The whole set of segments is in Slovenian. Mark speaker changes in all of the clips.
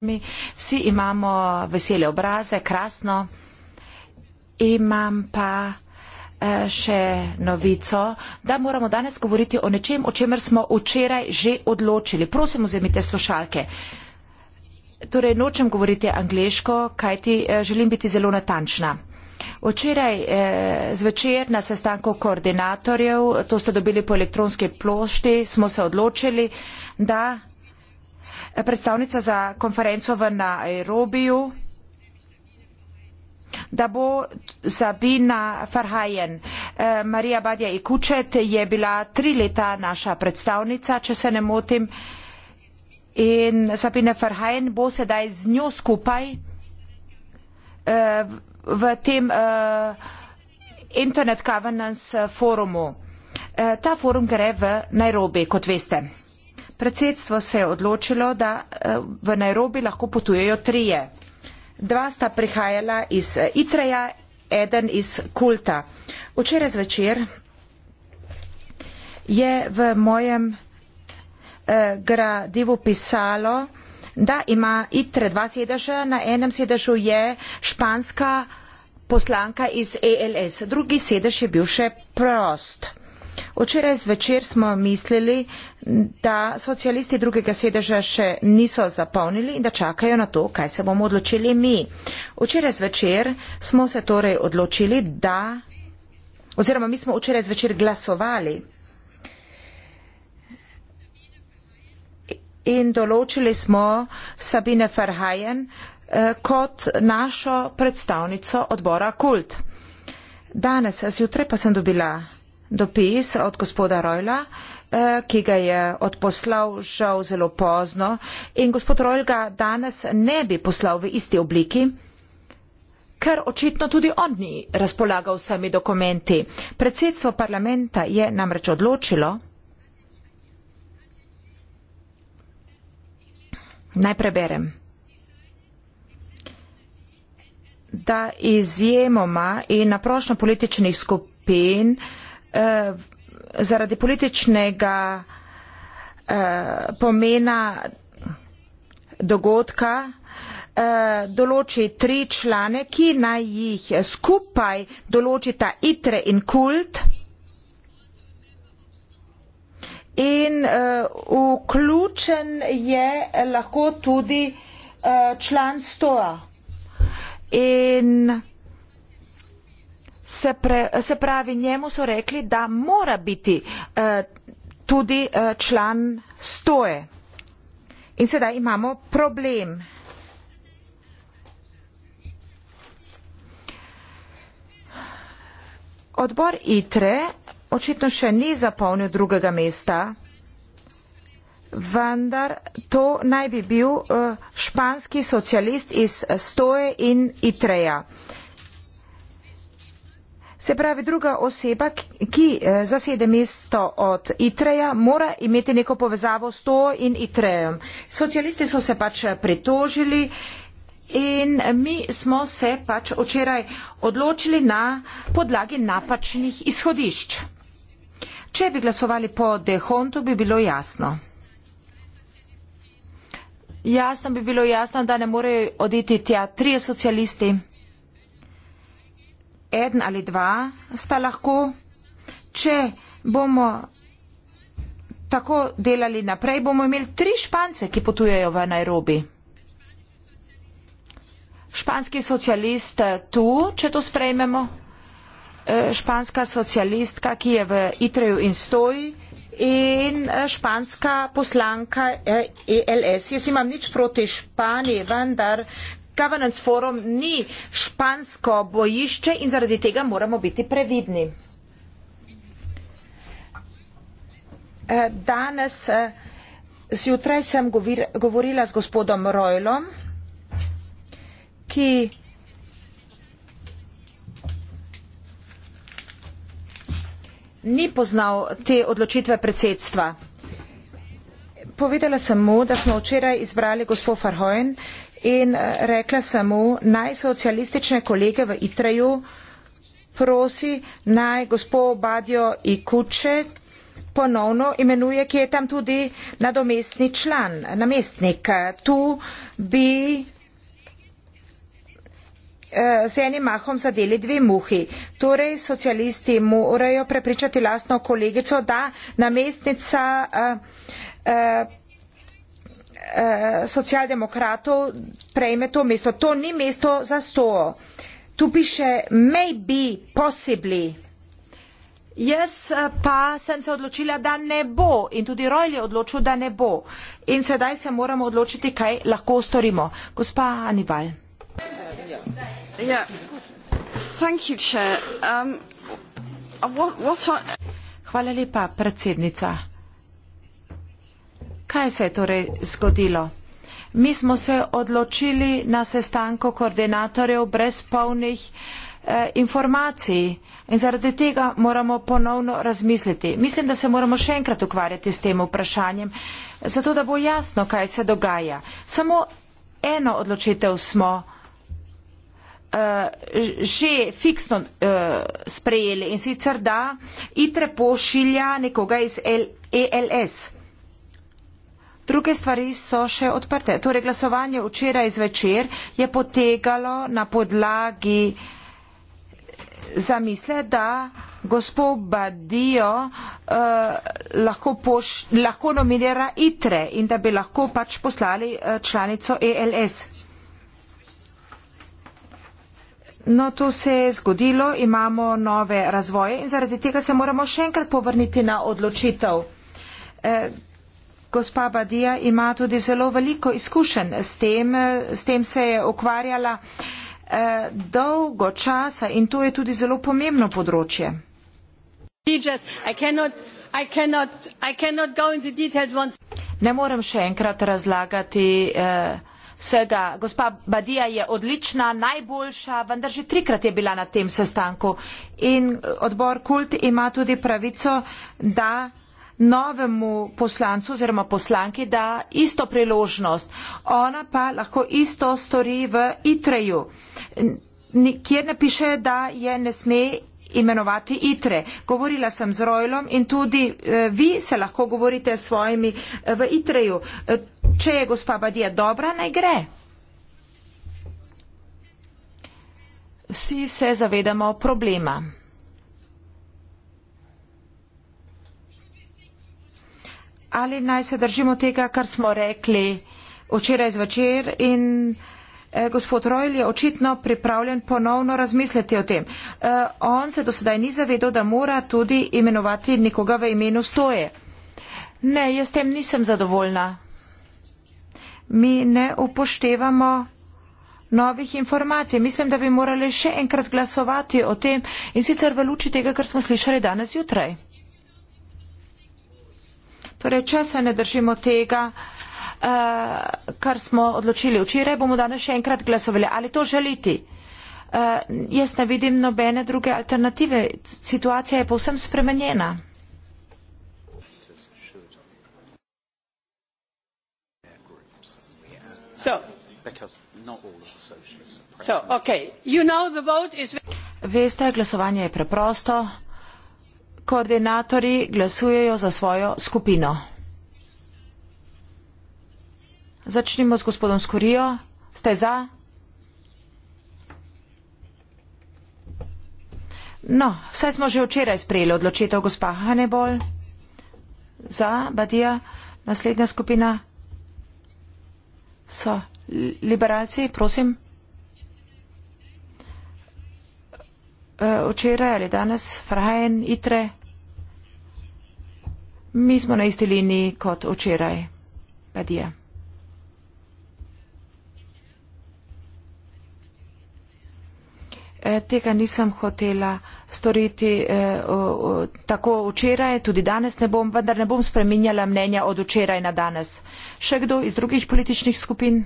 Speaker 1: nami, vsi imamo vesele obraze, krasno. Imam pa eh, še novico, da moramo danes govoriti o nečem, o čemer smo včeraj že odločili. Prosim, vzemite slušalke. Torej, nočem govoriti angliško, kajti eh, želim biti zelo natančna. Včeraj eh, zvečer na sestanku koordinatorjev, to ste dobili po elektronski plošti, smo se odločili, da predstavnica za konferenco v Nairobiju, da bo Sabina Farhajen. Eh, Marija Badja Ikučet je bila tri leta naša predstavnica, če se ne motim, in Sabina Farhajen bo sedaj z njo skupaj eh, v tem eh, Internet Governance forumu. Ta forum gre v Nairobi, kot veste predsedstvo se je odločilo, da eh, v Nairobi lahko potujejo trije. Dva sta prihajala iz eh, Itreja, eden iz Kulta. Včeraj zvečer je v mojem eh, gradivu pisalo, da ima Itre dva sedeža, na enem sedežu je španska poslanka iz ELS, drugi sedež je bil še prost. Včeraj zvečer smo mislili, da socialisti drugega sedeža še niso zapolnili in da čakajo na to, kaj se bomo odločili mi. Včeraj zvečer smo se torej odločili, da, oziroma mi smo včeraj zvečer glasovali in določili smo Sabine Farhajen eh, kot našo predstavnico odbora Kult. Danes, zjutraj pa sem dobila dopis od gospoda Rojla, eh, ki ga je odposlal žal zelo pozno in gospod Rojl ga danes ne bi poslal v isti obliki, ker očitno tudi on ni razpolagal vsemi dokumenti. Predsedstvo parlamenta je namreč odločilo, naj preberem, da izjemoma in naprošno političnih skupin Eh, zaradi političnega eh, pomena dogodka eh, določi tri člane, ki naj jih skupaj določita itre in kult in vključen je lahko tudi član stoa. In se, pre, se pravi, njemu so rekli, da mora biti eh, tudi eh, član stoje. In sedaj imamo problem. Odbor ITRE očitno še ni zapolnil drugega mesta, vendar to naj bi bil eh, španski socialist iz Stoje in ITREja. Se pravi, druga oseba, ki eh, zasede mesto od Itreja, mora imeti neko povezavo s to in Itrejem. Socialisti so se pač eh, pritožili in eh, mi smo se pač včeraj odločili na podlagi napačnih izhodišč. Če bi glasovali po Dehontu, bi bilo jasno. Jasno bi bilo jasno, da ne morejo oditi tja trije socialisti eden ali dva sta lahko, če bomo tako delali naprej, bomo imeli tri špance, ki potujejo v Nairobi. Španski socialist eh, tu, če to sprejmemo, eh, španska socialistka, ki je v Itreju in stoji in eh, španska poslanka ELS. E Jaz imam nič proti Španiji, vendar Governance Forum ni špansko bojišče in zaradi tega moramo biti previdni. Eh, danes eh, zjutraj sem govorila z gospodom Rojlom, ki ni poznal te odločitve predsedstva. Povedala sem mu, da smo včeraj izbrali gospod Farhojn, in eh, rekla samo, naj socialistične kolege v Itreju prosi, naj gospod Badjo Ikuče ponovno imenuje, ki je tam tudi nadomestni član, namestnik. Tu bi eh, z enim mahom zadeli dve muhi. Torej, socialisti morajo prepričati lastno kolegico, da namestnica uh, uh, Eh, socialdemokratov prejme to mesto. To ni mesto za sto. Tu piše maybe, possibly. Jaz eh, pa sem se odločila, da ne bo in tudi Rojl je odločil, da ne bo. In sedaj se moramo odločiti, kaj lahko storimo. Gospa Anival. Ja. Um, Hvala lepa, predsednica. Kaj se je torej zgodilo? Mi smo se odločili na sestanku koordinatorjev brez polnih eh, informacij in zaradi tega moramo ponovno razmisliti. Mislim, da se moramo še enkrat ukvarjati s tem vprašanjem, zato da bo jasno, kaj se dogaja. Samo eno odločitev smo eh, že fiksno eh, sprejeli in sicer, da ITRE pošilja nekoga iz L ELS. Druge stvari so še odprte. Torej, glasovanje včeraj zvečer je potekalo na podlagi zamisle, da gospod Badijo uh, lahko, poš, lahko nominira ITRE in da bi lahko pač poslali eh, članico ELS. No, to se je zgodilo, imamo nove razvoje in zaradi tega se moramo še enkrat povrniti na odločitev. Eh, Gospa Badija ima tudi zelo veliko izkušenj s tem, s tem se je ukvarjala eh, dolgo časa in to je tudi zelo pomembno področje.
Speaker 2: I cannot, I cannot, I cannot
Speaker 1: ne morem še enkrat razlagati uh, vsega. Gospa Badija je odlična, najboljša, vendar že trikrat je bila na tem sestanku. In eh, odbor Kult ima tudi pravico, da uh, novemu poslancu oziroma poslanki da isto priložnost. Ona pa lahko isto stori v ITREju, kjer ne piše, da je ne sme imenovati ITRE. Govorila sem z Rojlom in tudi eh, vi se lahko govorite s svojimi eh, v ITREju. Eh, če je gospa Badija dobra, naj gre. Vsi se zavedamo problema. ali naj se držimo tega, kar smo rekli včeraj zvečer in eh, gospod Rojl je očitno pripravljen ponovno razmisliti o tem. Eh, on se dosedaj ni zavedal, da mora tudi imenovati nekoga v imenu stoje. Ne, jaz tem nisem zadovoljna. Mi ne upoštevamo novih informacij. Mislim, da bi morali še enkrat glasovati o tem in sicer v luči tega, kar smo slišali danes jutraj. Torej, če se ne držimo tega, eh, kar smo odločili včeraj, bomo danes še enkrat glasovali. Ali to želiti? Eh, jaz ne vidim nobene druge alternative. Situacija je povsem spremenjena.
Speaker 3: So. So,
Speaker 2: okay. you know,
Speaker 1: Veste, glasovanje je preprosto koordinatori glasujejo za svojo skupino. Začnimo s gospodom Skorijo. Ste za? No, vse smo že včeraj sprejeli odločitev gospa Hanebol. Za, Badija, naslednja skupina so liberalci, prosim. Eh, včeraj ali danes, Frajen, Itre. Mi smo na isti liniji kot včeraj. Padija. E, tega nisem hotela storiti eh, o, o, tako včeraj, tudi danes ne bom, vendar ne bom spreminjala mnenja od včeraj na danes. Še kdo iz drugih političnih skupin?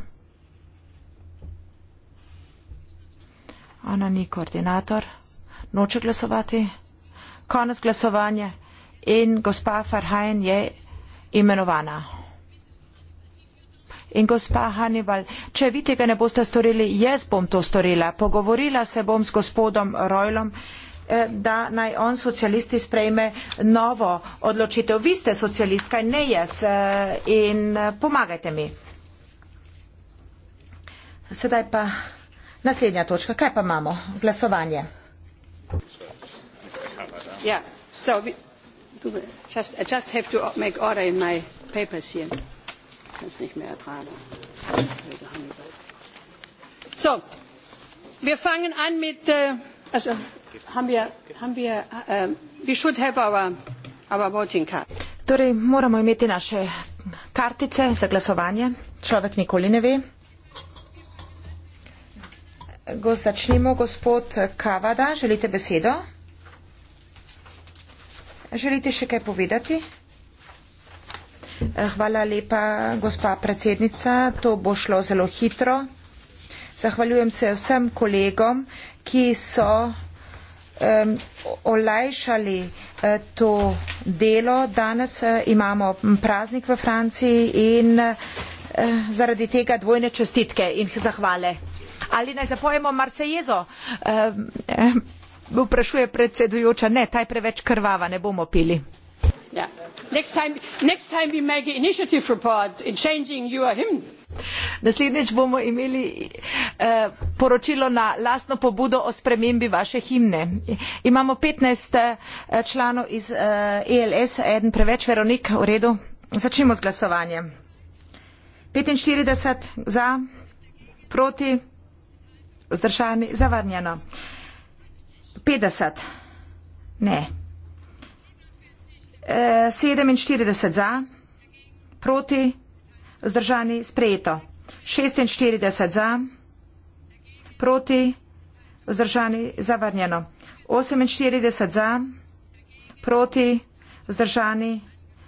Speaker 1: Ona ni koordinator. Noče glasovati? Konec glasovanja. In gospa Farhajn je imenovana. In gospa Hannibal, če vi tega ne boste storili, jaz bom to storila. Pogovorila se bom s gospodom Rojlom, eh, da naj on socialisti sprejme novo odločitev. Vi ste socialistka in ne jaz eh, in eh, pomagajte mi. Sedaj pa naslednja točka. Kaj pa imamo? Glasovanje.
Speaker 2: Yeah. Ja, so, just, I just have to make order in my papers here. Das nicht mehr ertragen. So, wir fangen an mit, äh, also haben
Speaker 1: wir, haben wir, äh, we should have our, our voting card. Torej, moramo imeti naše kartice za glasovanje. Človek nikoli ne ve. Go, začnimo, gospod Kavada, želite besedo? Želite še kaj povedati? Eh, hvala lepa, gospa predsednica. To bo šlo zelo hitro. Zahvaljujem se vsem kolegom, ki so olajšali eh, to delo. Danes eh, imamo praznik v Franciji in zaradi tega dvojne čestitke in zahvale. Ali naj zapojemo Marsejezo? vprašuje predsedujoča ne ta je preveč krvava ne bomo pili. Ja. naslednjič bomo imeli eh, poročilo na lastno pobudo o spremembi vaše himne imamo petnajst eh, članov iz els eh, e eden preveč veronik v redu začnimo z glasovanjem petinštirideset za proti vzdržani zavrnjeno. 50. Ne. 47 e, za, proti, vzdržani, sprejeto. 46 za, proti, vzdržani, zavrnjeno. 48 za, proti, vzdržani,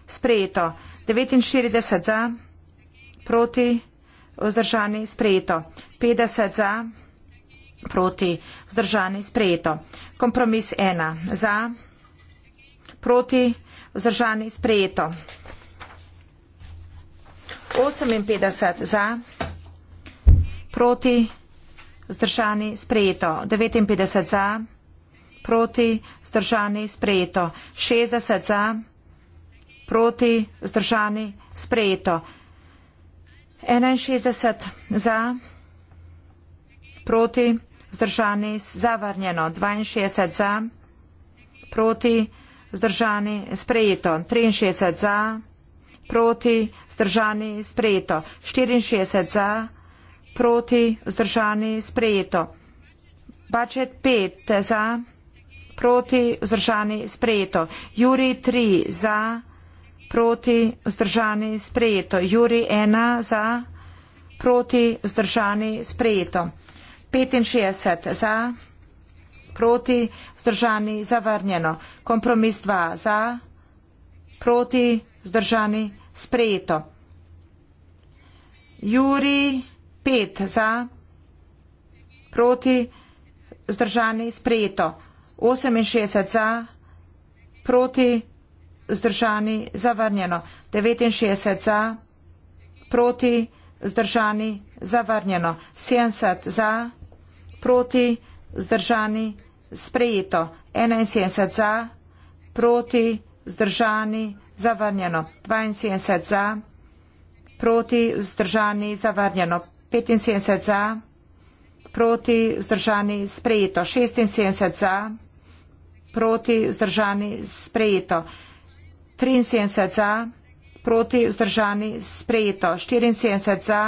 Speaker 1: sprejeto. 49 za, proti, vzdržani, sprejeto. 50 za, proti, vzdržani, sprejeto proti, vzdržani, sprejeto. Kompromis ena, za, proti, vzdržani, sprejeto. 58 za, proti, vzdržani, sprejeto. 59 za, proti, vzdržani, sprejeto. 60 za, proti, vzdržani, sprejeto. 61 za, proti, vzdržani, zavrnjeno 62 za, proti vzdržani, sprejeto 63 za, proti vzdržani, sprejeto 64 za, proti vzdržani, sprejeto 25 za, proti vzdržani, sprejeto Juri 3 za, proti vzdržani, sprejeto Juri 1 za, proti vzdržani, sprejeto. 65 za, proti, vzdržani, zavrnjeno. Kompromis 2 za, proti, vzdržani, sprejeto. Juri 5 za, proti, vzdržani, sprejeto. 68 za, proti, vzdržani, zavrnjeno. 69 za, proti, vzdržani, zavrnjeno. 70 za proti, vzdržani, sprejeto. 71 za, proti, vzdržani, zavrnjeno. 72 za, proti, vzdržani, zavrnjeno. 75 za, proti, vzdržani, sprejeto. 76 za, proti, vzdržani, sprejeto. 73 za, proti, vzdržani, sprejeto. 74 za,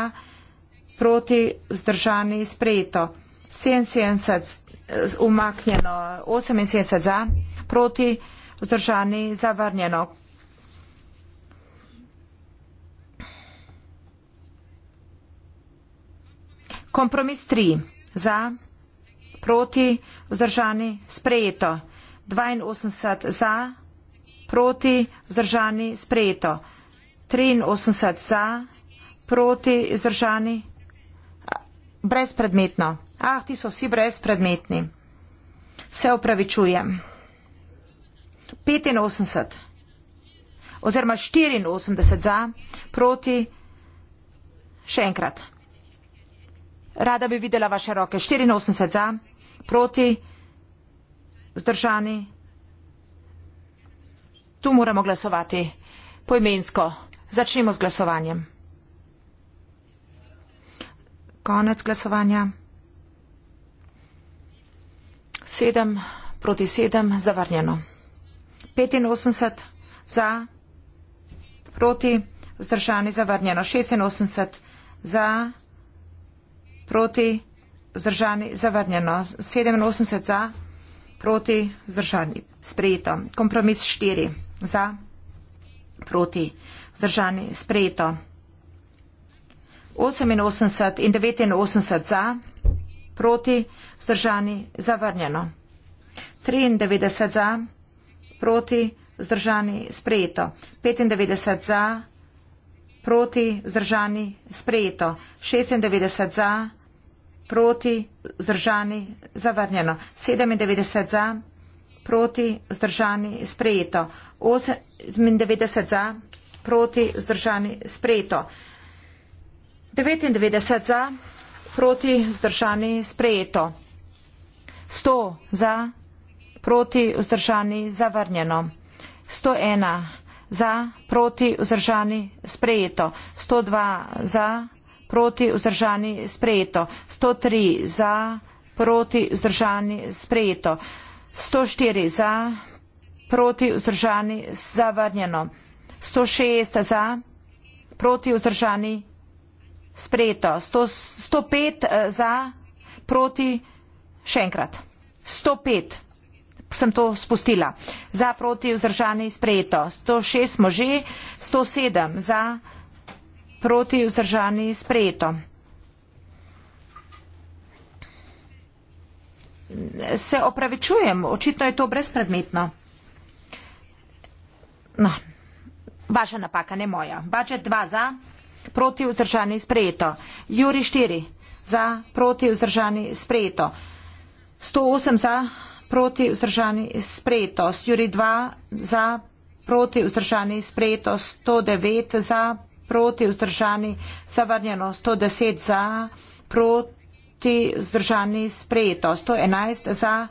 Speaker 1: proti, vzdržani, sprejeto. 74 za, proti, vzdržani, sprejeto. 77 eh, umaknjeno, 78 za, proti, vzdržani, zavrnjeno. Kompromis 3 za, proti, vzdržani, sprejeto. 82 za, proti, vzdržani, sprejeto. 83 za, proti, vzdržani, brezpredmetno. Ah, ti so vsi brezpredmetni. Se opravičujem. 85 oziroma 84 za, proti, še enkrat. Rada bi videla vaše roke. 84 za, proti, zdržani. Tu moramo glasovati poimensko. Začnimo z glasovanjem. Konec glasovanja. 7 proti 7 zavrnjeno. 85 za proti vzdržani zavrnjeno. 86 za proti vzdržani zavrnjeno. 87 za proti vzdržani sprejeto. Kompromis 4 za proti vzdržani sprejeto. 88 in 89 za proti, vzdržani, zavrnjeno. 93 za, proti, vzdržani, sprejeto. 95 za, proti, vzdržani, sprejeto. 96 za, proti, vzdržani, zavrnjeno. 97 za, proti, vzdržani, sprejeto. 98 za, proti, vzdržani, sprejeto. 99 za, proti, vzdržani, sprejeto. 100 za, proti, vzdržani, zavrnjeno. 101 za, proti, vzdržani, sprejeto. 102 za, proti, vzdržani, sprejeto. 103 za, proti, vzdržani, sprejeto. 104 za, proti, vzdržani, zavrnjeno. 106 za, proti, vzdržani, sprejeto. 105 eh, za, proti, še enkrat. 105 sem to spustila. Za, proti, vzdržani, sprejeto. 106 smo že, 107 za, proti, vzdržani, sprejeto. Se opravičujem, očitno je to brezpredmetno. No, vaša napaka, ne moja. Budget 2 za proti vzdržani sprejeto. Juri 4 za proti vzdržani sprejeto. 108 za proti vzdržani sprejeto. Juri 2 za proti vzdržani sprejeto. 109 za proti vzdržani zavrnjeno. 110 za proti vzdržani sprejeto. 111 za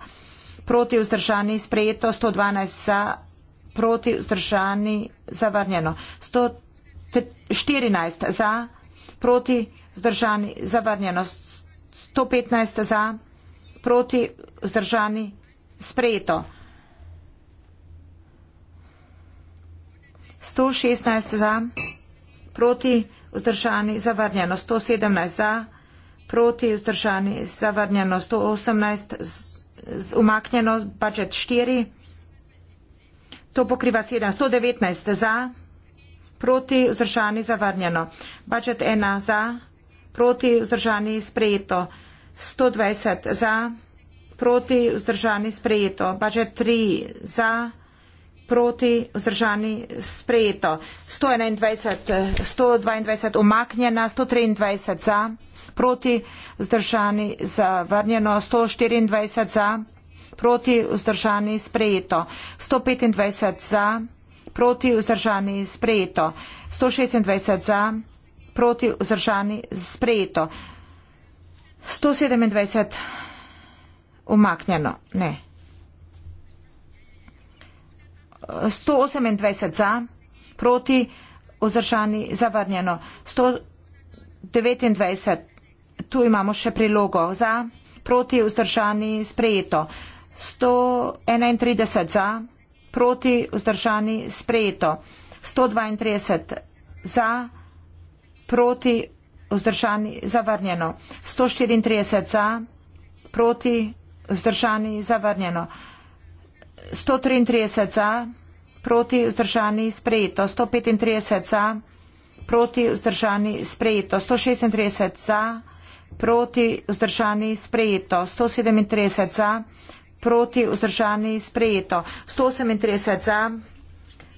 Speaker 1: proti vzdržani sprejeto. 112 za proti vzdržani zavrnjeno. 113 14 za, proti zdržani, zavrnjeno 115 za, proti zdržani, sprejeto. 116 za, proti vzdržani, zavrnjeno 117 za, proti vzdržani, zavrnjeno 118, z, z umaknjeno budžet 4, to pokriva 7, 119 za. Proti vzdržani zavrnjeno. Budget ena za, proti vzdržani sprejeto. 120 za, proti vzdržani sprejeto. Budget tri za, proti vzdržani sprejeto. 121, 122 umaknjena, 123 za, proti vzdržani zavrnjeno. 124 za, proti vzdržani sprejeto. 125 za, proti vzdržani sprejeto, 126 za, proti vzdržani sprejeto, 127 umaknjeno, ne. 128 za, proti vzdržani zavrnjeno, 129, tu imamo še prilogo za, proti vzdržani sprejeto, 131 za, proti vzdržani sprejeto. 132 za, proti vzdržani zavrnjeno. 134 za, proti vzdržani zavrnjeno. 133 za, proti vzdržani sprejeto. 135 za, proti vzdržani sprejeto. 136 za, proti vzdržani sprejeto. 137 za, proti vzdržani sprejeto. 138 za,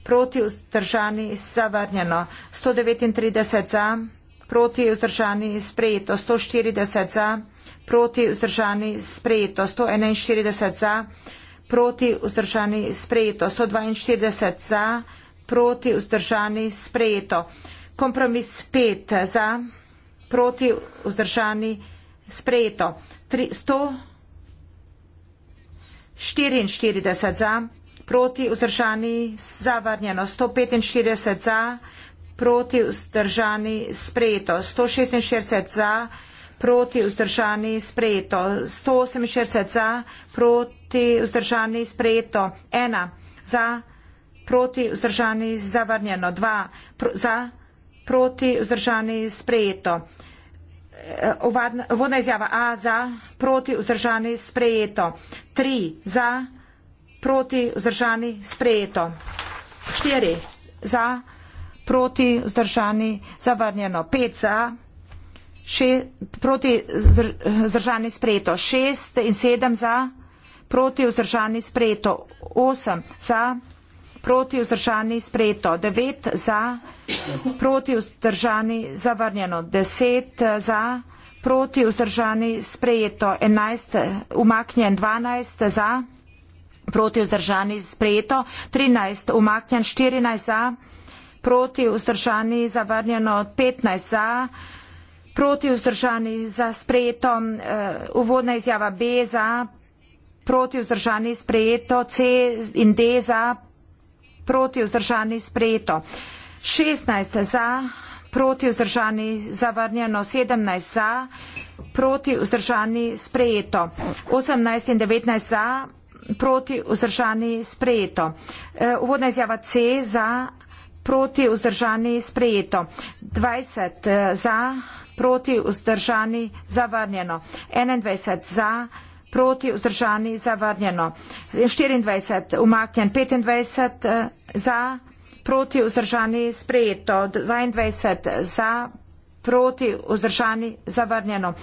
Speaker 1: proti vzdržani zavrnjeno. 139 za, proti vzdržani sprejeto. 140 za, proti vzdržani sprejeto. 141 za, proti vzdržani sprejeto. 142 za, proti vzdržani sprejeto. Kompromis 5 za, proti vzdržani sprejeto. 3, 100, 44 za, proti vzdržani, zavarnjeno 145 za, proti vzdržani, sprejeto 146 za, proti vzdržani, sprejeto 148 za, proti vzdržani, sprejeto 1 za, proti vzdržani, zavarnjeno 2 pro, za, proti vzdržani, sprejeto vodna izjava A za, proti, vzdržani, sprejeto. Tri za, proti, vzdržani, sprejeto. Štiri za, proti, vzdržani, zavrnjeno. Pet za, še, proti, vzdržani, sprejeto. Šest in sedem za, proti, vzdržani, sprejeto. Osem za, proti vzdržani sprejeto, devet za, proti vzdržani zavrnjeno, deset eh, za, proti vzdržani sprejeto, enajst eh, umaknjen, dvanajst eh, za, proti vzdržani sprejeto, trinajst umaknjen, štirinajst za, proti vzdržani zavrnjeno, petnajst za, proti vzdržani za sprejeto, uh, uvodna izjava B za, proti vzdržani sprejeto, C in D za, proti vzdržani sprejeto. 16 za, proti vzdržani zavrnjeno, 17 za, proti vzdržani sprejeto. 18 in 19 za, proti vzdržani sprejeto. E, uvodna izjava C za, proti vzdržani sprejeto. 20 e, za, proti vzdržani zavrnjeno. 21 za, proti vzdržani sprejeto proti, vzdržani, zavrnjeno. 24 umaknjen, 25 eh, za, proti, vzdržani, sprejeto. 22 za, proti, vzdržani, zavrnjeno.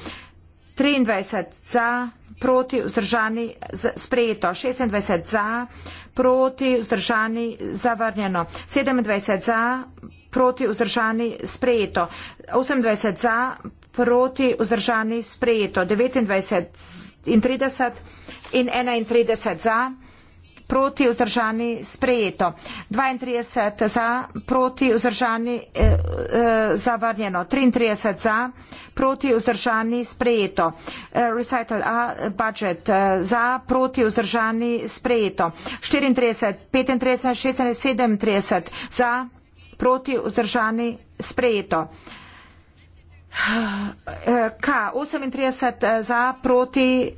Speaker 1: 23 za, proti, vzdržani, sprejeto. 26 za, proti, vzdržani, zavrnjeno. 27 za, proti, vzdržani, zavrnjeno proti vzdržani sprejeto. 28 za, proti vzdržani sprejeto. 29 in 30 in 31 za, proti vzdržani sprejeto. 32 za, proti vzdržani eh, eh zavrnjeno. 33 za, proti vzdržani sprejeto. Eh, recital A budget eh, za, proti vzdržani sprejeto. 34, 35, 36, 37 za proti vzdržani sprejeto. K 38 za proti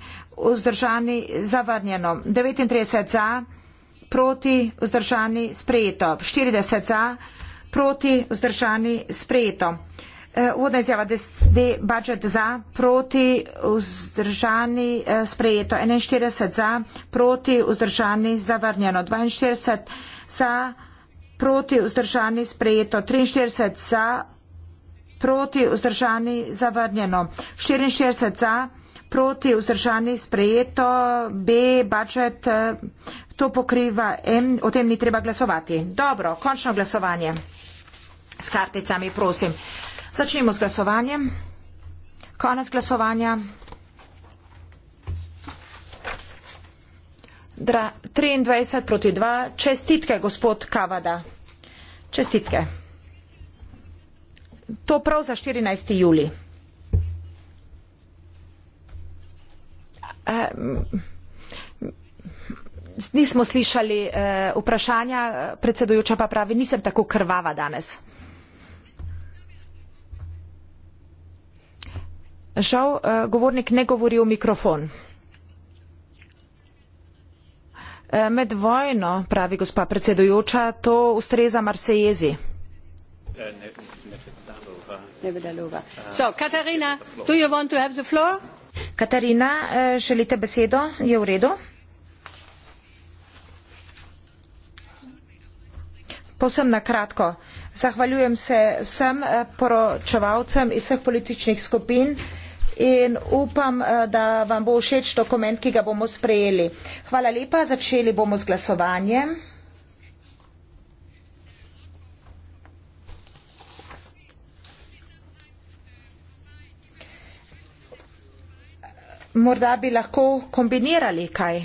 Speaker 1: vzdržani zavrnjeno. 39 za proti vzdržani sprejeto. 40 za proti vzdržani sprejeto. Vodna izjava D budžet za proti vzdržani sprejeto. 41 za proti vzdržani zavrnjeno. 42 za proti vzdržani sprejeto, 43 za, proti vzdržani zavrnjeno, 44 za, proti vzdržani sprejeto, B, budžet, eh, to pokriva M, o tem ni treba glasovati. Dobro, končno glasovanje. S karticami, prosim. Začnimo s glasovanjem. Konec glasovanja. 23 proti 2. Čestitke, gospod Kavada. Čestitke. To prav za 14. juli. Uh, nismo slišali uh, vprašanja, predsedujoča pa pravi, nisem tako krvava danes. Žal, uh, govornik ne govori v mikrofon. Eh, med vojno, pravi gospa predsedujoča, to ustreza Marsejezi.
Speaker 2: Katarina,
Speaker 1: eh, želite besedo? Je v redu? Posem na kratko. Zahvaljujem se vsem eh, poročevalcem iz vseh političnih skupin in upam, eh, da vam bo všeč dokument, ki ga bomo sprejeli. Hvala lepa, začeli bomo z glasovanjem. Morda bi lahko kombinirali kaj.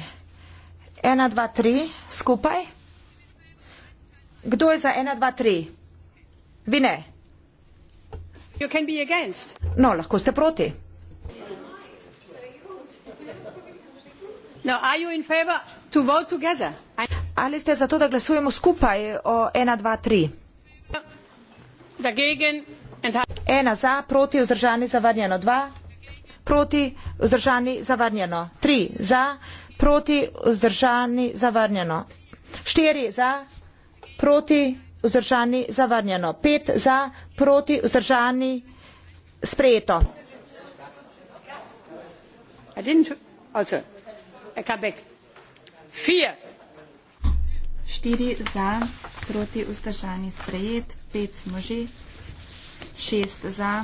Speaker 1: Ena, dva, tri, skupaj. Kdo je za ena, dva, tri? Vi ne. No, lahko ste proti. ali ste za to da glasujemo skupaj o ena dva tri ena za proti vzdržani zavrnjeno dva proti vzdržani zavrnjeno tri za proti vzdržani zavrnjeno štiri za proti vzdržani zavrnjeno pet za proti vzdržani sprejeto herr Kabeck. Vier.
Speaker 4: Štiri za, proti vzdržani sprejet, pet smo že, šest za,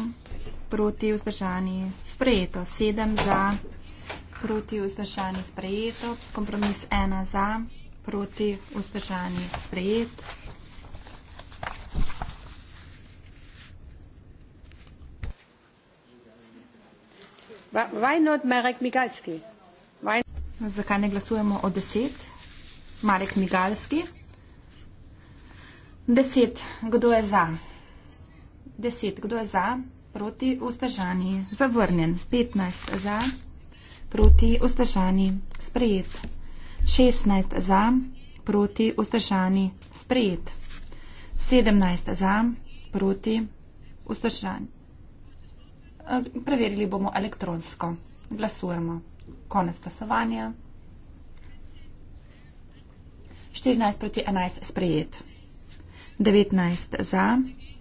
Speaker 4: proti vzdržani sprejeto, sedem za, proti vzdržani sprejeto, kompromis ena za, proti vzdržani sprejet. Vajnot Marek Migalski. Zakaj ne glasujemo o deset? Marek Migalski. Deset. Kdo je za? Deset. Kdo je za? Proti vzdržani. Zavrnjen. Petnajst za. Proti vzdržani. Sprejet. Šestnajst za. Proti vzdržani. Sprejet. Sedemnajst za. Proti vzdržani. Preverili bomo elektronsko. Glasujemo. Konec glasovanja. 14 proti 11 sprejet. 19 za,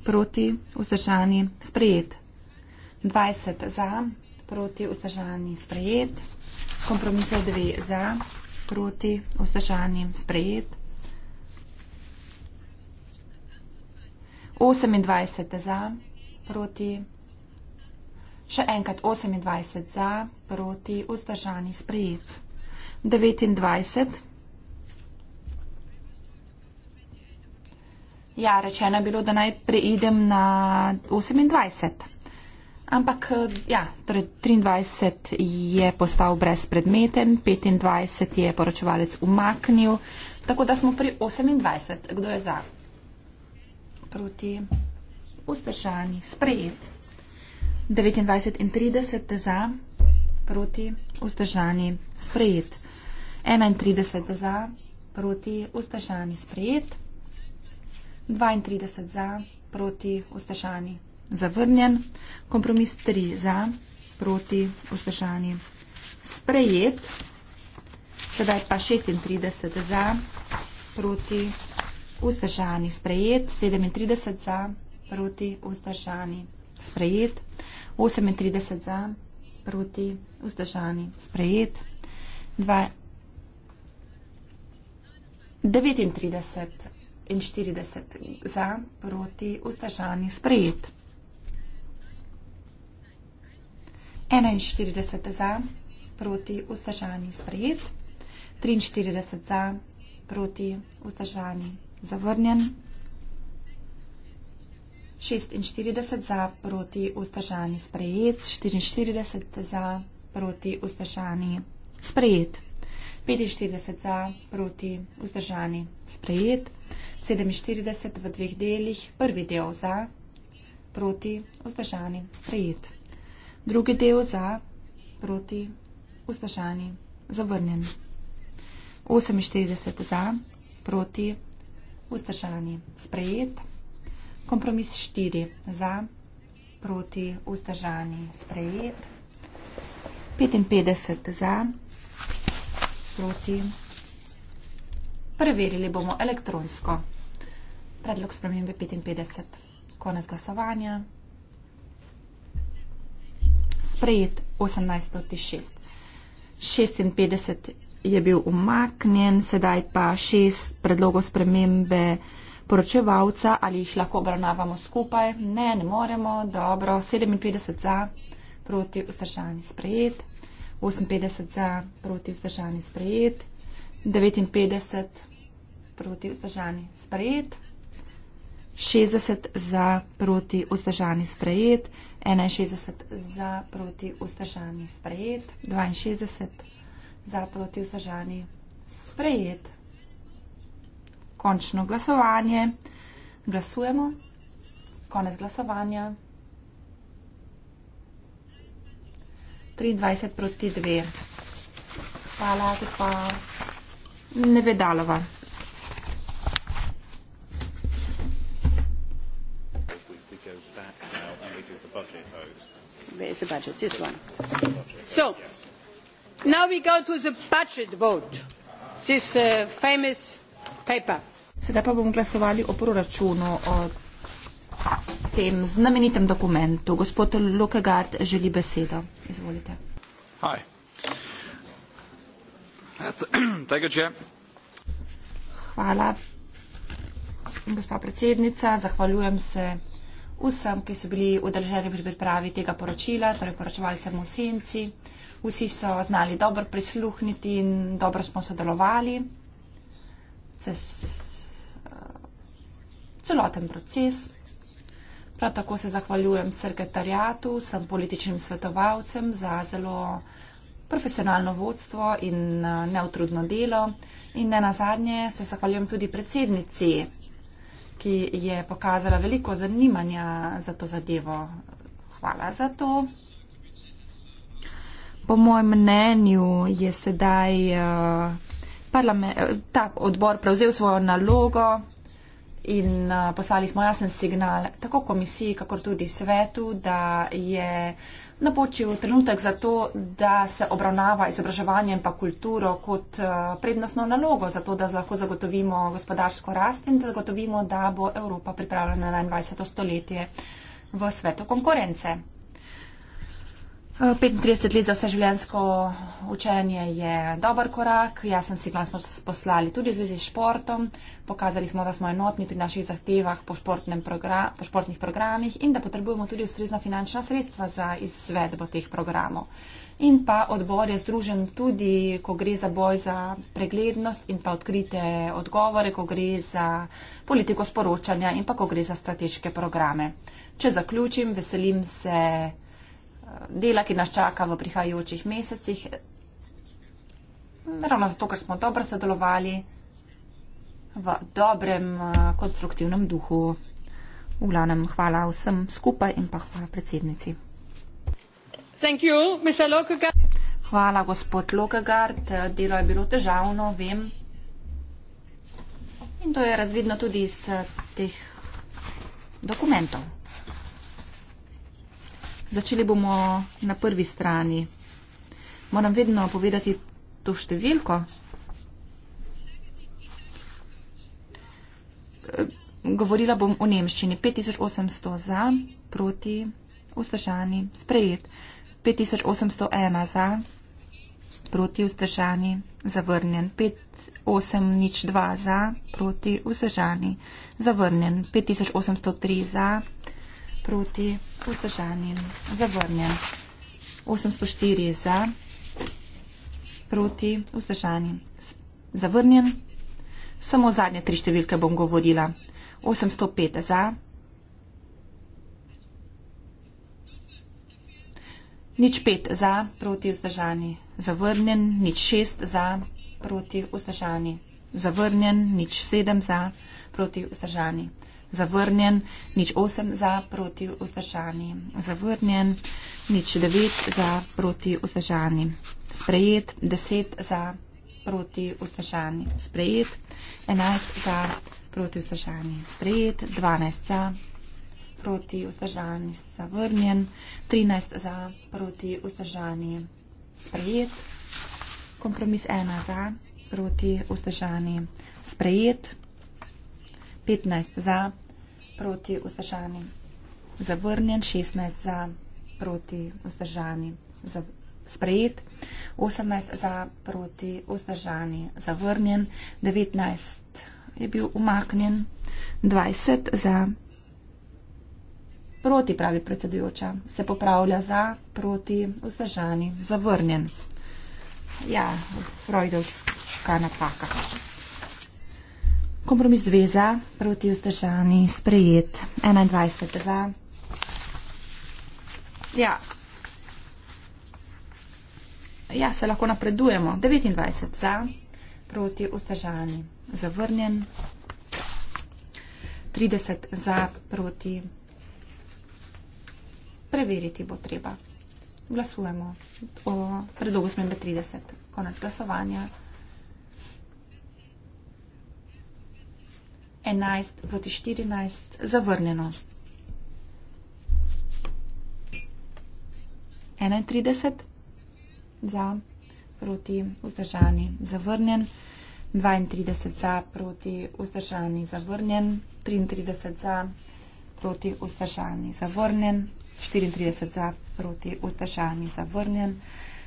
Speaker 4: proti vzdržani sprejet. 20 za, proti vzdržani sprejet. Kompromisov 2 za, proti vzdržani sprejet. 28 za, proti Še enkrat 28 za, proti, vzdržani, sprejet. 29. Ja, rečeno je bilo, da naj preidem na 28. Ampak, ja, torej 23 je postal brezpredmeten, 25 je poročevalec umaknil, tako da smo pri 28. Kdo je za? Proti, vzdržani, sprejet. 29 in 30 za, proti, vzdržani, sprejet. 31 za, proti, vzdržani, sprejet. 32 za, proti, vzdržani, zavrnjen. Kompromis 3 za, proti, vzdržani, sprejet. Sedaj pa 36 za, proti, vzdržani, sprejet. 37 za, proti, vzdržani, sprejet. 38 za, proti, vzdržani, sprejet. 39 in 40 za, proti, vzdržani, sprejet. 41 za, proti, vzdržani, sprejet. 43 za, proti, vzdržani, zavrnjen. 46 za, proti vzdržani sprejet, 44 za, proti vzdržani sprejet, 45 za, proti vzdržani sprejet, 47 v dveh delih, prvi del za, proti vzdržani sprejet, drugi del za, proti vzdržani zavrnjen, 48 za, proti vzdržani sprejet. Kompromis štiri za, proti, vzdržani, sprejet. 55 za, proti. Preverili bomo elektronsko. Predlog spremembe 55. Konec glasovanja. Sprejet 18 proti 6. 56 je bil umaknjen, sedaj pa 6 predlogov spremembe 55 poročevalca, ali jih lahko obravnavamo skupaj. Ne, ne moremo. Dobro, 57 za, proti vzdržani sprejet, 58 za, proti vzdržani sprejet, 59 proti vzdržani sprejet, 60 za, proti vzdržani sprejet, 61 za, proti vzdržani sprejet, 62 za, proti vzdržani sprejet končno glasovanje. Glasujemo. Konec glasovanja. 23 proti 2. Hvala, gospa Nevedalova.
Speaker 2: Zdaj gremo na budžet. To je ta. Zdaj gremo na
Speaker 4: budžet. Sedaj pa bomo glasovali o proračunu, o tem znamenitem dokumentu. Gospod Lokegard želi besedo. Izvolite.
Speaker 1: Hi.
Speaker 4: Hvala, gospa predsednica. Zahvaljujem se vsem, ki so bili udeleženi pri pripravi tega poročila, torej poročevalcem v senci. Vsi so znali dobro prisluhniti in dobro smo sodelovali. Cez celoten proces. Prav tako se zahvaljujem sekretarjatu, sem političnim svetovalcem za zelo profesionalno vodstvo in eh, neutrudno delo. In ne nazadnje se zahvaljujem tudi predsednici, ki je pokazala veliko zanimanja za to zadevo. Hvala za to. Po mojem mnenju je sedaj uh, ta odbor prevzel svojo nalogo in uh, poslali smo jasen signal tako komisiji, kakor tudi svetu, da je napočil trenutek za to, da se obravnava izobraževanje in pa kulturo kot uh, prednostno nalogo za to, da lahko zagotovimo gospodarsko rast in da zagotovimo, da bo Evropa pripravljena na 21. stoletje v svetu konkurence. 35 let za vseživljensko učenje je dober korak. Jaz sem si glas poslali tudi v zvezi s športom. Pokazali smo, da smo enotni pri naših zahtevah po, progra po športnih programih in da potrebujemo tudi ustrezna finančna sredstva za izvedbo teh programov. In pa odbor je združen tudi, ko gre za boj za preglednost in pa odkrite odgovore, ko gre za politiko sporočanja in pa ko gre za strateške programe. Če zaključim, veselim se dela, ki nas čaka v prihajajočih mesecih. Ravno zato, ker smo dobro sodelovali v dobrem, eh, konstruktivnem duhu. V glavnem, hvala vsem skupaj in pa hvala predsednici. Hvala, gospod Lokegard. Delo je bilo težavno, vem. In to je razvidno tudi iz teh dokumentov. Začeli bomo na prvi strani. Moram vedno povedati to številko. Govorila bom o nemščini. 5800 za, proti, vzdržani, sprejet. 5801 za, proti, vzdržani, zavrnjen. 5802 za, proti, vzdržani, zavrnjen. 5803 za proti, vzdržanim, zavrnjen. 804 za, proti, vzdržanim, zavrnjen. Samo zadnje tri številke bom govorila. 805 za, nič pet za, proti, vzdržani, zavrnjen, nič šest za, proti, vzdržani, zavrnjen, nič sedem za, proti, vzdržani, zavrnjen zavrnjen, nič 8 za proti vzdržani, zavrnjen, nič 9 za proti vzdržani, sprejet 10 za proti vzdržani, sprejet 11 za proti vzdržani, sprejet 12 za proti vzdržani, zavrnjen 13 za proti vzdržani, sprejet kompromis 1 za proti vzdržani, sprejet 15 za proti vzdržani, proti vzdržani. Zavrnjen 16 za proti vzdržani. Za sprejet 18 za proti vzdržani. Zavrnjen 19 je bil umaknjen. 20 za proti pravi predsedujoča. Se popravlja za proti vzdržani. Zavrnjen. Ja, Freudovska napaka. Kompromis 2 za, proti vzdržani, sprejet 21 za. Ja. ja, se lahko napredujemo. 29 za, proti vzdržani, zavrnjen. 30 za, proti. Preveriti bo treba. Glasujemo o predlogu smembe 30. Konec glasovanja. 11 proti 14 zavrnjeno. 31 za proti vzdržani zavrnjen, 32 za proti vzdržani zavrnjen, 33 za proti vzdržani zavrnjen, 34 za proti vzdržani zavrnjen,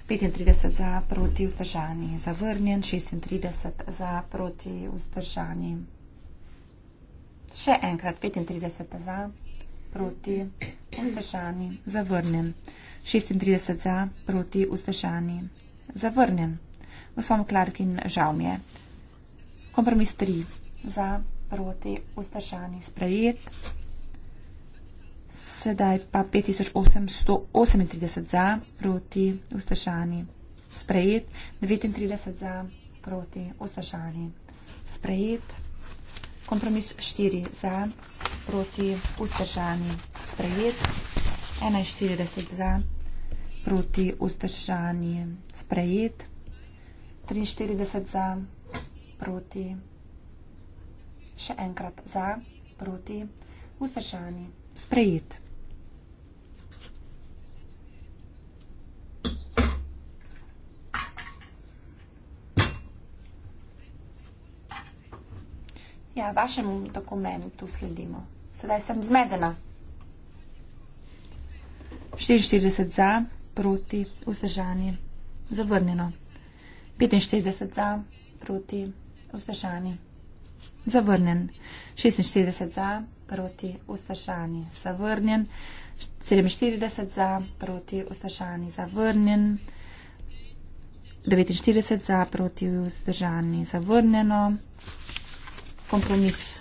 Speaker 4: 35 za proti vzdržani zavrnjen, 36 za proti vzdržani zavrnjen. Še enkrat, 35 za, proti, vzdržani, zavrnem. 36 za, proti, vzdržani, zavrnem. Gospod Klarkin, žal mi je. Kompromis 3 za, proti, vzdržani, sprejet. Sedaj pa 5838 za, proti, vzdržani, sprejet. 39 za, proti, vzdržani, sprejet kompromis 4 za, proti vzdržani sprejet, 41 za, proti vzdržani sprejet, 43 za, proti, še enkrat za, proti vzdržani sprejet. Ja, vašemu dokumentu sledimo. Sedaj sem zmedena. 44 za, proti, vzdržani, zavrnjeno. 45 za, proti, vzdržani, zavrnjen. 46 za, proti, vzdržani, zavrnjen. 47 za, proti, vzdržani, zavrnjen. 49 za, proti, vzdržani, zavrnjeno kompromis.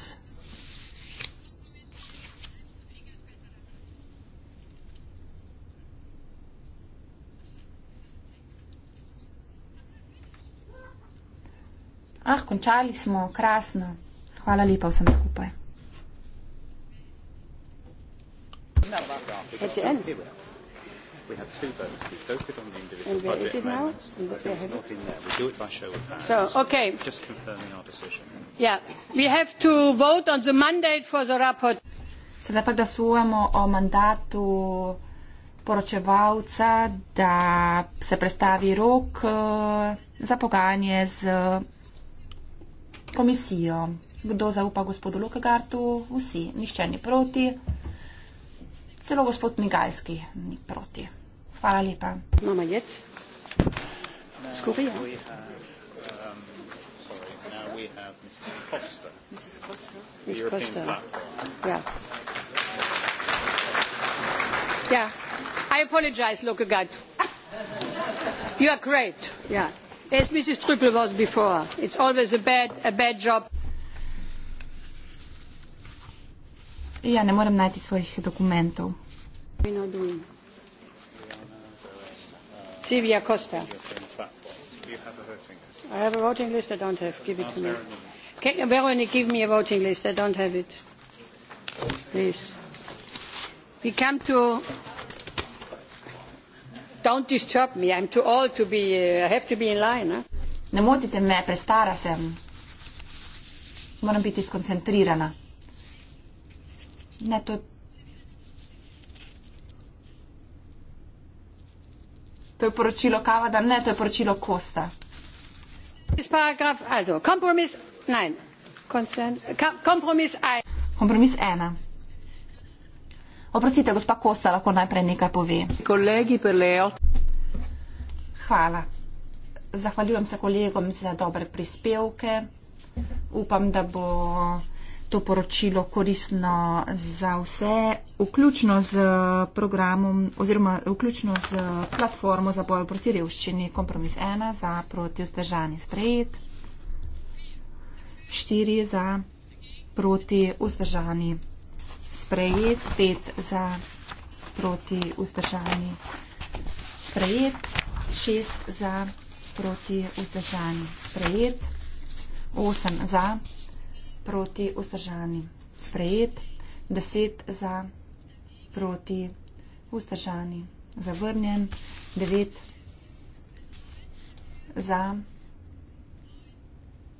Speaker 4: Ah, končali smo, krasno. Hvala lepa vsem skupaj.
Speaker 3: No,
Speaker 2: no, no we have two votes. We voted on the individual budget amendments. Now? But it's not in there. We do it by show of hands. So, okay. Just confirming our decision. Yeah. We have to vote on the mandate for the rapport. Sedaj pa glasujemo
Speaker 4: o mandatu poročevalca, da se predstavi rok eh, za pogajanje z komisijo. Kdo zaupa gospodu Lukegartu? Vsi. Nihče ni proti. Celo gospod Migajski ni proti. Hvala lepa. Imamo jec? Skupaj. Ja.
Speaker 2: Um, Miss
Speaker 3: Costa.
Speaker 4: Ja.
Speaker 2: Ja. I apologize, Luka Gut. You are great. Ja. Yeah. As Mrs. Trüppel was before. It's always a bad, a bad job.
Speaker 4: Ja, ne morem najti svojih dokumentov.
Speaker 2: Vino dojim i have a voting list i don't have give it to me can you Verone, give me a voting list i don't have it please we come to don't disturb me i'm too old to be uh, i have to be in line eh?
Speaker 4: ne motite me prestara sem moram biti skoncentrirana ne to To je poročilo Kavada, ne, to je poročilo Kosta.
Speaker 2: Kompromis
Speaker 4: ena. Oprostite, gospa Kosta lahko najprej nekaj pove. Hvala. Zahvaljujem se kolegom za dobre prispevke. Upam, da bo to poročilo koristno za vse, vključno z programom oziroma vključno z platformo za bojo proti revščini, kompromis 1 za proti vzdržani sprejet, 4 za proti vzdržani sprejet, 5 za proti vzdržani sprejet, 6 za proti vzdržani sprejet, 8 za proti vzdržani. Sprejet, deset za, proti vzdržani. Zavrnjen, devet za,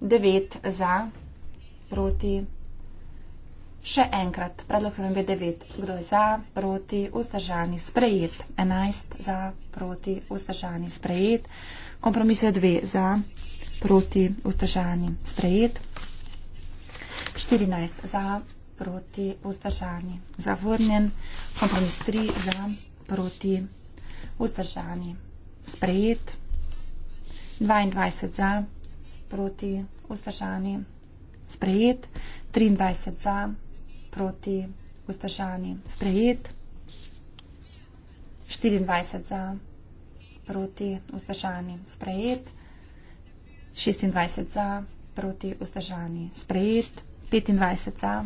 Speaker 4: devet za, proti. Še enkrat, predlog sem imel devet. Kdo je za, proti, vzdržani, sprejet. Enajst za, proti, vzdržani, sprejet. Kompromise dve za, proti, vzdržani, sprejet. 14 za, proti, vzdržani. Zavrnjen, kompromis 3 za, proti, vzdržani. Sprejet, 22 za, proti, vzdržani. Sprejet, 23 za, proti, vzdržani. Sprejet, 24 za, proti, vzdržani. Sprejet, 26 za, proti, vzdržani. Sprejet, 25 za,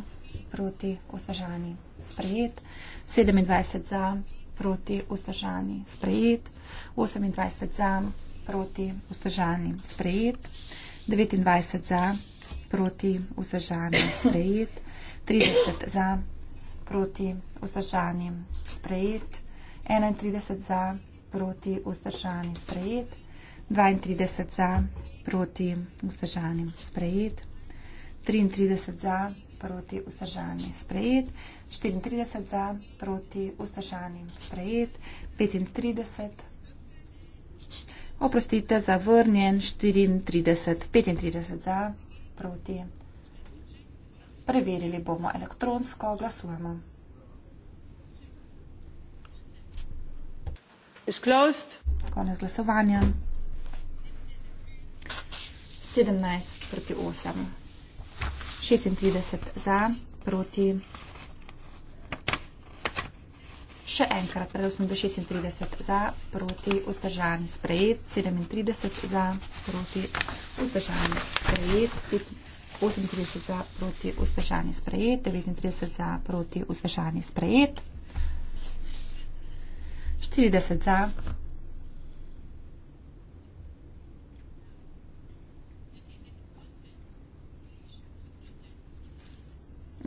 Speaker 4: proti vzdržani, sprejet. 27 za, proti vzdržani, sprejet. 28 za, proti vzdržani, sprejet. 29 za, proti vzdržani, sprejet. 30 za, proti vzdržani, sprejet. 31 za, proti vzdržani, sprejet. 32 za, proti vzdržani, sprejet. 33 za, proti vzdržani sprejet, 34 za, proti vzdržani sprejet, 35, oprostite, zavrnjen, 34, 35 za, proti. Preverili bomo elektronsko, glasujemo. Is closed. Konec glasovanja. 17 proti 8. 36 za, proti. Še enkrat, predvsem bi 36 za, proti, vzdržani sprejet, 37 za, proti, vzdržani sprejet, 38 za, proti, vzdržani sprejet, 39 za, proti, vzdržani sprejet, 40 za,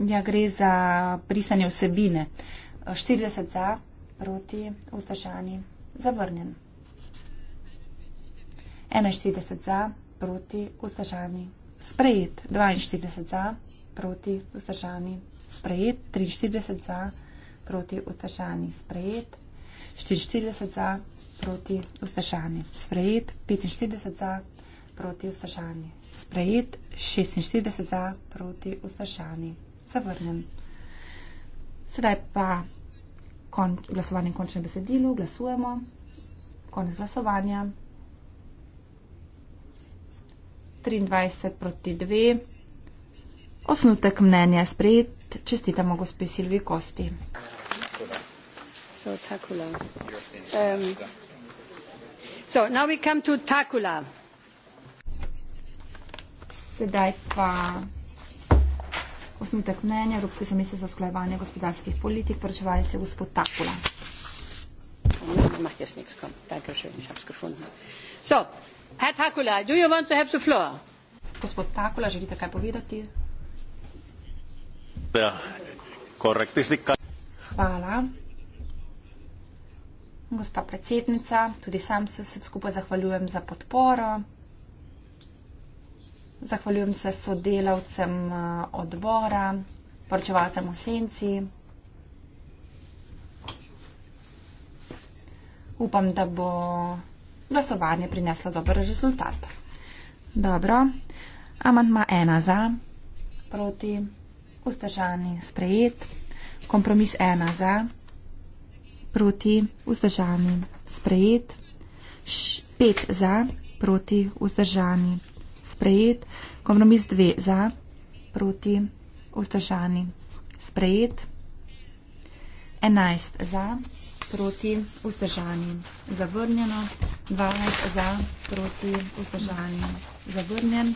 Speaker 4: Ja, gre za brisanje vsebine. 40 za, proti, vzdržani, zavrnjen. 41 za, proti, vzdržani, sprejet. 42 za, proti, vzdržani, sprejet. 43 za, proti, vzdržani, sprejet. 44 za, proti, vzdržani, sprejet. 45 za, proti, vzdržani, sprejet. 46 za, proti, vzdržani, sprejet zavrnjen. Sedaj pa kon, glasovanje končne besedilo, glasujemo, konec glasovanja. 23 proti 2. Osnutek mnenja je sprejet. Čestitamo gospe Silvi Kosti.
Speaker 2: So, Takula.
Speaker 3: Um,
Speaker 2: so, now
Speaker 4: we come to Takula. Sedaj pa osnutek mnenja Evropske zamise za usklajevanje gospodarskih politik, poročevalce gospod Takula.
Speaker 2: Gospod Takula, želite kaj povedati?
Speaker 3: Ja,
Speaker 4: Hvala. Gospa predsednica, tudi sam se vse skupaj zahvaljujem za podporo. Zahvaljujem se sodelavcem eh, odbora, poročevalcem v senci. Upam, da bo glasovanje prineslo dober rezultat. Dobro. Amantma ena za, proti, vzdržani sprejet. Kompromis ena za, proti, vzdržani sprejet. Pet za, proti, vzdržani sprejet sprejet. Kompromis dve za, proti vzdržani. Sprejet. Enajst za, proti vzdržani. Zavrnjeno. Dvanajst za, proti vzdržani. Zavrnjen.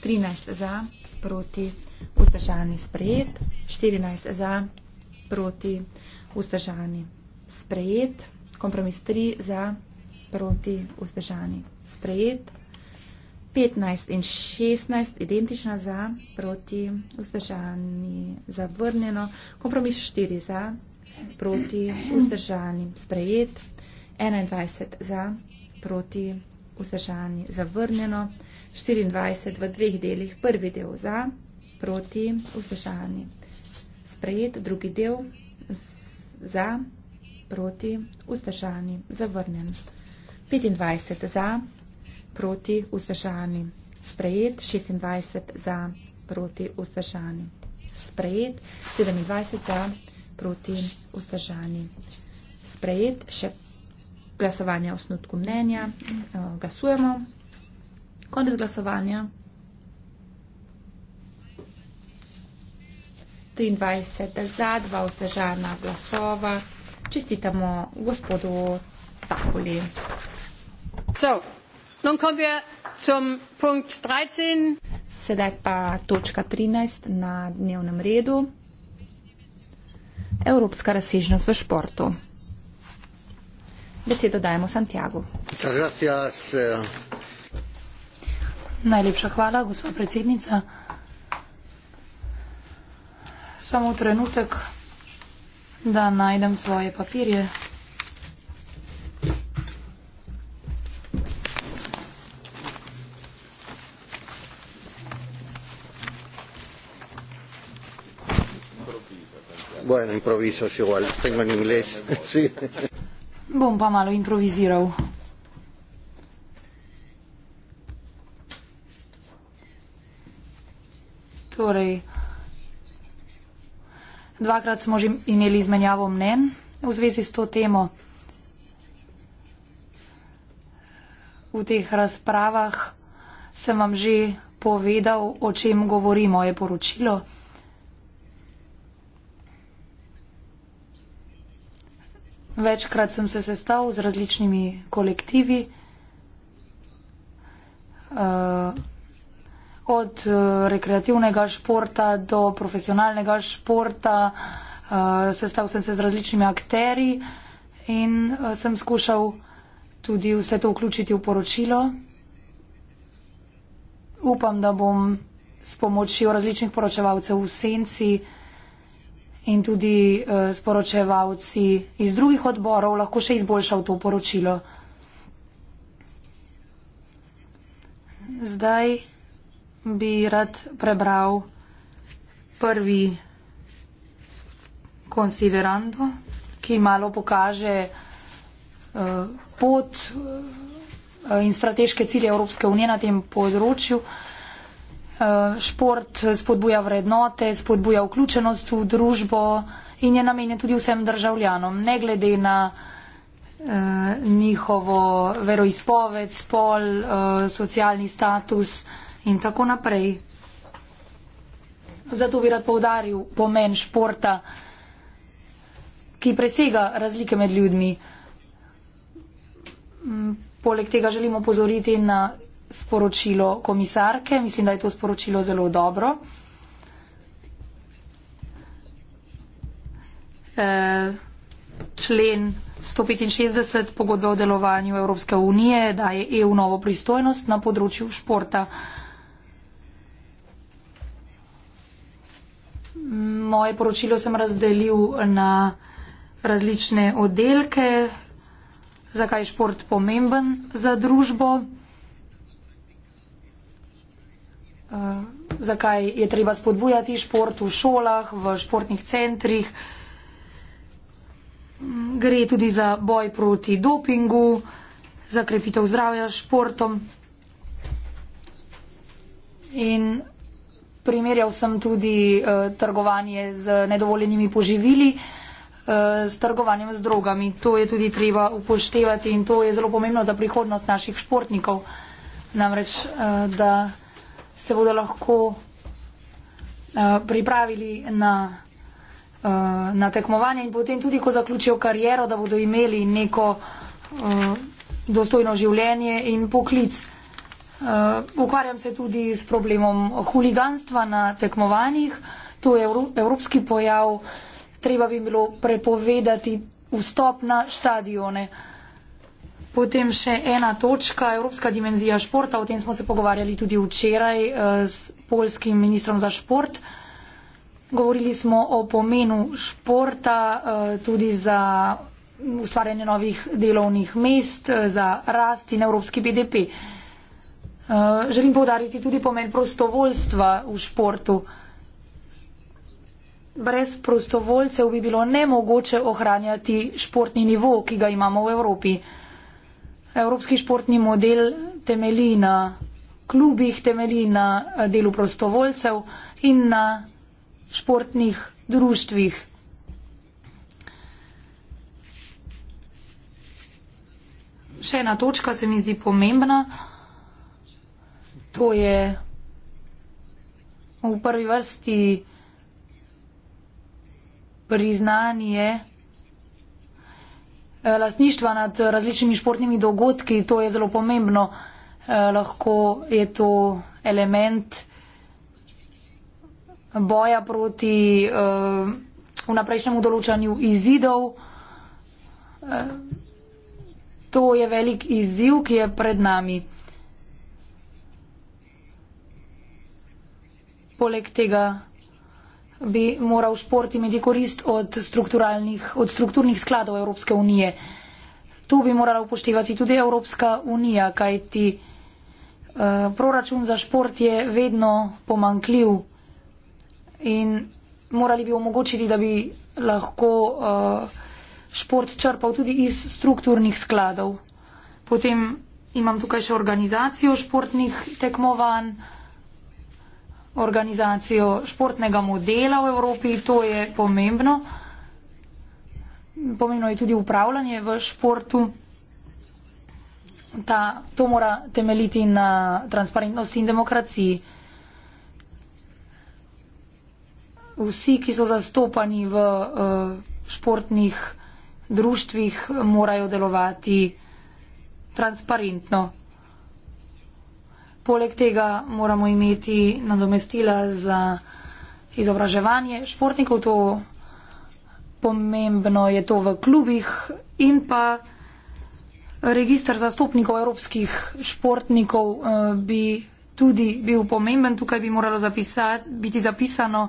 Speaker 4: Trinajst za, proti vzdržani. Sprejet. Štirinajst za, proti vzdržani. Sprejet. Kompromis tri za, proti vzdržani. Sprejet. 15 in 16 identična za, proti vzdržani, zavrnjeno, kompromis 4 za, proti vzdržani, sprejet, 21 za, proti vzdržani, zavrnjeno, 24 v dveh delih, prvi del za, proti vzdržani, sprejet, drugi del za, proti vzdržani, zavrnjen, 25 za, proti vzdržani, proti vzdržani. Sprejet 26 za proti vzdržani. Sprejet 27 za proti vzdržani. Sprejet še glasovanje o snutku mnenja. Eh, glasujemo. Konec glasovanja. 23 za, 2 vzdržana glasova. Čestitamo gospodu Takoli. So. Nun kommen wir zum Punkt 13. Sedaj pa točka 13 na dnevnem redu. Evropska razsežnost v športu. Besedo dajemo Santiago.
Speaker 1: Eh.
Speaker 3: Najlepša hvala, gospa predsednica. Samo trenutek, da najdem svoje papirje.
Speaker 2: Bueno, improviso, si igual, tengo en inglés. Sí.
Speaker 3: Bom, pa malo improviziral. Torej, dvakrat smo že imeli izmenjavo mnen v zvezi s to temo. V teh razpravah sem vam že povedal, o čem govorimo, je poročilo. Večkrat sem se sestal z različnimi kolektivi, uh, od uh, rekreativnega športa do profesionalnega športa, uh, sestal sem se z različnimi akteri in uh, sem skušal tudi vse to vključiti v poročilo. Upam, da bom s pomočjo različnih poročevalcev v senci in tudi uh, sporočevalci iz drugih odborov lahko še izboljšal to poročilo. Zdaj bi rad prebral prvi konsiderando, ki malo pokaže uh, pot uh, in strateške cilje Evropske unije na tem področju. Uh, Eh, šport spodbuja vrednote, spodbuja vključenost v družbo in je namenjen tudi vsem državljanom, ne glede na eh, njihovo veroizpoved, spol, eh, socialni status in tako naprej. Zato bi rad povdaril pomen športa, ki presega razlike med ljudmi. Mm, poleg tega želimo pozoriti na sporočilo komisarke. Mislim, da je to sporočilo zelo dobro. E, člen 165 pogodbe o delovanju Evropske unije daje EU novo pristojnost na področju športa. Moje poročilo sem razdelil na različne oddelke, zakaj je šport pomemben za družbo. Eh, zakaj je treba spodbujati šport v šolah, v športnih centrih. Gre tudi za boj proti dopingu, za krepitev zdravja s športom. In primerjal sem tudi uh, trgovanje z nedovoljenimi poživili, uh, s trgovanjem z drogami. To je tudi treba upoštevati in to je zelo pomembno za prihodnost naših športnikov. Namreč, uh, da se bodo lahko uh, pripravili na, uh, na tekmovanje in potem tudi, ko zaključijo kariero, da bodo imeli neko uh, dostojno življenje in poklic. Uh, ukvarjam se tudi s problemom huliganstva na tekmovanjih. To je evropski pojav. Treba bi bilo prepovedati vstop na stadione. Uh, Potem še ena točka, Evropska dimenzija športa, o tem smo se pogovarjali tudi včeraj eh, s polskim ministrom za šport. Govorili smo o pomenu športa eh, tudi za ustvarjanje novih delovnih mest, eh, za rast in evropski BDP. Želim povdariti tudi pomen prostovoljstva v športu. Brez prostovoljcev bi bilo nemogoče ohranjati športni nivo, ki ga imamo v Evropi. Evropski športni model temelji na klubih, temelji na eh, delu prostovoljcev in na športnih društvih. Še ena točka se mi zdi pomembna. To je v prvi vrsti priznanje Eh, lasništva nad različnimi športnimi dogodki, to je zelo pomembno. Eh, lahko je to element boja proti eh, vnaprejšnjemu določanju izidov. To je velik izziv, ki je pred nami. Poleg tega bi moral šport imeti korist od, od strukturnih skladov Evropske unije. Tu bi morala upoštevati tudi Evropska unija, kajti uh, proračun za šport je vedno pomankljiv in morali bi omogočiti, da bi lahko uh, šport črpal tudi iz strukturnih skladov. Potem imam tukaj še organizacijo športnih tekmovanj organizacijo športnega modela v Evropi, to je pomembno. Pomembno je tudi upravljanje v športu. Ta, to mora temeljiti na transparentnosti in demokraciji. Vsi, ki so zastopani v uh, športnih društvih, morajo delovati transparentno. Poleg tega moramo imeti nadomestila za izobraževanje športnikov, to pomembno je to v klubih in pa registr zastopnikov evropskih športnikov eh, bi tudi bil pomemben. Tukaj bi moralo zapisati, biti zapisano,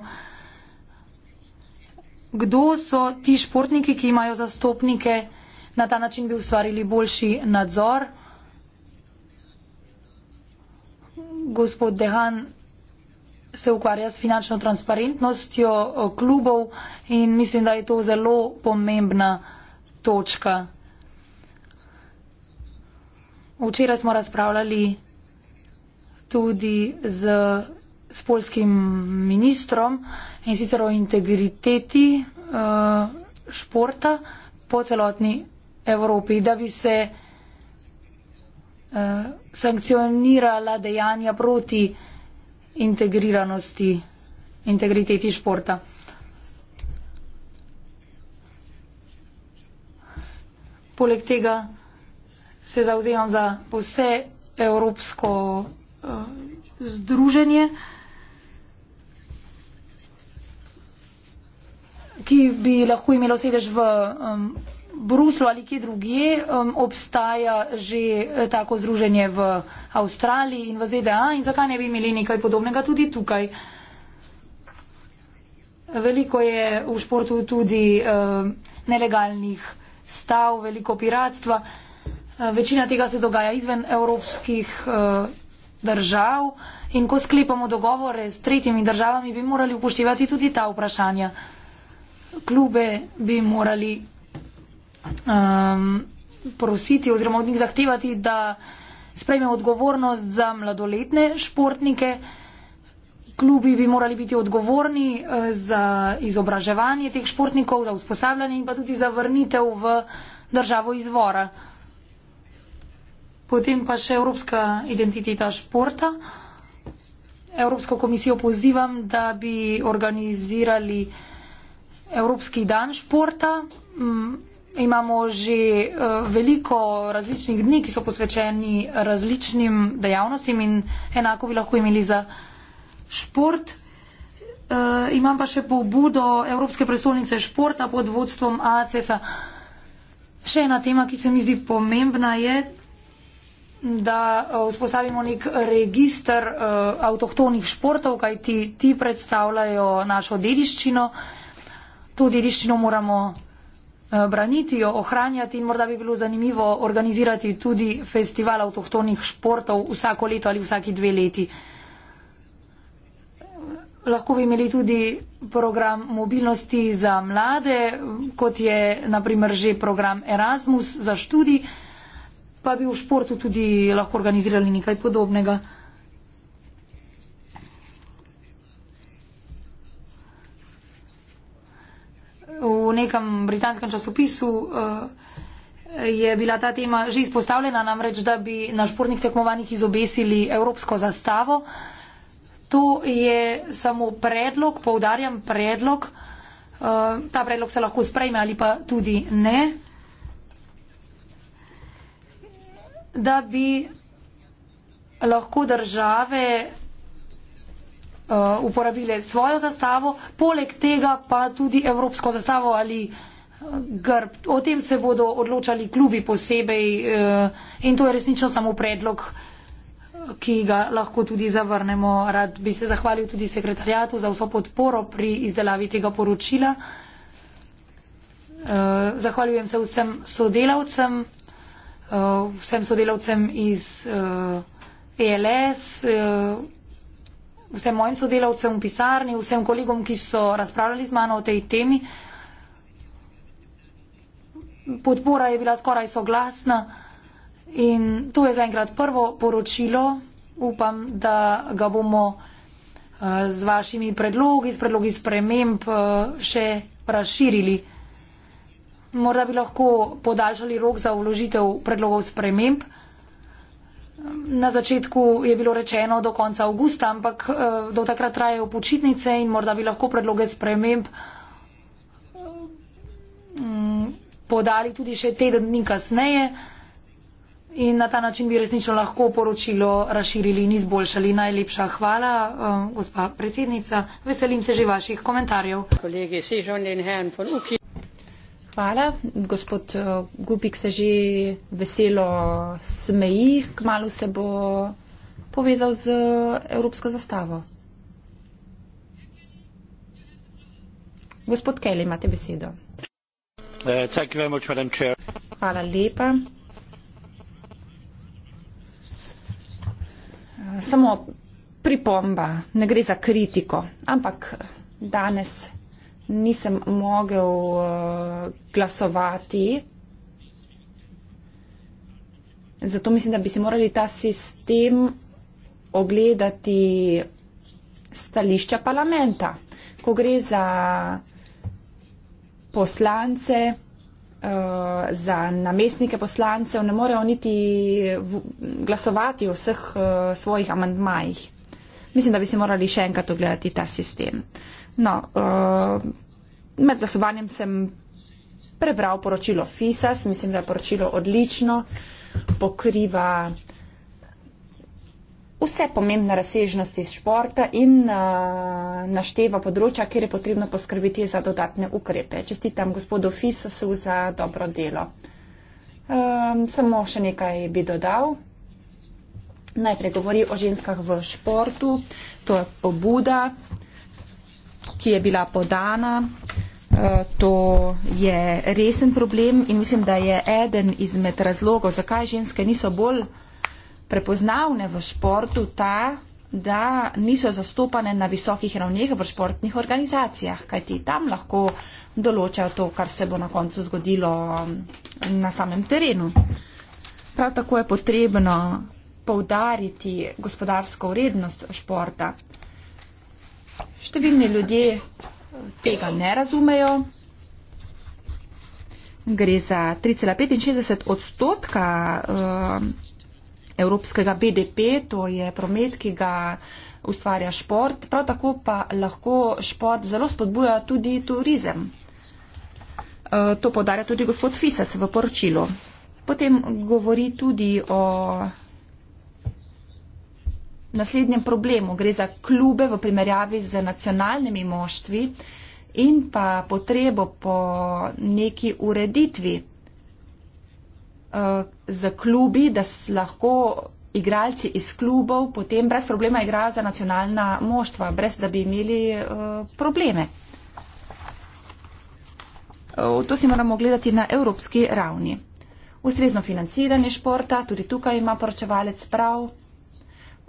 Speaker 3: kdo so ti športniki, ki imajo zastopnike. Na ta način bi ustvarili boljši nadzor. gospod Dehan se ukvarja s finančno transparentnostjo eh, klubov in mislim, da je to zelo pomembna točka. Včeraj smo razpravljali tudi z, s polskim ministrom in sicer o integriteti uh, športa po celotni Evropi, da bi se uh, sankcionirala dejanja proti integriranosti, integriteti športa. Poleg tega se zauzemam za vse evropsko uh, združenje, ki bi lahko imelo sedež v um, Bruslu ali kje drugje um, obstaja že eh, tako združenje v Avstraliji in v ZDA in zakaj ne bi imeli nekaj podobnega tudi tukaj. Veliko je v športu tudi um, nelegalnih stav, veliko piratstva. Eh, večina tega se dogaja izven evropskih uh, držav in ko sklepamo dogovore s tretjimi državami, bi morali upoštevati tudi ta vprašanja. Klube bi morali um, prositi oziroma od njih zahtevati, da sprejme odgovornost za mladoletne športnike. Klubi bi morali biti odgovorni eh, za izobraževanje teh športnikov, za usposabljanje in pa tudi za vrnitev v državo izvora. Potem pa še evropska identiteta športa. Evropsko komisijo pozivam, da bi organizirali Evropski dan športa. Mm, imamo že eh, veliko različnih dni, ki so posvečeni različnim dejavnostim in enako bi lahko imeli za šport. Eh, imam pa še pobudo Evropske predstolnice športa pod vodstvom ACES-a. Še ena tema, ki se mi zdi pomembna, je, da eh, vzpostavimo nek registr avtohtonih športov, kaj ti, ti predstavljajo našo dediščino. To dediščino moramo Eh, braniti, jo ohranjati in morda bi bilo zanimivo organizirati tudi festival avtohtonih športov vsako leto ali vsaki dve leti. Lahko bi imeli tudi program mobilnosti za mlade, kot je naprimer že program Erasmus za študij, pa bi v športu tudi lahko organizirali nekaj podobnega. v nekem britanskem časopisu eh, je bila ta tema že izpostavljena, namreč, da bi na športnih tekmovanjih izobesili evropsko zastavo. To je samo predlog, poudarjam predlog. Eh, ta predlog se lahko sprejme ali pa tudi ne. Da bi lahko države uh, uporabile svojo zastavo, poleg tega pa tudi evropsko zastavo ali uh, grb. O tem se bodo odločali klubi posebej uh, in to je resnično samo predlog, uh, ki ga lahko tudi zavrnemo. Rad bi se zahvalil tudi sekretarjatu za vso podporo pri izdelavi tega poročila. Uh, zahvaljujem se vsem sodelavcem, uh, vsem sodelavcem iz uh, ELS, uh, vsem mojim sodelavcem v pisarni, vsem kolegom, ki so razpravljali z mano o tej temi. Podpora je bila skoraj soglasna in to je zaenkrat prvo poročilo. Upam, da ga bomo eh, z vašimi predlogi, s predlogi sprememb eh, še razširili. Morda bi lahko podaljšali rok za vložitev predlogov sprememb. Na začetku je bilo rečeno do konca avgusta, ampak eh, do takrat trajajo počitnice in morda bi lahko predloge sprememb mm, podali tudi še teden dni kasneje in na ta način bi resnično lahko poročilo razširili in izboljšali. Najlepša hvala, eh, gospa predsednica. Veselim se že vaših komentarjev. Kolegi, Hvala.
Speaker 4: Gospod eh, Gubik se že veselo smeji, kmalo se bo povezal z evropsko zastavo. Gospod Kelly, imate besedo. Eh, Hvala lepa. Eh, samo pripomba, ne gre za kritiko, ampak danes nisem mogel eh, glasovati. Zato mislim, da bi se morali ta sistem ogledati stališča parlamenta, ko gre za poslance, eh, za namestnike poslancev, ne morejo niti glasovati o vseh eh, svojih amantmajih. Mislim, da bi se morali še enkrat ogledati ta sistem. No, uh, med glasovanjem sem prebral poročilo FISAS, mislim, da je poročilo odlično, pokriva vse pomembne razsežnosti športa in uh, našteva področja, kjer je potrebno poskrbiti za dodatne ukrepe. Čestitam gospodu FISASu za dobro delo. Um, samo še nekaj bi dodal. Najprej govori o ženskah v športu. To je pobuda, ki je bila podana. Eh, to je resen problem in mislim, da je eden izmed razlogov, zakaj ženske niso bolj prepoznavne v športu, ta, da niso zastopane na visokih ravneh v športnih organizacijah, kajti tam lahko določajo to, kar se bo na koncu zgodilo mm, na samem terenu. Prav tako je potrebno poudariti gospodarsko vrednost športa. Številni ljudje tega ne razumejo. Gre za 3,65 odstotka eh, evropskega BDP, to je promet, ki ga ustvarja šport, prav tako pa lahko šport zelo spodbuja tudi turizem. Eh, to podarja tudi gospod Fises v poročilu. Potem govori tudi o naslednjem problemu. Gre za klube v primerjavi z nacionalnimi moštvi in pa potrebo po neki ureditvi uh, eh, za klubi, da lahko igralci iz klubov potem brez problema igrajo za nacionalna moštva, brez da bi imeli uh, probleme. Uh, to si moramo gledati na evropski ravni. Ustrezno financiranje športa, tudi tukaj ima poročevalec prav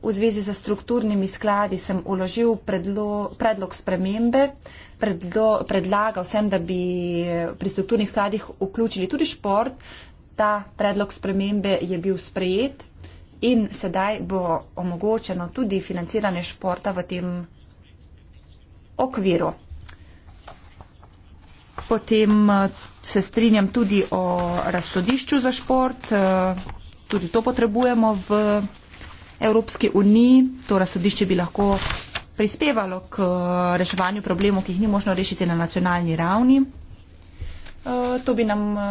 Speaker 4: v zvezi za strukturnimi skladi sem uložil predlo, predlog spremembe, predlo, predlagal sem, da bi eh, pri strukturnih skladih vključili tudi šport. Ta predlog spremembe je bil sprejet in sedaj bo omogočeno tudi financiranje športa v tem okviru. Potem eh, se strinjam tudi o razsodišču za šport. Eh, tudi to potrebujemo v Evropske unije, torej sodišče bi lahko prispevalo k eh, reševanju problemov, ki jih ni možno rešiti na nacionalni ravni. Eh, to bi nam eh,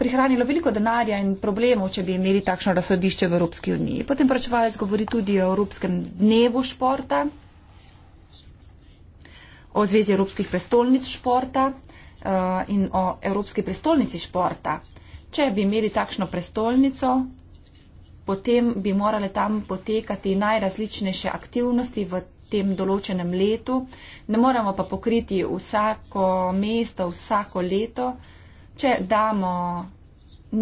Speaker 4: prihranilo veliko denarja in problemov, če bi imeli takšno razsodišče v Evropski uniji. Potem pračevalec govori tudi o Evropskem dnevu športa, o Zvezi Evropskih prestolnic športa in o Evropski prestolnici športa. Če bi imeli takšno prestolnico, potem bi morale tam potekati najrazličnejše aktivnosti v tem določenem letu. Ne moramo pa pokriti vsako mesto, vsako leto. Če damo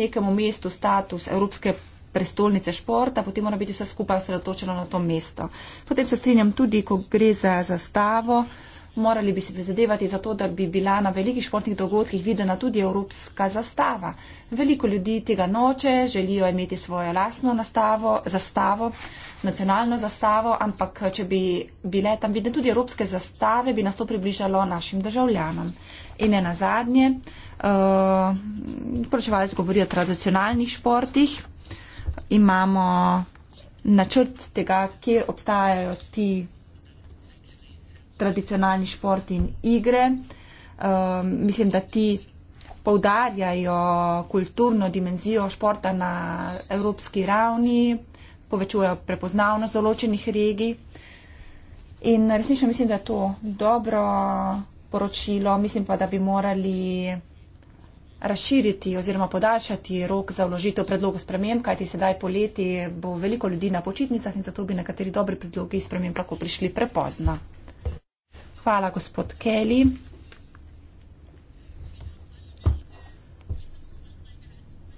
Speaker 4: nekemu mestu status Evropske prestolnice športa, potem mora biti vse skupaj osredotočeno na to mesto. Potem se strinjam tudi, ko gre za zastavo morali bi se prizadevati za to, da bi bila na velikih športnih dogodkih videna tudi evropska zastava. Veliko ljudi tega noče, želijo imeti svojo lasno nastavo, zastavo, nacionalno zastavo, ampak če bi bile tam videne tudi evropske zastave, bi nas to približalo našim državljanom. In ne nazadnje, uh, poročevalec govori o tradicionalnih športih, imamo načrt tega, kje obstajajo ti tradicionalni šport in igre. Um, mislim, da ti poudarjajo kulturno dimenzijo športa na evropski ravni, povečujejo prepoznavnost določenih regij. In resnično mislim, da je to dobro poročilo, mislim pa, da bi morali razširiti oziroma podaljšati rok za vložitev predlogov sprememb, kajti sedaj poleti bo veliko ljudi na počitnicah in zato bi nekateri dobri predlogi sprememb lahko prišli prepozno. Hvala, gospod Kelly.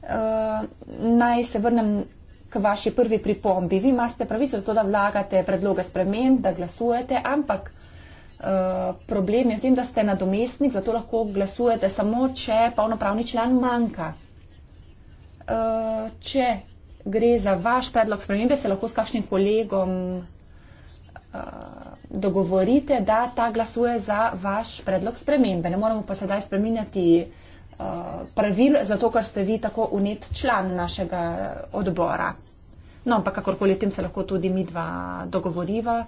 Speaker 4: Eh, naj se vrnem k vaši prvi pripombi. Vi imate pravico za to, da vlagate predloge spremen, da glasujete, ampak eh, problem je v tem, da ste nadomestnik, zato lahko glasujete samo, če polnopravni član manjka. Eh, če gre za vaš predlog spremembe, se lahko s kakšnim kolegom dogovorite, da ta glasuje za vaš predlog spremembe. Ne moramo pa sedaj spreminjati uh, pravil, zato ker ste vi tako unet član našega odbora. No, ampak kakorkoli tem se lahko tudi mi dva dogovoriva.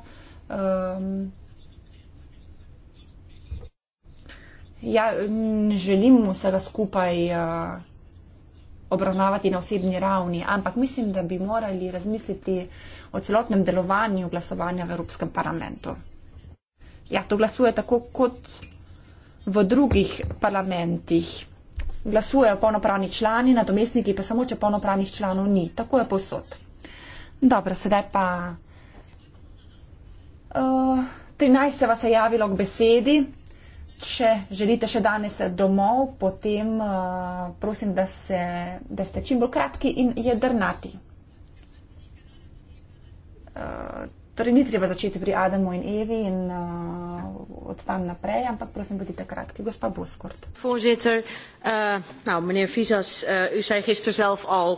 Speaker 4: Um, ja, želim vsega skupaj. Uh, obravnavati na osebni ravni, ampak mislim, da bi morali razmisliti o celotnem delovanju glasovanja v Evropskem parlamentu. Ja, to glasuje tako kot v drugih parlamentih. Glasujejo polnopravni člani, nadomestniki pa samo, če polnopravnih članov ni. Tako je posod. Dobro, sedaj pa. Uh, eh, 13 se vas je javilo k besedi. Če želite še danes domov, potem uh, prosim, da, se, da ste čim bolj kratki in jedrnati. Uh, torej, ni treba začeti pri Adamu in Evi in uh, od tam naprej, ampak prosim, bodite kratki. Gospa Boskort.
Speaker 1: Voorzitter, uh, nou, meneer Fisas, uh, u zei gister zelf al.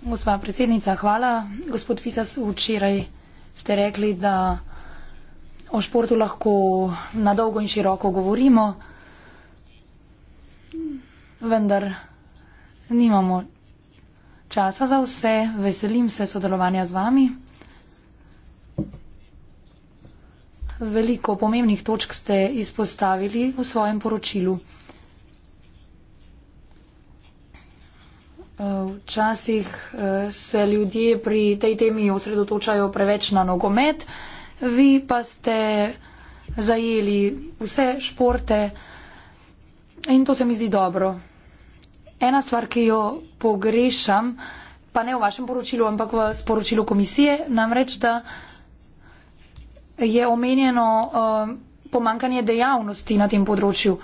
Speaker 3: Gospa predsednica, hvala. Gospod Fisas, včeraj ste rekli, da o športu lahko na dolgo in široko govorimo, vendar nimamo časa za vse. Veselim se sodelovanja z vami. Veliko pomembnih točk ste izpostavili v svojem poročilu. Včasih eh, se ljudje pri tej temi osredotočajo preveč na nogomet vi pa ste zajeli vse športe in to se mi zdi dobro. Ena stvar, ki jo pogrešam, pa ne v vašem poročilu, ampak v sporočilu komisije, namreč, da je omenjeno uh, pomankanje dejavnosti na tem področju.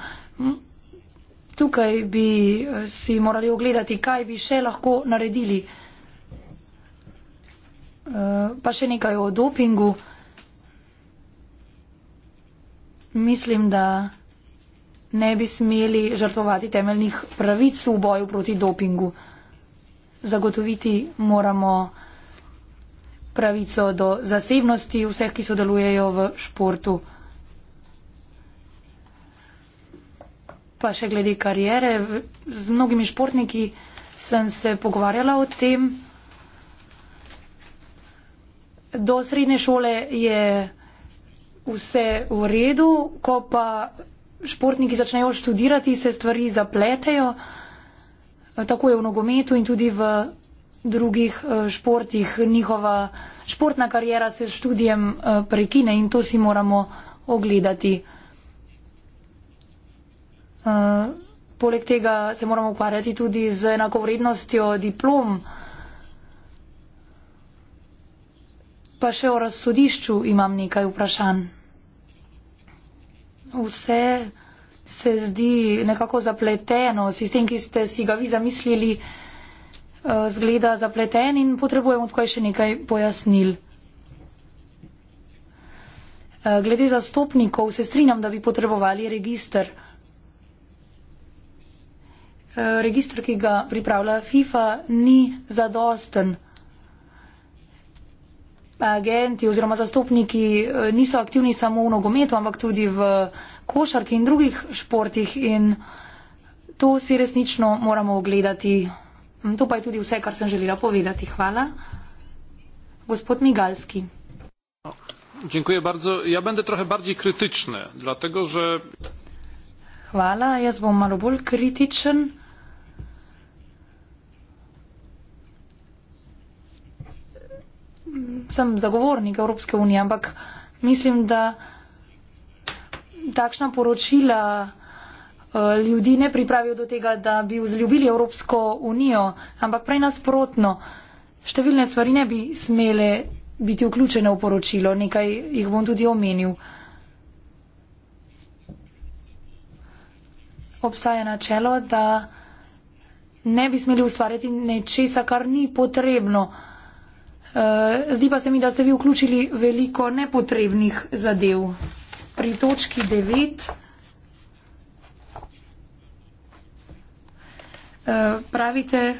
Speaker 3: Tukaj bi eh, si morali ogledati, kaj bi še lahko naredili. Uh, pa še nekaj o dopingu. Uh, Mislim, da ne bi smeli žrtvovati temeljnih pravic v boju proti dopingu. Zagotoviti moramo pravico do zasebnosti vseh, ki sodelujejo v športu. Pa še glede karijere. Z mnogimi športniki sem se pogovarjala o tem. Do srednje šole je vse v redu, ko pa športniki začnejo študirati, se stvari zapletejo, eh, tako je v nogometu in tudi v drugih eh, športih. Njihova športna karjera se s študijem eh, prekine in to si moramo ogledati. Poleg tega se moramo ukvarjati tudi z enakovrednostjo diplom, pa še o razsodišču imam nekaj vprašanj vse se zdi nekako zapleteno, sistem, ki ste si ga vi zamislili, eh, zgleda zapleten in potrebujemo tukaj še nekaj pojasnil. Eh, glede zastopnikov se strinjam, da bi potrebovali registr. Eh, registr, ki ga pripravlja FIFA, ni zadosten agenti oziroma zastopniki eh, niso aktivni samo v nogometu, ampak tudi v košarki in drugih športih in to si resnično moramo ogledati. Mm, to pa je tudi vse, kar sem želela povedati. Hvala. Gospod Migalski. Dziękuję bardzo. Ja będę trochę bardziej krytyczny, dlatego że. Chwala, ja jestem bardziej krytyczny. sem zagovornik Evropske unije, ampak mislim, da takšna poročila eh, ljudi ne pripravijo do tega, da bi vzljubili Evropsko unijo, ampak prej nasprotno. Številne stvari ne bi smele biti vključene v poročilo, nekaj jih bom tudi omenil. Obstaja načelo, da ne bi smeli ustvarjati nečesa, kar ni potrebno. Eh, zdi pa se mi, da ste vi vključili veliko nepotrebnih zadev. Pri točki 9. Eh, pravite,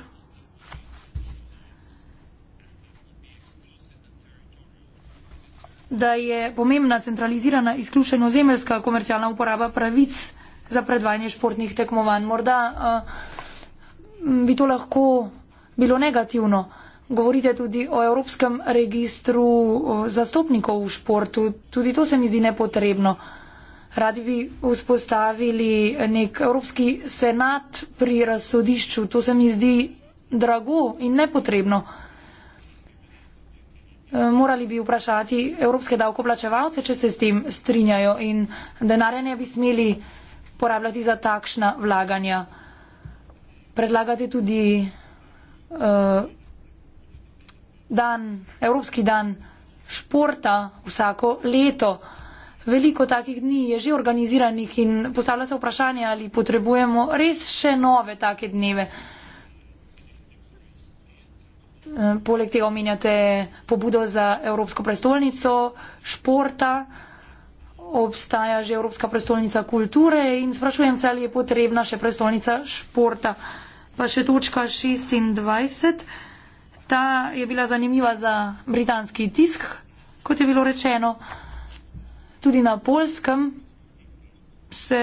Speaker 3: da je pomembna centralizirana izključeno zemeljska komercialna uporaba pravic za predvajanje športnih tekmovanj. Morda uh, bi to lahko bilo negativno. Uh, Govorite tudi o Evropskem registru zastopnikov v športu. Tudi to se mi zdi nepotrebno. Radi bi vzpostavili nek Evropski senat pri razsodišču. To se mi zdi drago in nepotrebno. E, morali bi vprašati evropske davkoplačevalce, če se s tem strinjajo in denarja ne bi smeli porabljati za takšna vlaganja. Predlagate tudi uh, dan, Evropski dan športa vsako leto. Veliko takih dni je že organiziranih in postavlja se vprašanje, ali potrebujemo res še nove take dneve. Eh, poleg tega omenjate pobudo za Evropsko prestolnico športa, obstaja že Evropska prestolnica kulture in sprašujem se, ali je potrebna še prestolnica športa. Pa še točka 26. Ta je bila zanimiva za britanski tisk, kot je bilo rečeno. Tudi na polskem se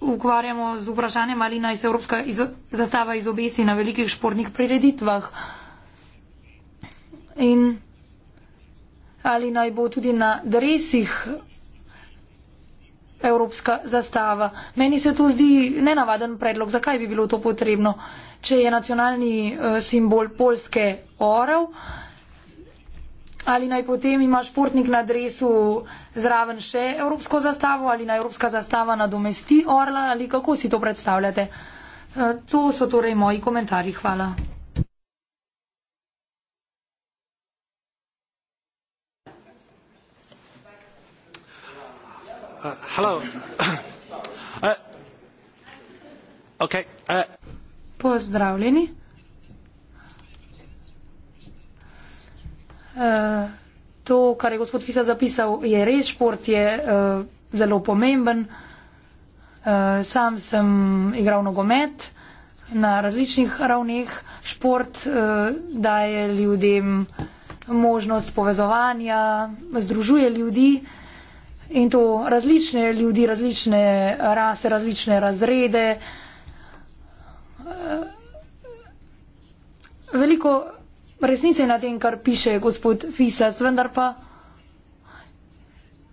Speaker 3: ukvarjamo z vprašanjem, ali naj se evropska izo zastava izobesi na velikih športnih prireditvah in ali naj bo tudi na dresih evropska zastava. Meni se to zdi nenavaden predlog, zakaj bi bilo to potrebno, če je nacionalni eh, simbol polske orav. Ali naj potem ima športnik na adresu zraven še evropsko zastavo, ali naj evropska zastava nadomesti orla, ali kako si to predstavljate. Eh, to so torej moji komentarji. Hvala. uh, hello. uh,
Speaker 2: okay. Uh.
Speaker 3: Pozdravljeni. Uh, to, kar je gospod Fisa zapisal, je res, šport je uh, zelo pomemben. Uh, sam sem igral nogomet na različnih ravneh. Šport uh, daje ljudem možnost povezovanja, združuje ljudi. Uh, in to različne ljudi, različne rase, različne razrede. Eh, veliko resnice je na tem, kar piše gospod Fisac, vendar pa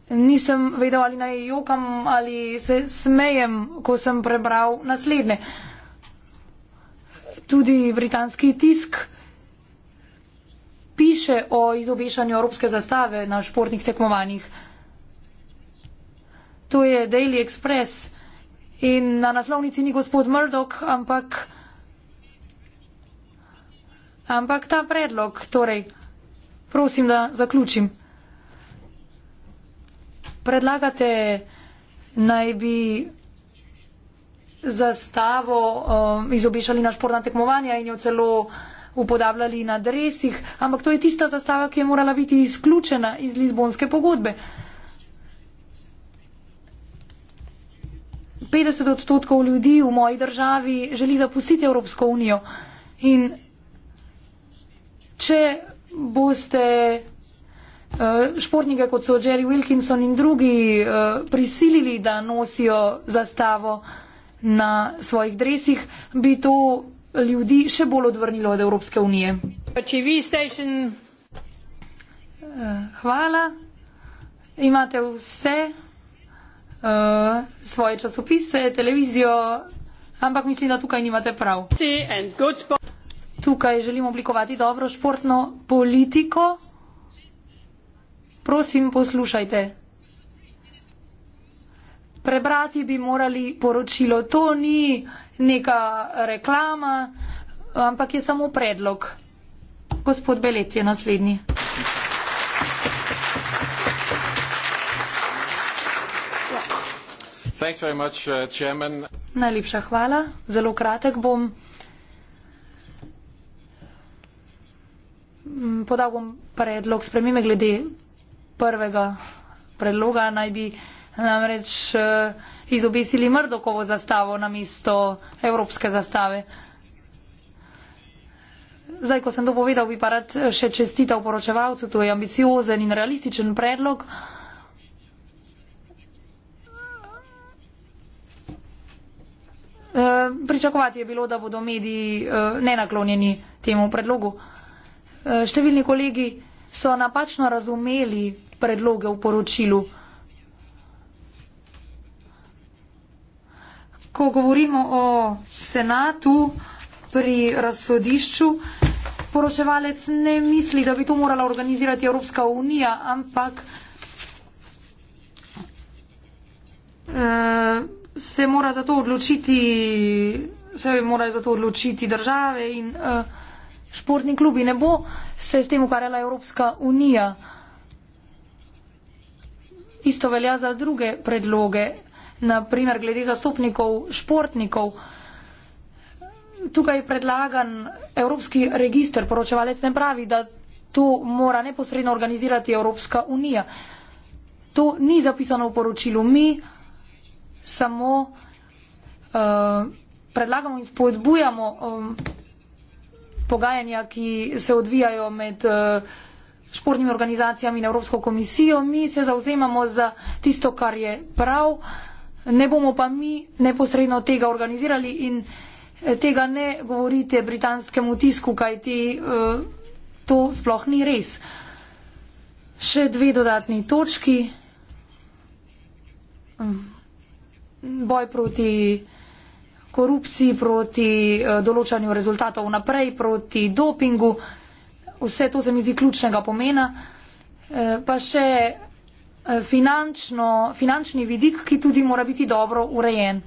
Speaker 3: nisem vedel, ali naj jokam ali se smejem, ko sem prebral naslednje. Tudi britanski tisk piše o izobešanju evropske zastave na športnih tekmovanjih to je Daily Express in na naslovnici ni gospod Murdoch, ampak, ampak ta predlog, torej, prosim, da zaključim. Predlagate naj bi zastavo um, izobešali na športna tekmovanja in jo celo upodabljali na dresih, ampak to je tista zastava, ki je morala biti izključena iz Lizbonske pogodbe. 50 odstotkov ljudi v moji državi želi zapustiti Evropsko unijo. In če boste eh, športnike, kot so Jerry Wilkinson in drugi, eh, prisilili, da nosijo zastavo na svojih dresih, bi to ljudi še bolj odvrnilo od Evropske unije. Eh, hvala. Imate vse. Eh, svoje časopise, televizijo, ampak mislim, da tukaj nimate prav. Tukaj želim oblikovati dobro športno politiko. Prosim, poslušajte. Prebrati bi morali poročilo. To ni neka reklama, ampak je samo predlog. Gospod Belet je naslednji. Uh, Najlepša hvala. Zelo kratek bom. Mm, podal bom predlog spremembe glede prvega predloga. Naj bi namreč uh, izobesili Mrdokovo zastavo na mesto evropske zastave. Zdaj, ko sem to povedal, bi pa rad uh, še čestital poročevalcu, to je ambiciozen in realističen predlog. Eh, pričakovati je bilo, da bodo mediji eh, nenaklonjeni temu predlogu. Eh, številni kolegi so napačno razumeli predloge v poročilu. Ko govorimo o senatu pri razsodišču, poročevalec ne misli, da bi to morala organizirati Evropska unija, ampak. Uh, se mora za to odločiti, se morajo za to odločiti države in uh, športni klubi. Ne bo se s tem ukvarjala Evropska unija. Isto velja za druge predloge, naprimer glede zastopnikov športnikov. Tukaj je predlagan Evropski registr, poročevalec ne pravi, da to mora neposredno organizirati Evropska unija. To ni zapisano v poročilu. Mi samo uh, predlagamo in spodbujamo um, pogajanja, ki se odvijajo med uh, športnimi organizacijami in Evropsko komisijo. Mi se zauzemamo za tisto, kar je prav, ne bomo pa mi neposredno tega organizirali in tega ne govorite britanskemu tisku, kajti uh, to sploh ni res. Še dve dodatni točki. Um boj proti korupciji, proti eh, določanju rezultatov naprej, proti dopingu. Vse to se mi zdi ključnega pomena. Eh, pa še eh, finančno, finančni vidik, ki tudi mora biti dobro urejen.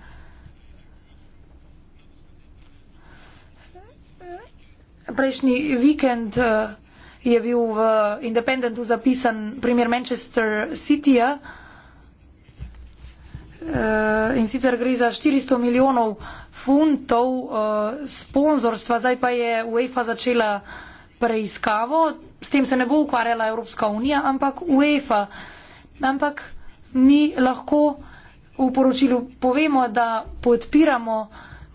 Speaker 3: Prejšnji vikend je bil v Independentu zapisan primer Manchester Citya. -ja. Eh, in sicer gre za 400 milijonov funtov eh, sponzorstva, zdaj pa je UEFA začela preiskavo, s tem se ne bo ukvarjala Evropska unija, ampak UEFA. Ampak mi lahko v poročilu povemo, da podpiramo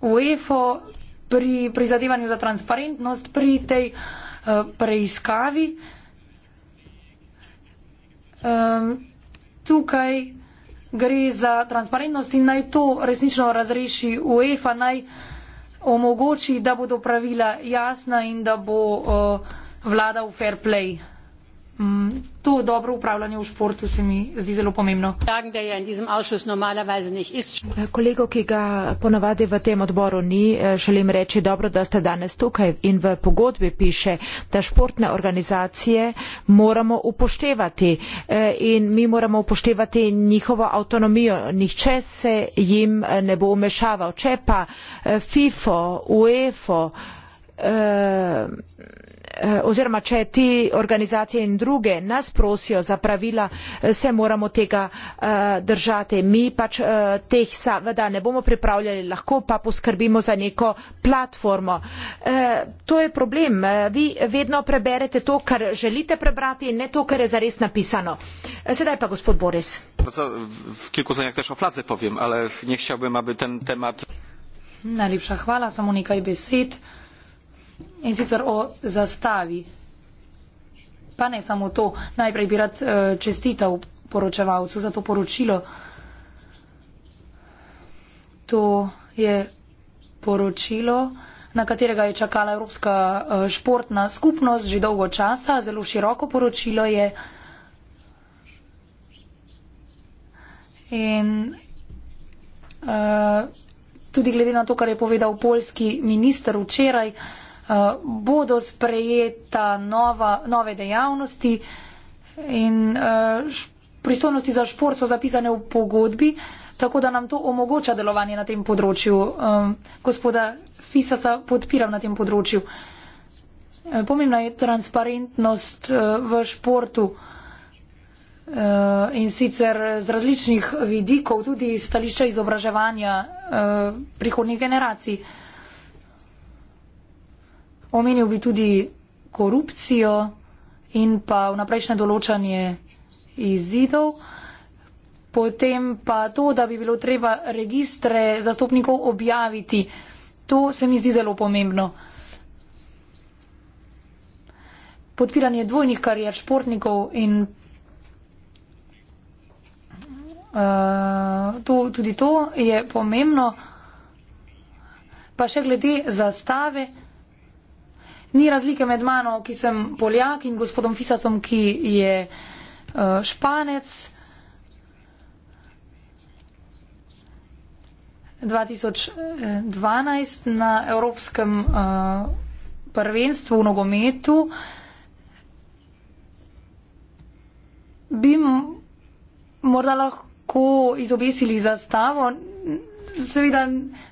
Speaker 3: UEFA pri prizadevanju za transparentnost pri tej eh, preiskavi. Ehm, tukaj gre za transparentnost in naj to resnično razreši UEFA, naj omogoči, da bodo pravila jasna in da bo uh, eh, vladal fair play. Mm, to dobro upravljanje v športu se mi zdi zelo pomembno.
Speaker 2: Ja eh,
Speaker 1: Kolego,
Speaker 3: ki ga
Speaker 1: ponavadi v tem odboru ni, eh, želim reči dobro, da ste danes tukaj in v pogodbi piše, da športne organizacije moramo upoštevati eh, in mi moramo upoštevati njihovo avtonomijo. Nihče se jim ne bo umešaval. Če pa FIFO, UEFO. Uh, Eh, oziroma če te organizacije in druge nas prosijo za pravila, eh, se moramo tega eh, držati. Mi pač teh seveda ne bomo pripravljali, lahko pa poskrbimo za neko platformo. To je problem. Vi vedno preberete to, kar želite prebrati in ne to, kar je zares napisano. Sedaj pa gospod
Speaker 3: Boris.
Speaker 4: No co, v kilku zanjah tež o fladze povem, ampak ne želim, da bi ten temat.
Speaker 3: Najlepša hvala, samo nekaj besed in sicer o zastavi. Pa ne samo to, najprej bi rad eh, čestital poročevalcu za to poročilo. To je poročilo, na katerega je čakala Evropska eh, športna skupnost že dolgo časa, zelo široko poročilo je. In uh, tudi glede na to, kar je povedal polski minister včeraj, uh, Eh, bodo sprejeta nova, nove dejavnosti in uh, pristojnosti za šport so zapisane v pogodbi, tako da nam to omogoča delovanje na tem področju. Um, gospoda Fisasa podpiram na tem področju. Pomembna je transparentnost uh, v športu uh, in sicer z različnih vidikov, tudi stališča izobraževanja uh, prihodnjih generacij. Uh, Omenil bi tudi korupcijo in pa vnaprejšnje določanje izidov, potem pa to, da bi bilo treba registre zastopnikov objaviti. To se mi zdi zelo pomembno. Podpiranje dvojnih karier športnikov in uh, to, tudi to je pomembno. Pa še glede zastave ni razlike med mano, ki sem Poljak in gospodom Fisasom, ki je uh, Španec. 2012 eh, na Evropskem uh, prvenstvu v nogometu bi morda lahko izobesili zastavo. Seveda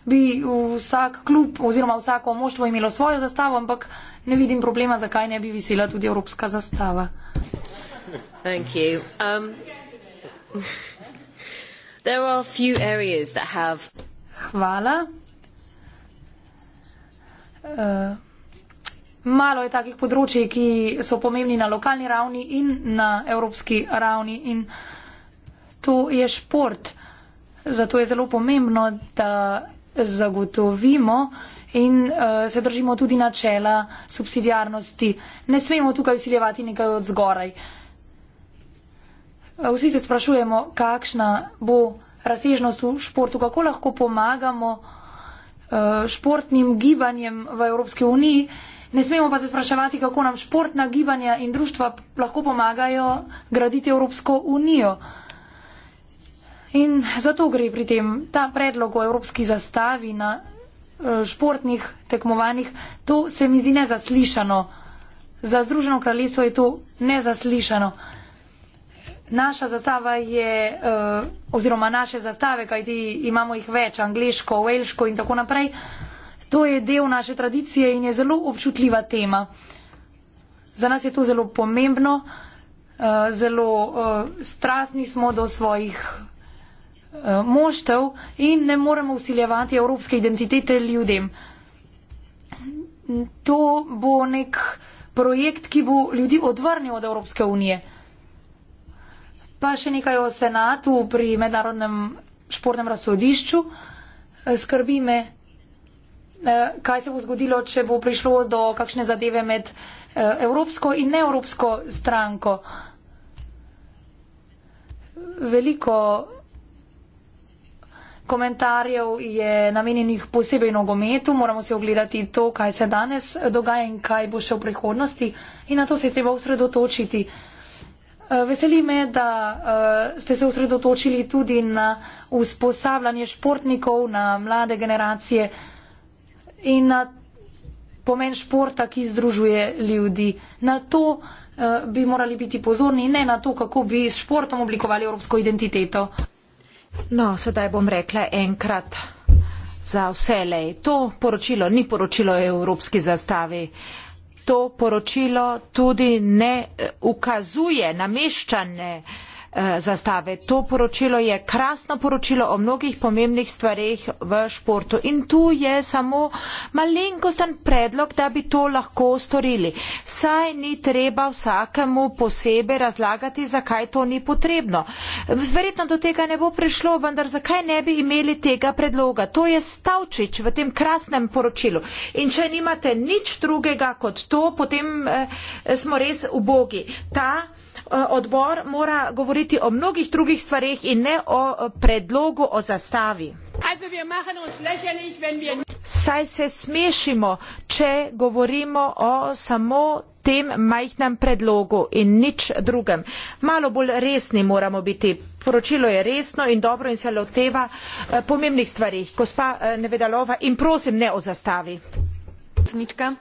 Speaker 3: bi vsak klub oziroma vsako moštvo imelo svojo zastavo, ampak uh, ne vidim problema, zakaj ne bi visela tudi evropska zastava. Thank you. Um, there are few areas that have... Hvala. Uh, malo je takih področij, ki so pomembni na lokalni ravni in na evropski ravni in to je šport. Zato je zelo pomembno, da zagotovimo, in uh, se držimo tudi načela subsidijarnosti. Ne smemo tukaj usiljevati nekaj od zgoraj. Eh, vsi se sprašujemo, kakšna bo razsežnost v športu, kako lahko pomagamo uh, športnim gibanjem v Evropski uniji. Ne smemo pa se spraševati, kako nam športna gibanja in društva lahko pomagajo graditi Evropsko unijo. In zato gre pri tem ta predlog o evropski zastavi na Eh, športnih tekmovanjih, to se mi zdi nezaslišano. Za Združeno kraljestvo je to nezaslišano. Naša zastava je, eh, oziroma naše zastave, kajti imamo jih več, angliško, velško in tako naprej, to je del naše tradicije in je zelo občutljiva tema. Za nas je to zelo pomembno, eh, zelo strastni smo do svojih Eh, moštev in ne moremo usiljevati evropske identitete ljudem. To bo nek projekt, ki bo ljudi odvrnil od Evropske unije. Pa še nekaj o senatu pri mednarodnem športnem razsodišču. Eh, skrbi me, eh, kaj se bo zgodilo, če bo prišlo do kakšne zadeve med evropsko in neevropsko stranko. Veliko komentarjev je namenjenih posebej nogometu. Moramo si ogledati to, kaj se danes dogaja in kaj bo še v prihodnosti in na to se je treba usredotočiti. Eh, veseli me, da eh, ste se usredotočili tudi na usposabljanje športnikov, na mlade generacije in na pomen športa, ki združuje ljudi. Na to eh, bi morali biti pozorni, ne na to, kako bi s športom oblikovali evropsko identiteto. No, sedaj bom rekla enkrat za
Speaker 1: vselej. To poročilo ni poročilo Evropski zastavi. To poročilo tudi ne eh, ukazuje nameščanje. Eh, zastave. To poročilo je krasno poročilo o mnogih pomembnih stvarih v športu in tu je samo malenkosten predlog, da bi to lahko storili. Saj ni treba vsakemu posebej razlagati, zakaj to ni potrebno. Zverjetno do tega ne bo prišlo, vendar zakaj ne bi imeli tega predloga. To je stavčič v tem krasnem poročilu. In če nimate nič drugega kot to, potem eh, smo res ubogi. Ta Eh, odbor mora govoriti o mnogih drugih stvarih in ne o eh, predlogu o zastavi. Saj se smešimo, če govorimo o samo tem majhnem predlogu in nič drugem. Malo bolj resni moramo biti. Poročilo je resno in dobro in se loteva eh, pomembnih stvari. Gospa Nevedalova
Speaker 3: in prosim ne o zastavi. Ja,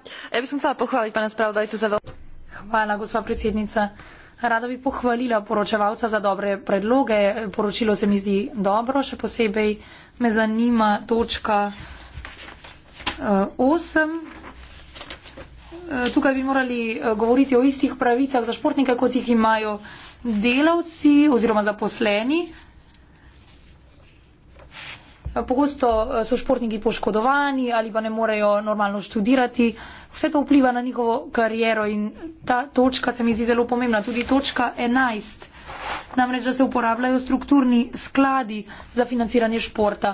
Speaker 3: Hvala, gospa predsednica. Rada bi pohvalila poročevalca za dobre predloge. Poročilo se mi zdi dobro, še posebej me zanima točka 8. Eh, eh, tukaj bi morali eh, govoriti o istih pravicah za športnike, kot jih imajo delavci oziroma zaposleni pogosto eh, so športniki poškodovani ali pa ne morejo normalno študirati. Vse to vpliva na njihovo kariero in ta točka se mi zdi zelo pomembna, tudi točka 11. Namreč, da se uporabljajo strukturni skladi za financiranje športa.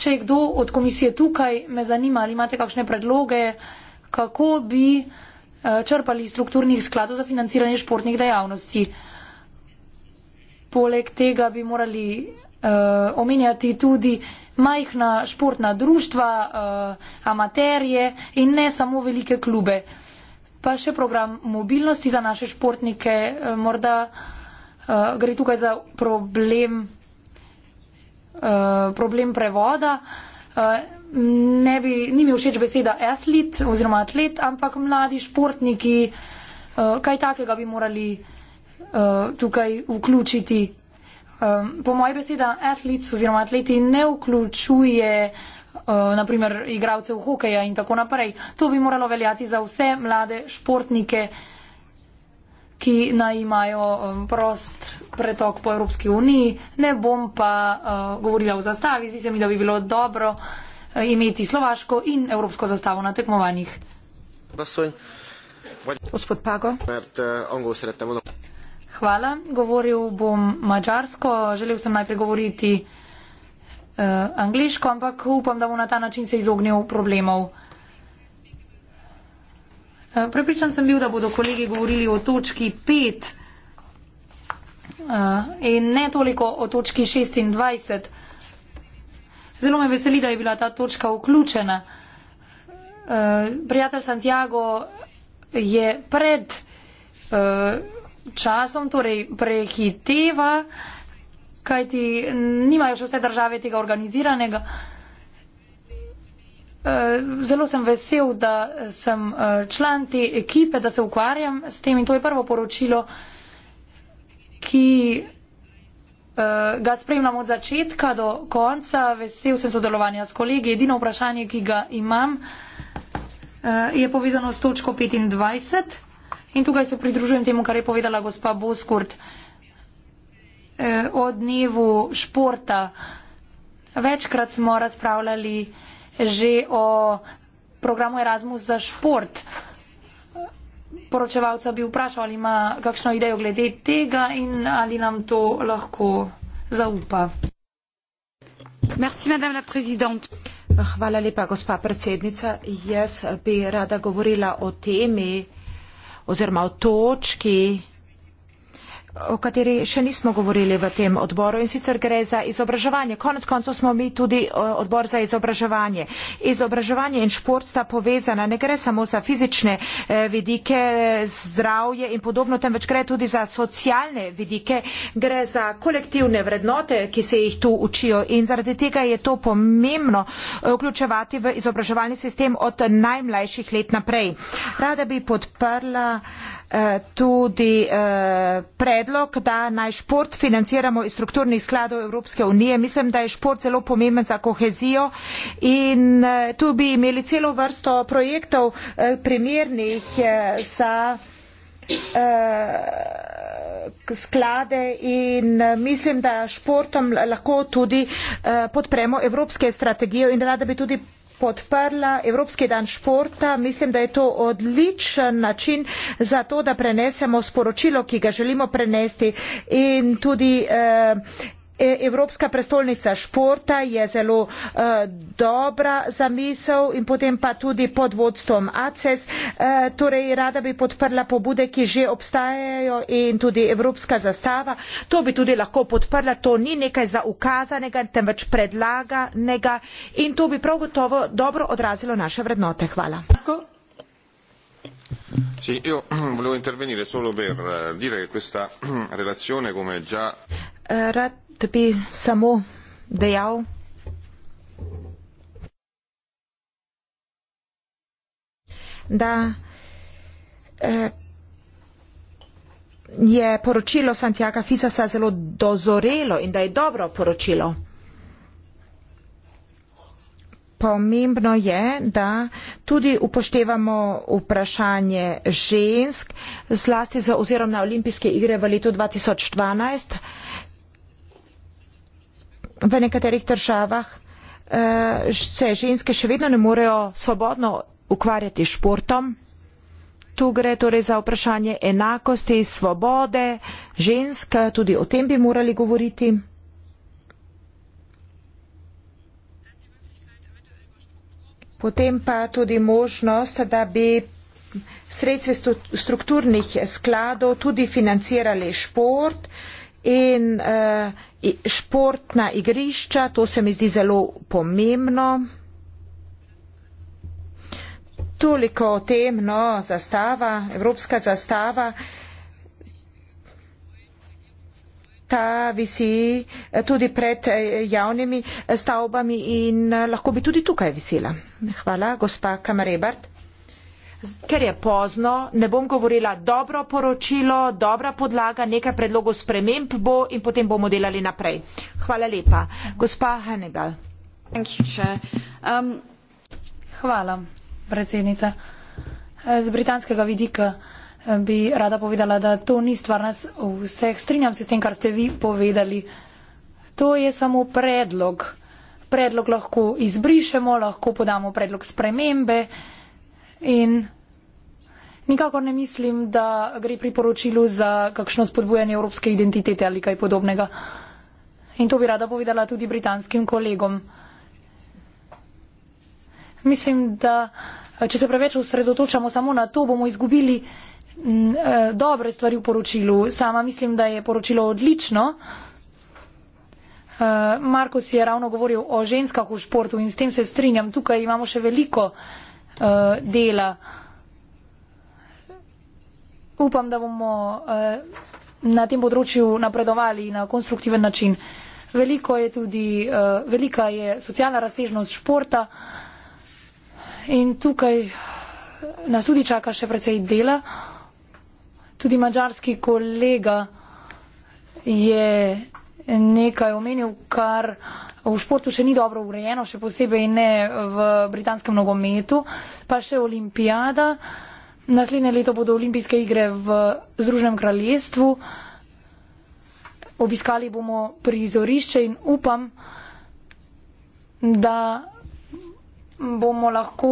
Speaker 3: Če je kdo od komisije tukaj, me zanima, ali imate kakšne predloge, kako bi eh, črpali strukturnih skladov za financiranje športnih dejavnosti. Poleg tega bi morali uh, omenjati tudi majhna športna društva, uh, eh, amaterije in ne samo velike klube. Pa še program mobilnosti za naše športnike, uh, morda uh, gre tukaj za problem, uh, problem prevoda. Uh, ne bi, ni mi všeč beseda atlet oziroma atlet, ampak mladi športniki, uh, kaj takega bi morali uh, tukaj vključiti um, po mojih besedah, atlet oziroma atleti ne vključuje. Uh, naprimer, igralcev hokeja in tako naprej. To bi moralo veljati za vse mlade športnike, ki naj imajo um, prost pretok po Evropski uniji. Ne bom pa uh, govorila o zastavi, zdi se mi, da bi bilo dobro uh, imeti slovaško in evropsko zastavo na tekmovanjih.
Speaker 1: Gospod Pago. Eh,
Speaker 3: hvala. Govoril bom mačarsko, želel sem najprej govoriti uh, angliško, ampak upam, da bom na ta način se izognil problemov. Eh, prepričan sem bil, da bodo kolegi govorili o točki 5 eh, in ne toliko o točki 26. Zelo me veseli, da je bila ta točka vključena. Prijatelj Santiago je pred časom torej prehiteva, kajti nimajo še vse države tega organiziranega. Eh, zelo sem vesel, da sem eh, član te ekipe, da se ukvarjam s tem in to je prvo poročilo, ki eh, ga spremljam od začetka do konca. Vesel sem sodelovanja s kolegi. Edino vprašanje, ki ga imam, je povezano s točko 25. In tukaj se pridružujem temu, kar je povedala gospa Boskurt eh, o dnevu športa. Večkrat smo razpravljali že o programu Erasmus za šport. Poročevalca bi vprašal, ali ima kakšno idejo glede tega in ali nam to lahko zaupa. Merci,
Speaker 1: Hvala lepa, gospa predsednica. Jaz bi rada govorila o temi oziroma v točki o kateri še nismo govorili v tem odboru in sicer gre za izobraževanje. Konec koncev smo mi tudi odbor za izobraževanje. Izobraževanje in šport sta povezana, ne gre samo za fizične e, vidike, zdravje in podobno, temveč gre tudi za socialne vidike, gre za kolektivne vrednote, ki se jih tu učijo in zaradi tega je to pomembno e, vključevati v izobraževalni sistem od najmlajših let naprej. Rada bi podprla. Eh, tudi eh, predlog, da naj šport financiramo iz strukturnih skladov Evropske unije. Mislim, da je šport zelo pomemben za kohezijo in eh, tu bi imeli celo vrsto projektov primernih za sklade in mislim, da športom lahko tudi podpremo evropske strategijo in rada bi tudi podprla Evropski dan športa. Mislim, da je to odličen način za to, da prenesemo sporočilo, ki ga želimo prenesti in tudi eh, E, evropska prestolnica športa je zelo uh, dobra zamisel in potem pa tudi pod vodstvom ACES. Uh, torej, rada bi podprla pobude, ki že obstajajo in tudi Evropska zastava. To bi tudi lahko podprla. To ni nekaj zaukazanega, temveč predlaganega in to bi prav gotovo dobro odrazilo naše vrednote. Hvala. Sì, io
Speaker 3: volevo intervenire solo per eh, dire che questa relazione, come già.
Speaker 1: Uh, bi samo dejal. Da eh, je poročilo Santiago Fisasa zelo dozorelo in da je dobro poročilo. Pomembno je, da tudi upoštevamo vprašanje žensk, zlasti za oziroma na olimpijske igre v letu 2012 v nekaterih državah eh, se ženske še vedno ne morejo svobodno ukvarjati s športom. Tu gre torej za vprašanje enakosti, svobode žensk, tudi o tem bi morali govoriti. Potem pa tudi možnost, da bi sredstve strukturnih skladov tudi financirali šport. Uh, in uh, športna igrišča, to se mi zdi zelo pomembno. Toliko o tem, no, zastava, evropska zastava, ta visi eh, tudi pred eh, javnimi stavbami in lahko bi tudi tukaj visela. Hvala, gospa Kamarebart ker je pozno, ne bom govorila dobro poročilo, dobra podlaga, nekaj predlogov sprememb bo in potem bomo delali naprej. Hvala lepa. Gospa Hannibal. Um,
Speaker 3: Hvala, predsednica. Z britanskega vidika eh, bi rada povedala, da to ni stvar nas vseh. Strinjam se s tem, kar ste vi povedali. To je samo predlog. Predlog lahko izbrišemo, lahko podamo predlog spremembe. In nikakor ne mislim, da gre pri poročilu za kakšno spodbujanje evropske identitete ali kaj podobnega. In to bi rada povedala tudi britanskim kolegom. Mislim, da če se preveč usredotočamo samo na to, bomo izgubili mm, eh, dobre stvari v poročilu. Sama mislim, da je poročilo odlično. Eh, Marko si je ravno govoril o ženskah v športu in s tem se strinjam. Tukaj imamo še veliko uh, dela. Upam, da bomo uh, na tem področju napredovali na konstruktiven način. Veliko je tudi, uh, velika je socialna razsežnost športa in tukaj nas tudi čaka še precej dela. Tudi mađarski kolega je nekaj omenil, kar uh, v športu še ni dobro urejeno, še posebej ne v britanskem nogometu, pa še olimpijada. Naslednje leto bodo olimpijske igre v Združenem kraljestvu. Obiskali bomo prizorišče in upam, da bomo lahko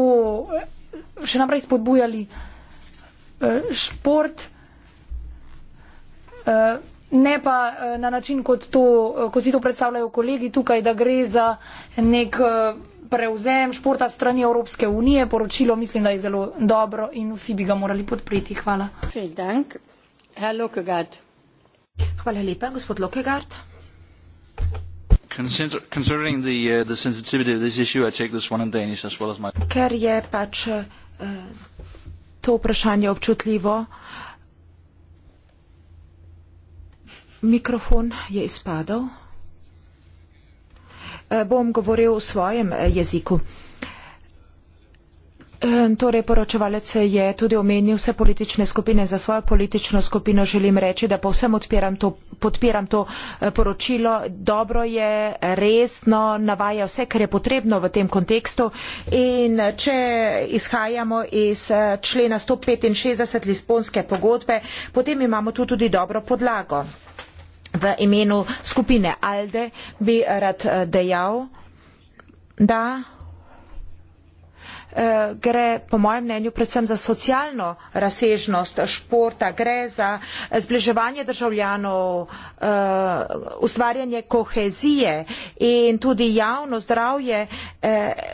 Speaker 3: še naprej spodbujali eh, šport. Eh, Ne pa eh, na način, kot, to, eh, kot si to predstavljajo kolegi tukaj, da gre za nek eh, prevzem športa strani Evropske unije. Poročilo mislim, da je zelo dobro in vsi bi ga morali podpreti. Hvala.
Speaker 2: Hvala lepa, gospod Lokegard.
Speaker 3: Uh,
Speaker 1: Ker je pač to vprašanje občutljivo, Mikrofon je izpadel. E, bom govoril v svojem e, jeziku. E, torej, poročevalec je tudi omenil vse politične skupine. Za svojo politično skupino želim reči, da povsem odpiram to, podpiram to poročilo. Dobro je, resno navaja vse, kar je potrebno v tem kontekstu. In če izhajamo iz člena 165 Lisbonske pogodbe, potem imamo tu tudi dobro podlago v imenu skupine Alde bi rad eh, dejal, da eh, gre po mojem mnenju predvsem za socialno razsežnost športa, gre za zbliževanje državljanov, eh, ustvarjanje kohezije in tudi javno zdravje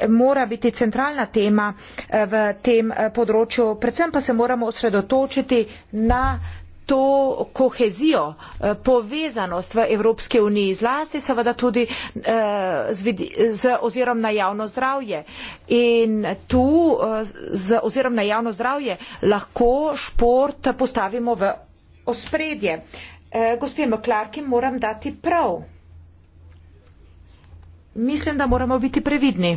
Speaker 1: mora biti centralna tema v tem področju. Predvsem pa se moramo osredotočiti na to kohezijo, eh, povezanost v Evropske unije, zlasti seveda tudi eh, z, z ozirom na javno zdravje. In tu eh, z ozirom na javno zdravje lahko šport postavimo v ospredje. Gospe Meklarki, moram dati prav. Mislim, da moramo biti previdni.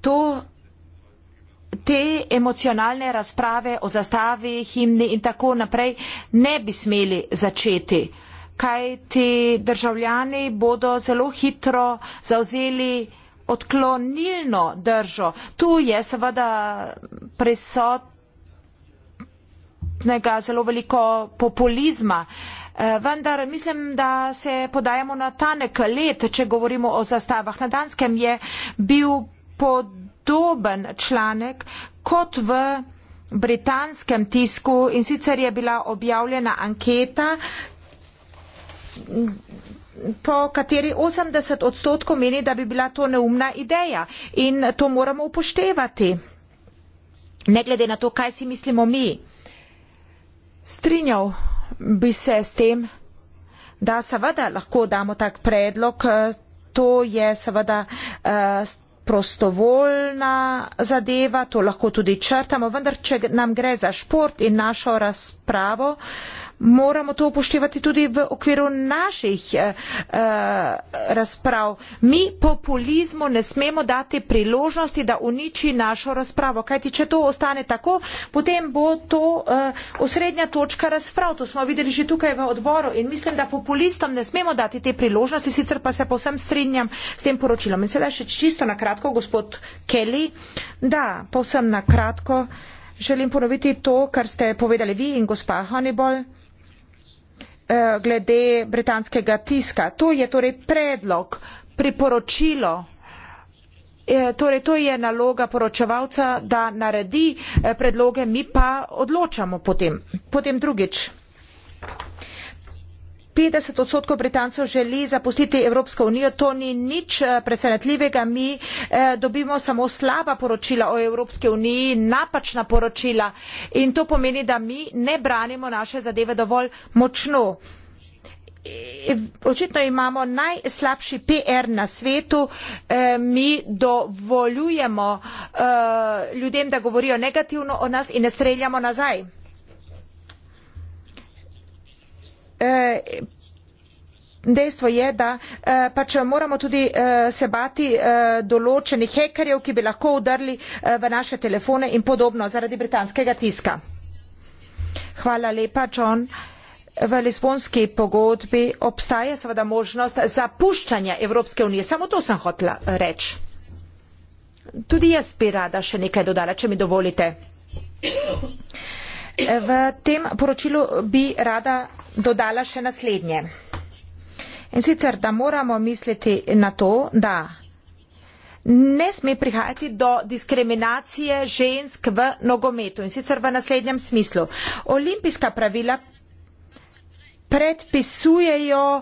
Speaker 1: To te emocionalne razprave o zastavi, himni in tako naprej ne bi smeli začeti. Kaj ti državljani bodo zelo hitro zauzeli odklonilno držo. Tu je seveda prisotnega zelo veliko populizma. Eh, vendar mislim, da se podajamo na tanek let, če govorimo o zastavah. Na Danskem je bil pod podoben članek kot v britanskem tisku in sicer je bila objavljena anketa, po kateri 80 odstotkov meni, da bi bila to neumna ideja in to moramo upoštevati, ne glede na to, kaj si mislimo mi. Strinjal bi se s tem, da seveda lahko damo tak predlog, to je seveda uh, prostovoljna zadeva, to lahko tudi črtamo, vendar če nam gre za šport in našo razpravo, uh, moramo to upoštevati tudi v okviru naših eh, eh, razprav. Mi populizmu ne smemo dati priložnosti, da uniči našo razpravo, kajti če to ostane tako, potem bo to eh, osrednja točka razprav. To smo videli že tukaj v odboru in mislim, da populistom ne smemo dati te priložnosti, sicer pa se posem strinjam s tem poročilom. In sedaj še čisto na kratko, gospod Kelly. Da, posem na kratko. Želim ponoviti to, kar ste povedali vi in gospa Honeyball. Eh, glede britanskega tiska. To je torej predlog, priporočilo. Eh, torej, to je naloga poročevalca, da naredi eh, predloge, mi pa odločamo potem, potem drugič. 50 odstotkov Britancev želi zapustiti Evropsko unijo, to ni nič eh, presenetljivega. Mi eh, dobimo samo slaba poročila o Evropske uniji, napačna poročila in to pomeni, da mi ne branimo naše zadeve dovolj močno. Eh, očitno imamo najslabši PR na svetu, mi dovoljujemo ljudem, da govorijo negativno o nas in ne streljamo nazaj. E, dejstvo je, da e, pač moramo tudi e, se bati določenih hekerjev, ki bi lahko udarili v naše telefone in podobno zaradi britanskega tiska. Hvala lepa, John. V Lisbonski pogodbi obstaja seveda možnost zapuščanja Evropske unije. Samo to sem hotla reči. Tudi jaz bi rada še nekaj dodala, če mi dovolite. Uh, V tem poročilu bi rada dodala še naslednje. In sicer, da moramo misliti na to, da ne sme prihajati do diskriminacije žensk v nogometu. In sicer v naslednjem smislu. Olimpijska pravila predpisujejo e,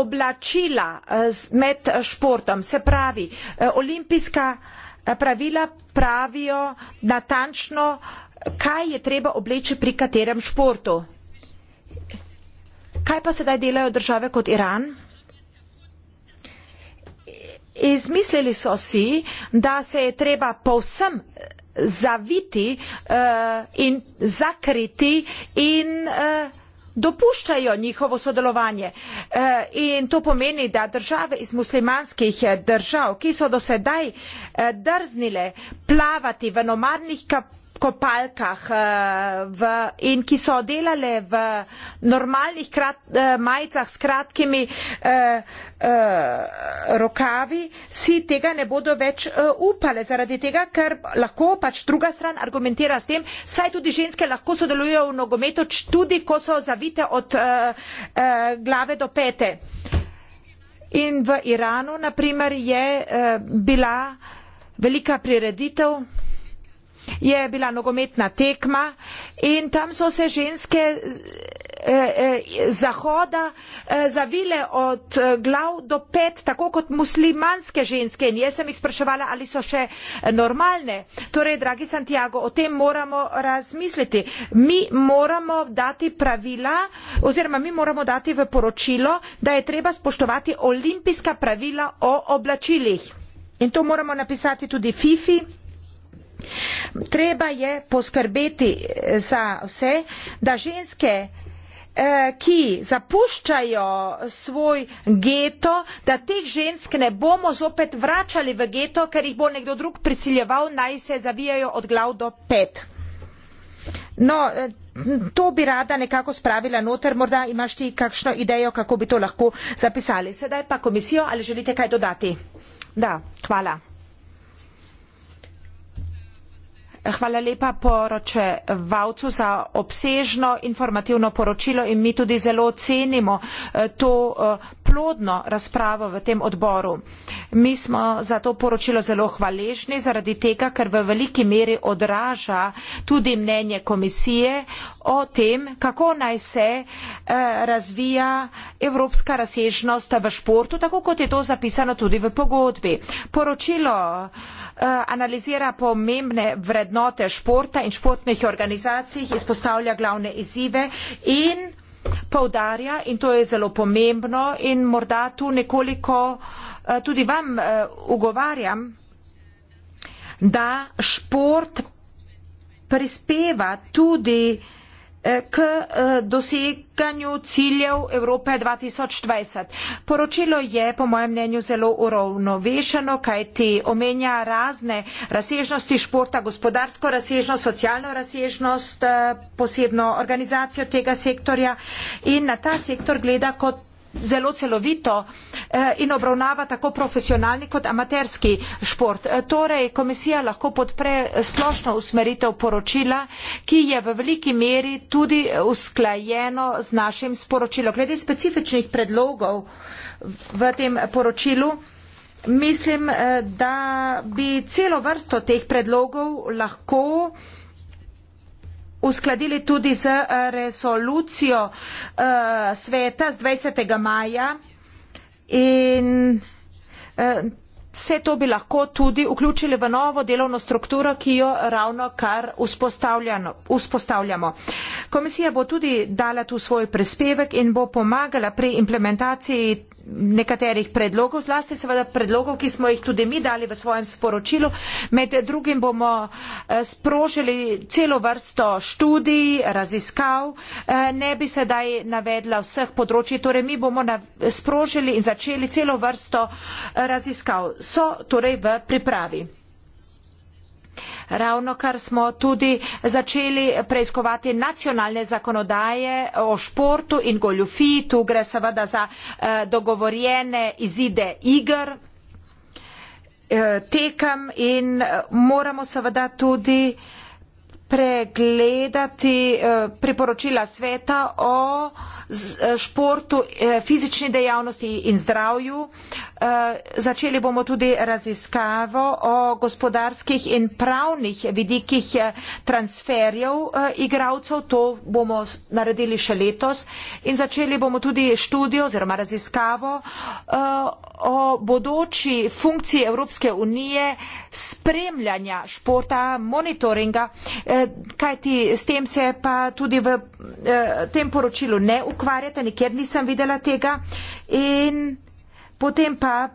Speaker 1: oblačila e, med športom. Se pravi, e, olimpijska pravila pravijo natančno, kaj je treba obleči pri katerem športu. Kaj pa sedaj delajo države kot Iran? Izmislili so si, da se je treba povsem zaviti uh, in zakriti in uh, dopuščajo njihovo sodelovanje. Uh, in to pomeni, da države iz muslimanskih držav, ki so do sedaj uh, drznile plavati v nomadnih kapitalih, kopalkah eh, v, in ki so delale v normalnih krat, eh, majicah s kratkimi eh, eh, rokavi, si tega ne bodo več eh, upale, zaradi tega, ker lahko pač druga stran argumentira s tem, saj tudi ženske lahko sodelujejo v nogometu, tudi ko so zavite od eh, eh, glave do pete. In v Iranu, naprimer, je eh, bila velika prireditev je bila nogometna tekma in tam so se ženske eh, eh, zahoda eh, zavile od glav do pet, tako kot muslimanske ženske. In jaz sem jih spraševala, ali so še normalne. Torej, dragi Santiago, o tem moramo razmisliti. Mi moramo dati pravila oziroma mi moramo dati v poročilo, da je treba spoštovati olimpijska pravila o oblačilih. In to moramo napisati tudi FIFI. Treba je poskrbeti eh, za vse, da ženske eh, ki zapuščajo svoj geto, da teh žensk ne bomo zopet vračali v geto, ker jih bo nekdo drug prisiljeval, naj se zavijajo od glav do pet. No, eh, to bi rada nekako spravila noter, morda imaš ti kakšno idejo, kako bi to lahko zapisali. Sedaj pa komisijo, ali želite kaj dodati? Da, hvala. hvala lepa poroče Vavcu za obsežno informativno poročilo in mi tudi zelo cenimo eh, to eh, plodno razpravo v tem odboru. Mi smo za to poročilo zelo hvaležni zaradi tega, ker v veliki meri odraža tudi mnenje komisije o tem, kako naj se eh, razvija evropska razsežnost v športu, tako kot je to zapisano tudi v pogodbi. Poročilo eh, analizira pomembne vrednote športa in športnih organizacij, izpostavlja glavne izzive in povdarja, in to je zelo pomembno in morda tu nekoliko eh, tudi vam ugovarjam, da šport prispeva tudi k eh, doseganju ciljev Evrope 2020. Poročilo je po mojem mnenju zelo uravnovešeno, kaj ti omenja razne razsežnosti športa, gospodarsko razsežnost, socialno razsežnost, eh, posebno organizacijo tega sektorja in na ta sektor gleda kot zelo celovito eh, in obravnava tako profesionalni kot amaterski šport. Eh, torej, komisija lahko podpre splošno usmeritev poročila, ki je v veliki meri tudi usklajeno z našim sporočilom. Glede specifičnih predlogov v tem poročilu, mislim, eh, da bi celo vrsto teh predlogov lahko uskladili tudi z eh, resolucijo uh, sveta z 20. maja in uh, vse to bi lahko tudi vključili v novo delovno strukturo, ki jo ravno kar vzpostavljamo. Komisija bo tudi dala tu svoj prispevek in bo pomagala pri implementaciji nekaterih predlogov, zlasti seveda predlogov, ki smo jih tudi mi dali v svojem sporočilu. Med drugim bomo eh, sprožili celo vrsto študij, raziskav, eh, ne bi sedaj navedla vseh področji, torej mi bomo sprožili in začeli celo vrsto eh, raziskav. So torej v pripravi. Ravno kar smo tudi začeli preiskovati nacionalne zakonodaje o športu in goljufiji, tu gre seveda za eh, dogovorjene izide igr, eh, tekem in eh, moramo seveda tudi pregledati eh, priporočila sveta o eh, Eh, športu, eh, fizični dejavnosti in zdravju. Eh, začeli bomo tudi raziskavo o gospodarskih in pravnih vidikih transferjev igralcev. To bomo naredili še letos. In začeli bomo tudi študijo oziroma raziskavo o bodoči funkciji Evropske unije spremljanja športa, monitoringa, kajti s tem se pa tudi v tem poročilu ne ukvarjamo ukvarjate, nikjer nisem videla tega. In potem pa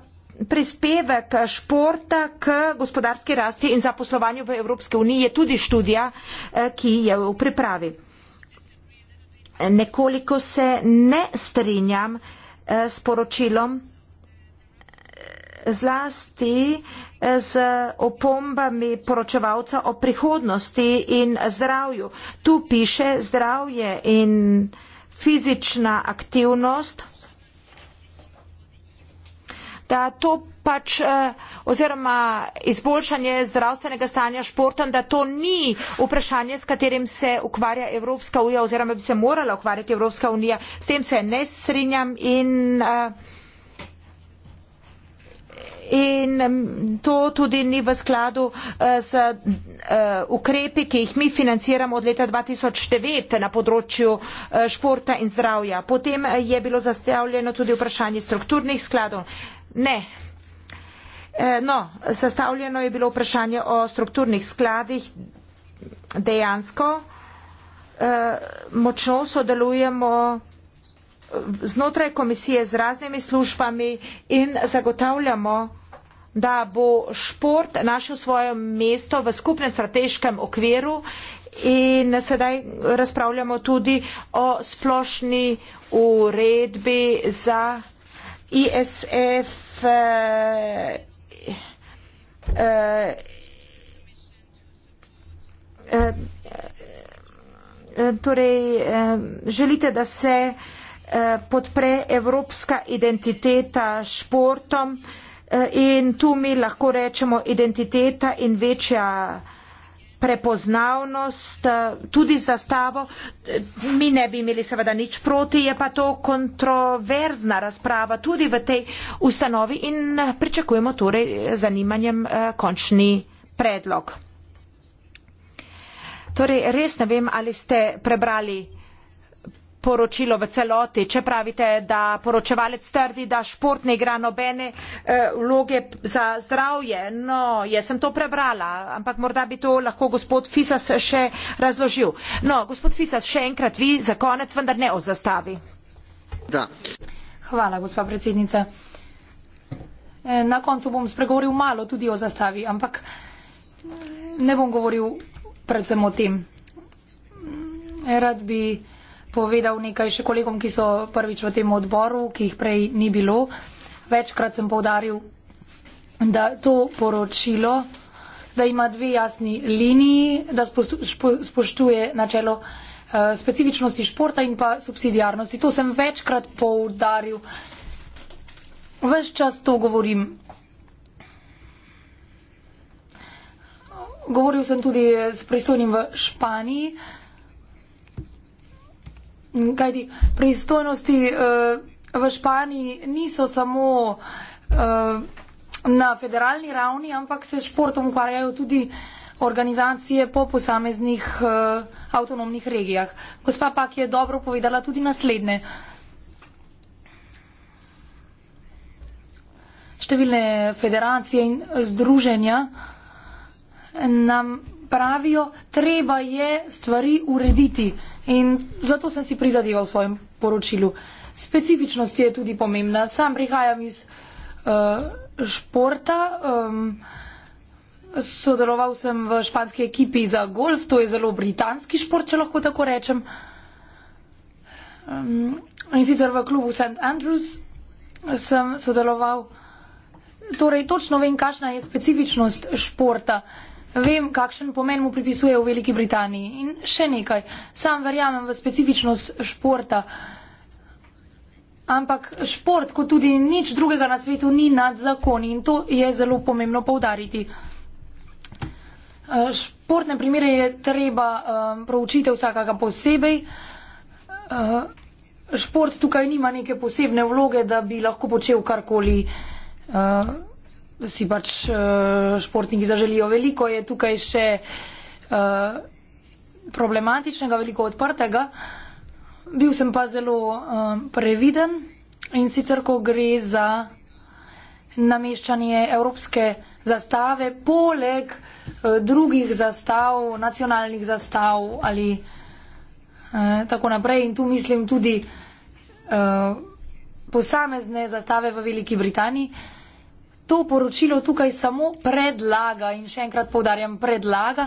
Speaker 1: prispevek športa k gospodarski rasti in zaposlovanju v Evropske uniji je tudi študija, eh, ki je v pripravi. Nekoliko se ne strinjam eh, s poročilom, eh, zlasti z opombami poročevalca o prihodnosti in zdravju. Tu piše zdravje in fizična aktivnost, da to pač eh, oziroma izboljšanje zdravstvenega stanja športom, da to ni vprašanje, s katerim se ukvarja Evropska unija oziroma bi se morala ukvarjati Evropska unija. S tem se ne strinjam in uh, in to tudi ni v skladu z eh, eh, ukrepi, ki jih mi financiramo od leta 2009 na področju eh, športa in zdravja. Potem je bilo zastavljeno tudi vprašanje strukturnih skladov. Ne. No, sestavljeno je bilo vprašanje o strukturnih skladih. Dejansko močno sodelujemo znotraj komisije z raznimi službami in zagotavljamo, da bo šport našel svoje mesto v skupnem strateškem okviru in sedaj razpravljamo tudi o splošni uredbi za ISF eh, eh, eh, torej eh, želite, da se eh, Eh, podpre evropska identiteta športom eh, in tu mi lahko rečemo identiteta in večja prepoznavnost, eh, tudi zastavo. Mi ne bi imeli seveda nič proti, je pa to kontroverzna razprava tudi v tej ustanovi in pričakujemo torej zanimanjem končni predlog. Torej, res ne vem, ali ste prebrali poročilo v celoti. Če pravite, da poročevalec trdi, da šport ne igra nobene eh, vloge za zdravje, no, jaz sem to prebrala, ampak morda bi to lahko gospod Fisas še razložil. No, gospod Fisas, še enkrat vi za konec, vendar ne o zastavi.
Speaker 3: Da. Hvala, gospa predsednica. Eh, na koncu bom spregovoril malo tudi o zastavi, ampak ne bom govoril predvsem o tem. Rad bi povedal nekaj še kolegom, ki so prvič v tem odboru, ki jih prej ni bilo. Večkrat sem povdaril, da to poročilo, da ima dve jasni liniji, da spoštuje načelo eh, specifičnosti športa in pa subsidijarnosti. To sem večkrat povdaril. Ves čas to govorim. Govoril sem tudi s pristojnim v Španiji. Kajti pristojnosti uh, v Španiji niso samo uh, na federalni ravni, ampak se športom ukvarjajo tudi organizacije po posameznih uh, avtonomnih regijah. Gospa Pak je dobro povedala tudi naslednje. Številne federacije in združenja nam pravijo, treba je stvari urediti. In zato sem si prizadeval v svojem poročilu. Specifičnost je tudi pomembna. Sam prihajam iz uh, športa. Um, sodeloval sem v španski ekipi za golf, to je zelo britanski šport, če lahko tako rečem. Um, in sicer v klubu St. Andrews sem sodeloval. Torej, točno vem, kakšna je specifičnost športa. Vem, kakšen pomen mu pripisuje v Veliki Britaniji. In še nekaj, sam verjamem v specifičnost športa. Ampak šport, kot tudi nič drugega na svetu, ni nad zakoni in to je zelo pomembno povdariti. Eh, športne primere je treba um, proučiti vsakega posebej. Uh, šport tukaj nima neke posebne vloge, da bi lahko počel karkoli. Uh, si pač uh, športniki zaželijo. Veliko je tukaj še uh, problematičnega, veliko odprtega. Bil sem pa zelo um, previden in sicer, ko gre za nameščanje evropske zastave poleg uh, drugih zastav, nacionalnih zastav ali uh, tako naprej. In tu mislim tudi uh, posamezne zastave v Veliki Britaniji. Uh, to poročilo tukaj samo predlaga in še enkrat povdarjam, predlaga,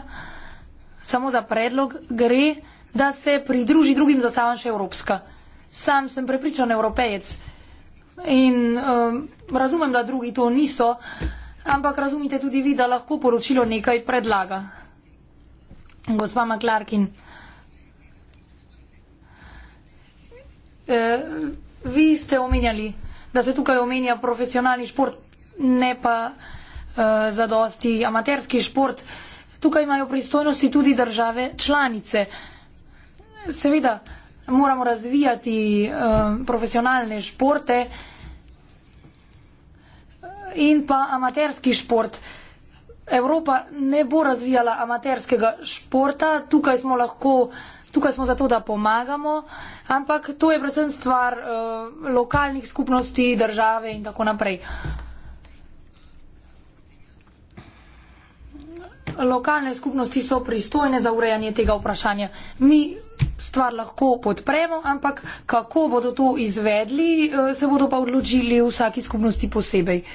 Speaker 3: samo za predlog gre, da se pridruži drugim za sam še Evropska. Sam sem prepričan evropejec in um, razumem, da drugi to niso, ampak razumite tudi vi, da lahko poročilo nekaj predlaga. Gospa Maklarkin, uh, vi ste omenjali, da se tukaj omenja profesionalni šport ne pa uh, eh, za dosti amaterski šport. Tukaj imajo pristojnosti tudi države članice. Seveda moramo razvijati uh, profesionalne športe eh, in pa amaterski šport. Evropa ne bo razvijala amaterskega športa, tukaj smo lahko, tukaj smo zato, da pomagamo, ampak to je predvsem stvar uh, lokalnih skupnosti, države in tako naprej. lokalne skupnosti so pristojne za urejanje tega vprašanja. Mi stvar lahko podpremo, ampak kako bodo to izvedli, eh, se bodo pa odločili vsaki skupnosti posebej. Eh,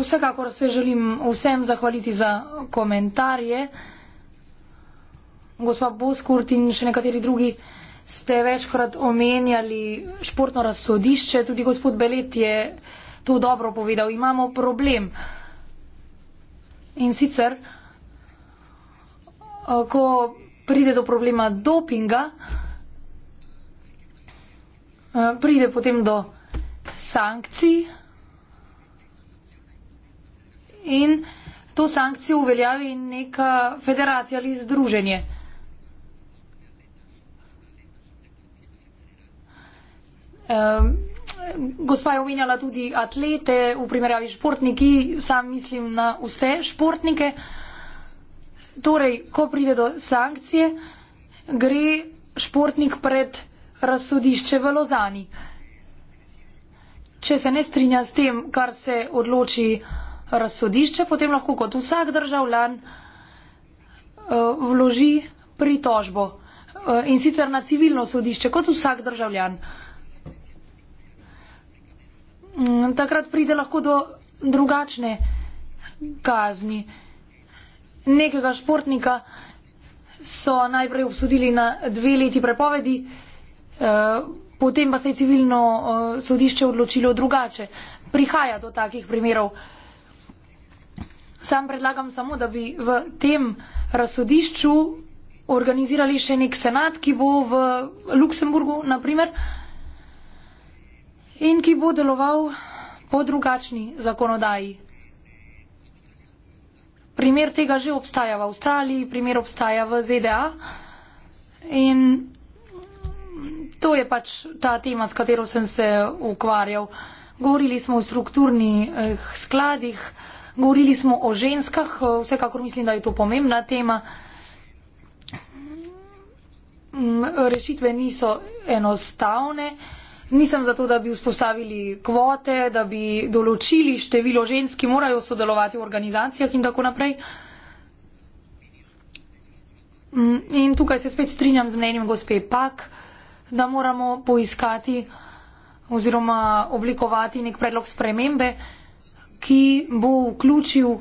Speaker 3: vsekakor se želim vsem zahvaliti za komentarje. Gospa Boskurt in še nekateri drugi ste večkrat omenjali športno razsodišče, tudi gospod Belet je to dobro povedal. Imamo problem. In sicer, eh, ko pride do problema dopinga, eh, pride potem do sankcij in to sankcijo uveljavi neka federacija ali združenje. Um, Gospa je omenjala tudi atlete v primerjavi s športniki, sam mislim na vse športnike. Torej, ko pride do sankcije, gre športnik pred razsodišče v Lozani. Če se ne strinja s tem, kar se odloči razsodišče, potem lahko kot vsak državljan eh, vloži pritožbo eh, in sicer na civilno sodišče kot vsak državljan. Mm, takrat pride lahko do drugačne kazni. Nekega športnika so najprej obsodili na dve leti prepovedi, eh, potem pa se je civilno eh, sodišče odločilo drugače. Prihaja do takih primerov. Sam predlagam samo, da bi v tem razsodišču organizirali še nek senat, ki bo v Luksemburgu, naprimer, in ki bo deloval po drugačni zakonodaji. Primer tega že obstaja v Avstraliji, primer obstaja v ZDA in to je pač ta tema, s katero sem se ukvarjal. Govorili smo o strukturnih eh, skladih, govorili smo o ženskah, eh, vsekakor mislim, da je to pomembna tema. Mm, rešitve niso enostavne. Nisem za to, da bi vzpostavili kvote, da bi določili število žensk, ki morajo sodelovati v organizacijah in tako naprej. Mm, in tukaj se spet strinjam z mnenjem gospe Pak, da moramo poiskati oziroma oblikovati nek predlog spremembe, ki bo vključil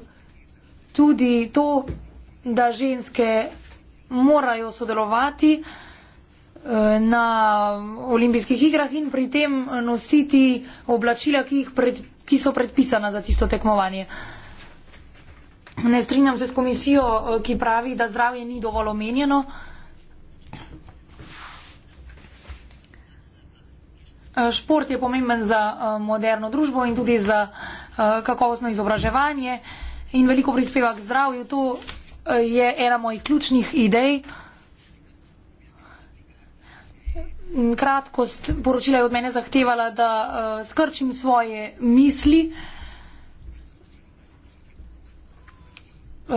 Speaker 3: tudi to, da ženske morajo sodelovati na olimpijskih igrah in pri tem nositi oblačila, ki, pred, ki so predpisana za tisto tekmovanje. Ne strinjam se s komisijo, ki pravi, da zdravje ni dovolj omenjeno. Šport je pomemben za eh, moderno družbo in tudi za eh, kakovostno izobraževanje in veliko prispeva k zdravju. To eh, je ena mojih ključnih idej. Mm, kratkost poročila je od mene zahtevala, da uh, skrčim svoje misli. Uh,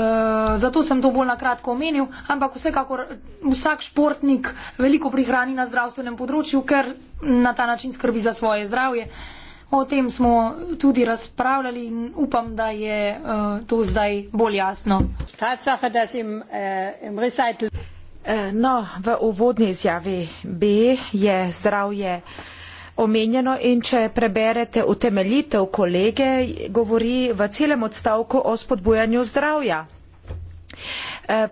Speaker 3: zato sem to bolj na kratko omenil, ampak vsekakor vsak športnik veliko prihrani na zdravstvenem področju, ker na ta način skrbi za svoje zdravje. O tem smo tudi razpravljali in upam, da je uh, to zdaj bolj jasno. Tatsache, Eh, no, v uvodni izjavi B je
Speaker 1: zdravje omenjeno in če preberete utemeljitev kolege, govori v celem odstavku o spodbujanju zdravja. Eh,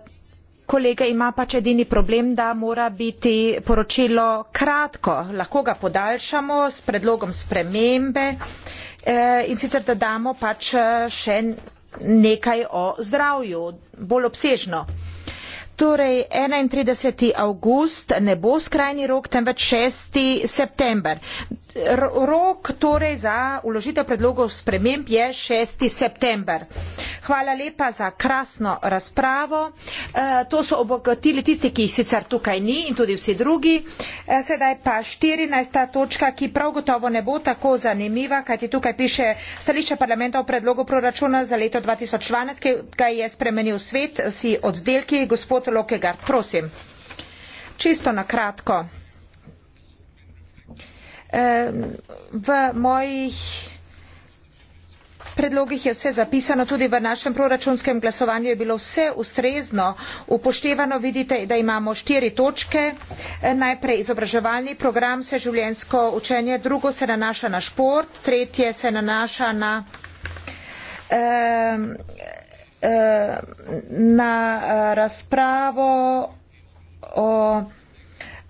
Speaker 1: kolega ima pač edini problem, da mora biti poročilo kratko. Lahko ga podaljšamo s predlogom spremembe eh, in sicer da damo pač še nekaj o zdravju, bolj obsežno. Torej, 31. avgust ne bo skrajni rok, temveč 6. september rok torej za uložitev predlogov sprememb je 6. september. Hvala lepa za krasno razpravo. E, to so obogatili tisti, ki jih sicer tukaj ni in tudi vsi drugi. E, sedaj pa 14. točka, ki prav gotovo ne bo tako zanimiva, kajti tukaj piše stališče parlamenta o predlogu proračuna za leto 2012, ki ga je spremenil svet, vsi oddelki. Gospod Lokegard, prosim. Čisto na kratko. V mojih predlogih je vse zapisano, tudi v našem proračunskem glasovanju je bilo vse ustrezno upoštevano. Vidite, da imamo štiri točke. E, najprej izobraževalni program, vse življensko učenje, drugo se nanaša na šport, tretje se nanaša na. Na eh, razpravo o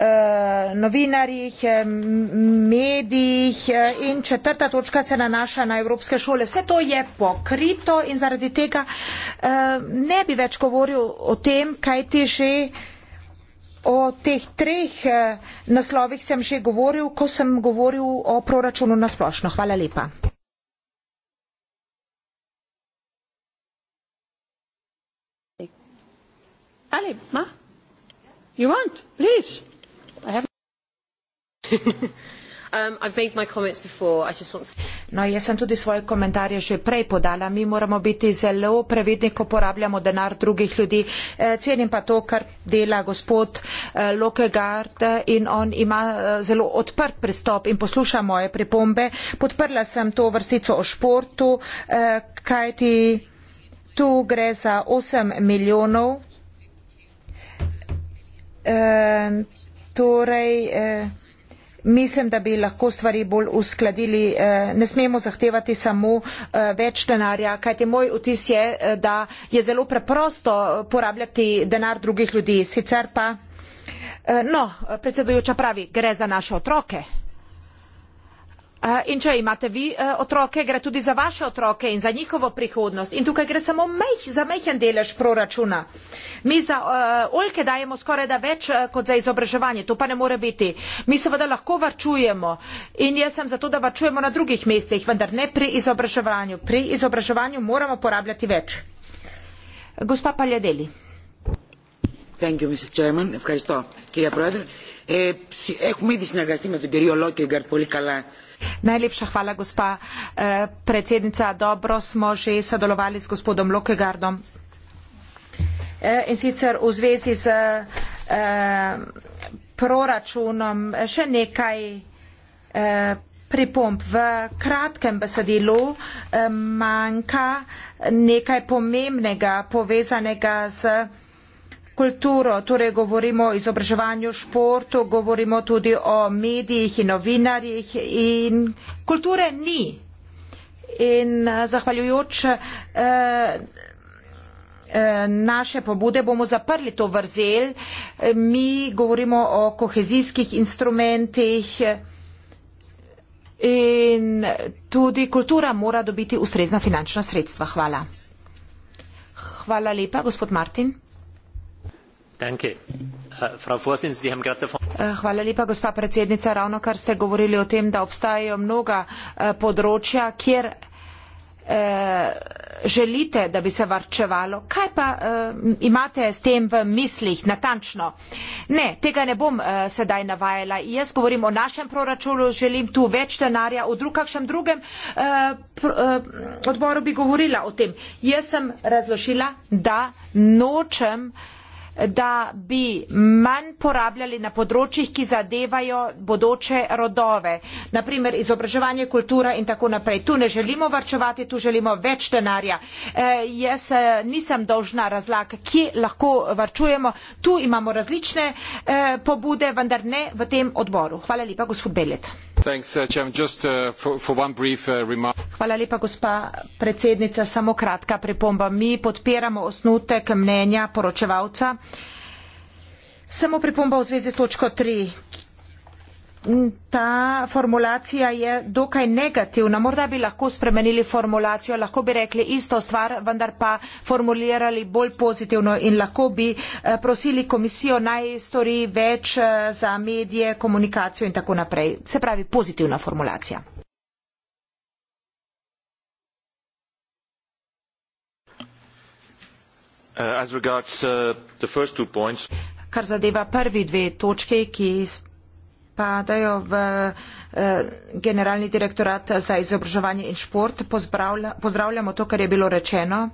Speaker 1: Eh, novinarjih, eh, medijih eh, in četrta točka se nanaša na evropske šole. Vse to je pokrito in zaradi tega ne bi več govoril o tem, kaj ti že o teh treh naslovih sem že govoril, ko sem govoril o proračunu na splošno. Hvala lepa.
Speaker 2: Ali, ma? You want? Please. I have.
Speaker 3: Um,
Speaker 1: no, jaz sem tudi svoje komentarje že prej podala. Mi moramo biti zelo previdni, ko porabljamo denar drugih ljudi. E, cenim pa to, kar dela gospod e, Lokegard eh, in on ima e, zelo odprt pristop in posluša moje pripombe. Podprla sem to vrstico o športu, e, kajti tu gre za 8 milijonov. E, torej eh, mislim, da bi lahko stvari bolj uskladili. Eh, ne smemo zahtevati samo eh, več denarja, kajti moj vtis je, da je zelo preprosto porabljati denar drugih ljudi. Sicer pa, no, predsedujoča pravi, gre za naše otroke. Eh, in če imate vi eh, otroke, gre tudi za vaše otroke in za njihovo prihodnost. In tukaj gre samo meh, za mehen delež proračuna. Mi za uh, oljke dajemo skoraj da več uh, kot za izobraževanje, to pa ne more biti. Mi seveda lahko varčujemo in jaz sem zato, da varčujemo na drugih mestih, vendar ne pri izobraževanju. Pri izobraževanju moramo porabljati več. Gospa Paljadeli. Thank you, Mrs. Chairman. Ευχαριστώ, κυρία Πρόεδρε. Ε, έχουμε ήδη συνεργαστεί με τον κύριο Λόκεγκαρτ πολύ καλά Najlepša hvala, gospa eh, predsednica. Dobro smo že sodelovali z gospodom Lokegardom. Eh, in sicer v zvezi z eh, proračunom še nekaj pripomp. V kratkem besedilu manjka nekaj pomembnega povezanega z kulturo, torej govorimo o izobraževanju, športu, govorimo tudi o medijih in novinarjih in kulture ni. In eh, zahvaljujoč eh, eh, naše pobude bomo zaprli to vrzel. Mi govorimo o kohezijskih instrumentih in tudi kultura mora dobiti ustrezna finančna sredstva. Hvala. Hvala lepa, gospod Martin. Äh, äh, gospa predsednica ravnokar ste govorili o tem da obstajajo mnoga äh, področja kjer želite da bi se varčevalo kaj pa imate s tem v mislih natančno ne tega ne bom sedaj navajala jaz govorim o našem proračunu želim tu več denarja o drug kakšnem drugem odboru bi govorila o tem jaz sem razložila da nočem da bi manj porabljali na področjih, ki zadevajo bodoče rodove, naprimer izobraževanje, kultura in tako naprej. Tu ne želimo varčevati, tu želimo več denarja. E, jaz e, nisem dolžna razlag, kje lahko varčujemo. Tu imamo različne e, pobude, vendar ne v tem odboru. Hvala lepa, gospod Belet.
Speaker 3: Uh, uh, uh,
Speaker 1: gospa predsednica samo kratka pripomba mi podpiramo osnutek mnenja poročevalca samo pripomba v zvezi s točko tri ki govori o načinu financiranja. Ta formulacija je dokaj negativna. Morda bi lahko spremenili formulacijo, lahko bi rekli isto stvar, vendar pa formulirali bolj pozitivno in lahko bi eh, prosili komisijo naj stori več eh, za medije, komunikacijo in tako naprej. Se pravi pozitivna formulacija. Uh, as regards, uh, the first two points. Kar zadeva prvi dve točke, ki pripadajo v eh, generalni direktorat za izobraževanje in šport. Pozdravlja, pozdravljamo to, kar je bilo rečeno.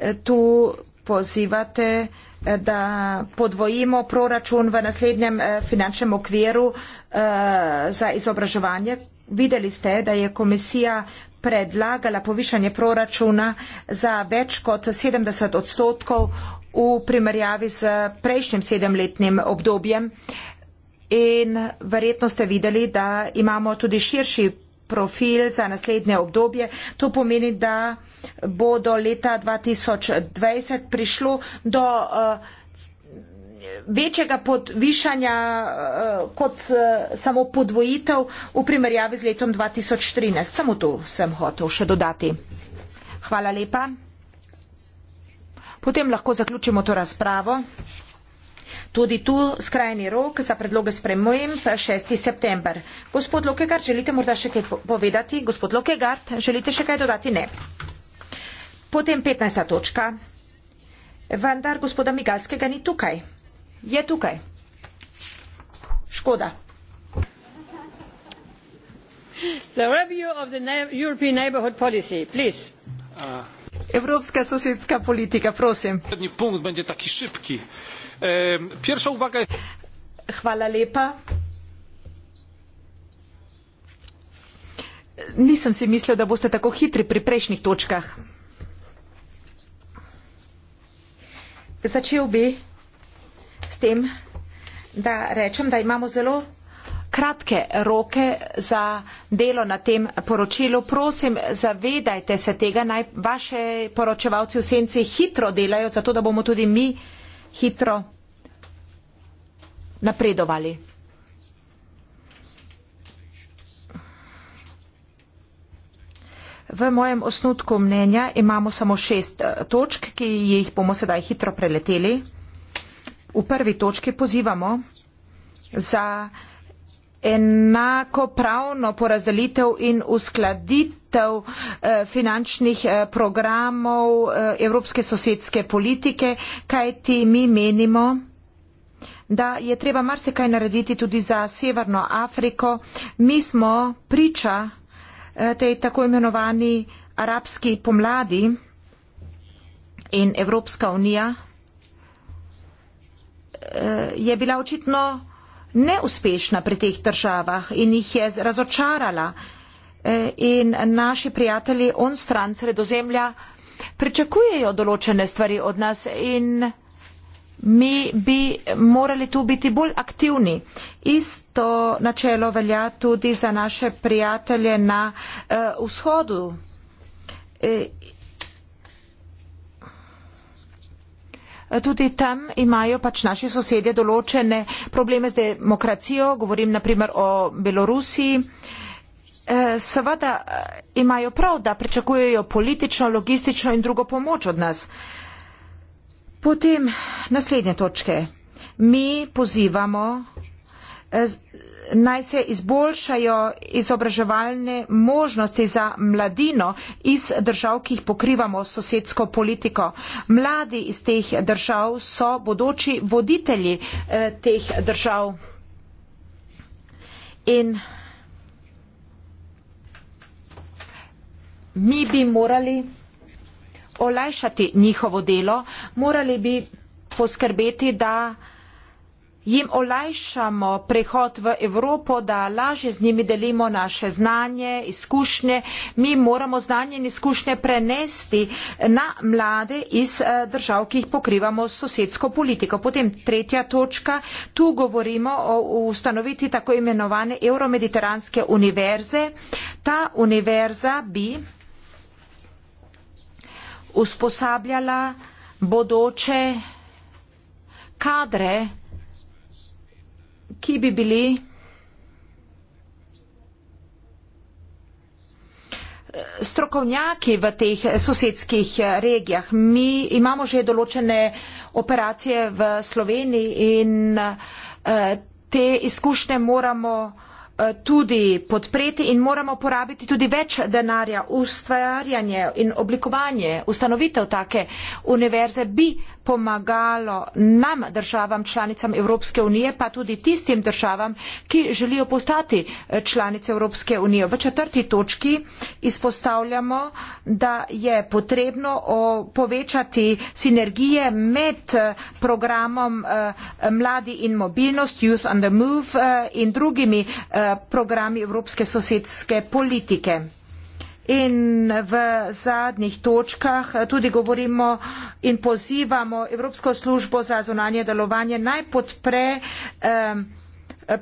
Speaker 1: Eh, tu pozivate, eh, da podvojimo proračun v naslednjem finančnem okviru za izobraževanje. Videli ste, da je komisija predlagala povišanje proračuna za več kot 70 odstotkov v primerjavi z prejšnjim sedemletnim obdobjem in verjetno ste videli, da imamo tudi širši profil za naslednje obdobje. To pomeni, da bo do leta 2020 prišlo do eh, večjega podvišanja eh, kot eh, samo podvojitev v primerjavi z letom 2013. Samo to sem hotel še dodati. Hvala lepa. Potem lahko zaključimo to razpravo. Tudi tu skrajni rok za predloge spremujem 6. september. Gospod Lokegard, želite morda še kaj povedati? Gospod Lokegard, želite še kaj dodati? Ne. Potem 15. točka. Vendar gospoda Migalskega ni tukaj. Je tukaj. Škoda. Evropska sosedska politika, prosim. Prednji punkt bo taki šipki. Ehm, pierwsza uwaga. Hvala lepa. Nisem si mislil, da boste tako hitri pri prejšnjih točkah. Začel bi s tem, da rečem, da imamo zelo kratke roke za delo na tem poročilu. Prosim, zavedajte se tega, naj vaše poročevalci v senci hitro delajo, zato da bomo tudi mi hitro napredovali. V mojem osnutku mnenja imamo samo šest eh, točk, ki jih bomo sedaj hitro preleteli. V prvi točki pozivamo za enako pravno porazdelitev in uskladitev usmeritev eh, finančnih eh, programov eh, Evropske sosedske politike, kaj ti mi menimo? da je treba marsikaj narediti tudi za Severno Afriko. Mi smo priča tej tako imenovani arabski pomladi in Evropska unija je bila očitno neuspešna pri teh državah in jih je razočarala in naši prijatelji on stran sredozemlja pričakujejo določene stvari od nas in mi bi morali tu biti bolj aktivni. Isto načelo velja tudi za naše prijatelje na uh, vzhodu. E, Tudi tam imajo pač naši sosedje določene probleme z demokracijo, govorim naprimer o Belorusiji. E, Eh, seveda eh, imajo prav, da pričakujejo politično, logistično in drugo pomoč od nas. Potem naslednje točke. Mi pozivamo, eh, naj se izboljšajo izobraževalne možnosti za mladino iz držav, ki jih pokrivamo s sosedsko politiko. Mladi iz teh držav so bodoči voditelji teh držav. In mi bi morali olajšati njihovo delo, morali bi poskrbeti, da jim olajšamo prehod v Evropo, da lažje z njimi delimo naše znanje, izkušnje. Mi moramo znanje in izkušnje prenesti na mlade iz eh, držav, ki jih pokrivamo s sosedsko politiko. Potem tretja točka, tu govorimo o ustanoviti tako imenovane Euromediteranske univerze. Ta univerza bi usposabljala bodoče kadre, ki bi bili eh, strokovnjaki v teh sosedskih eh, regijah. Mi imamo že določene operacije v Sloveniji in eh, te izkušnje moramo Eh, tudi podpreti in moramo porabiti tudi več denarja. Ustvarjanje in oblikovanje, ustanovitev take univerze bi pomagalo nam državam članicam Evropske unije, pa tudi tistim državam, ki želijo postati eh, članice Evropske unije. V četrti točki izpostavljamo, da je potrebno povečati sinergije med eh, programom eh, Mladi in mobilnost, Youth on the Move in drugimi programi Evropske sosedske politike. In v zadnjih točkah tudi govorimo in pozivamo Evropsko službo za zonanje delovanje naj podpre um,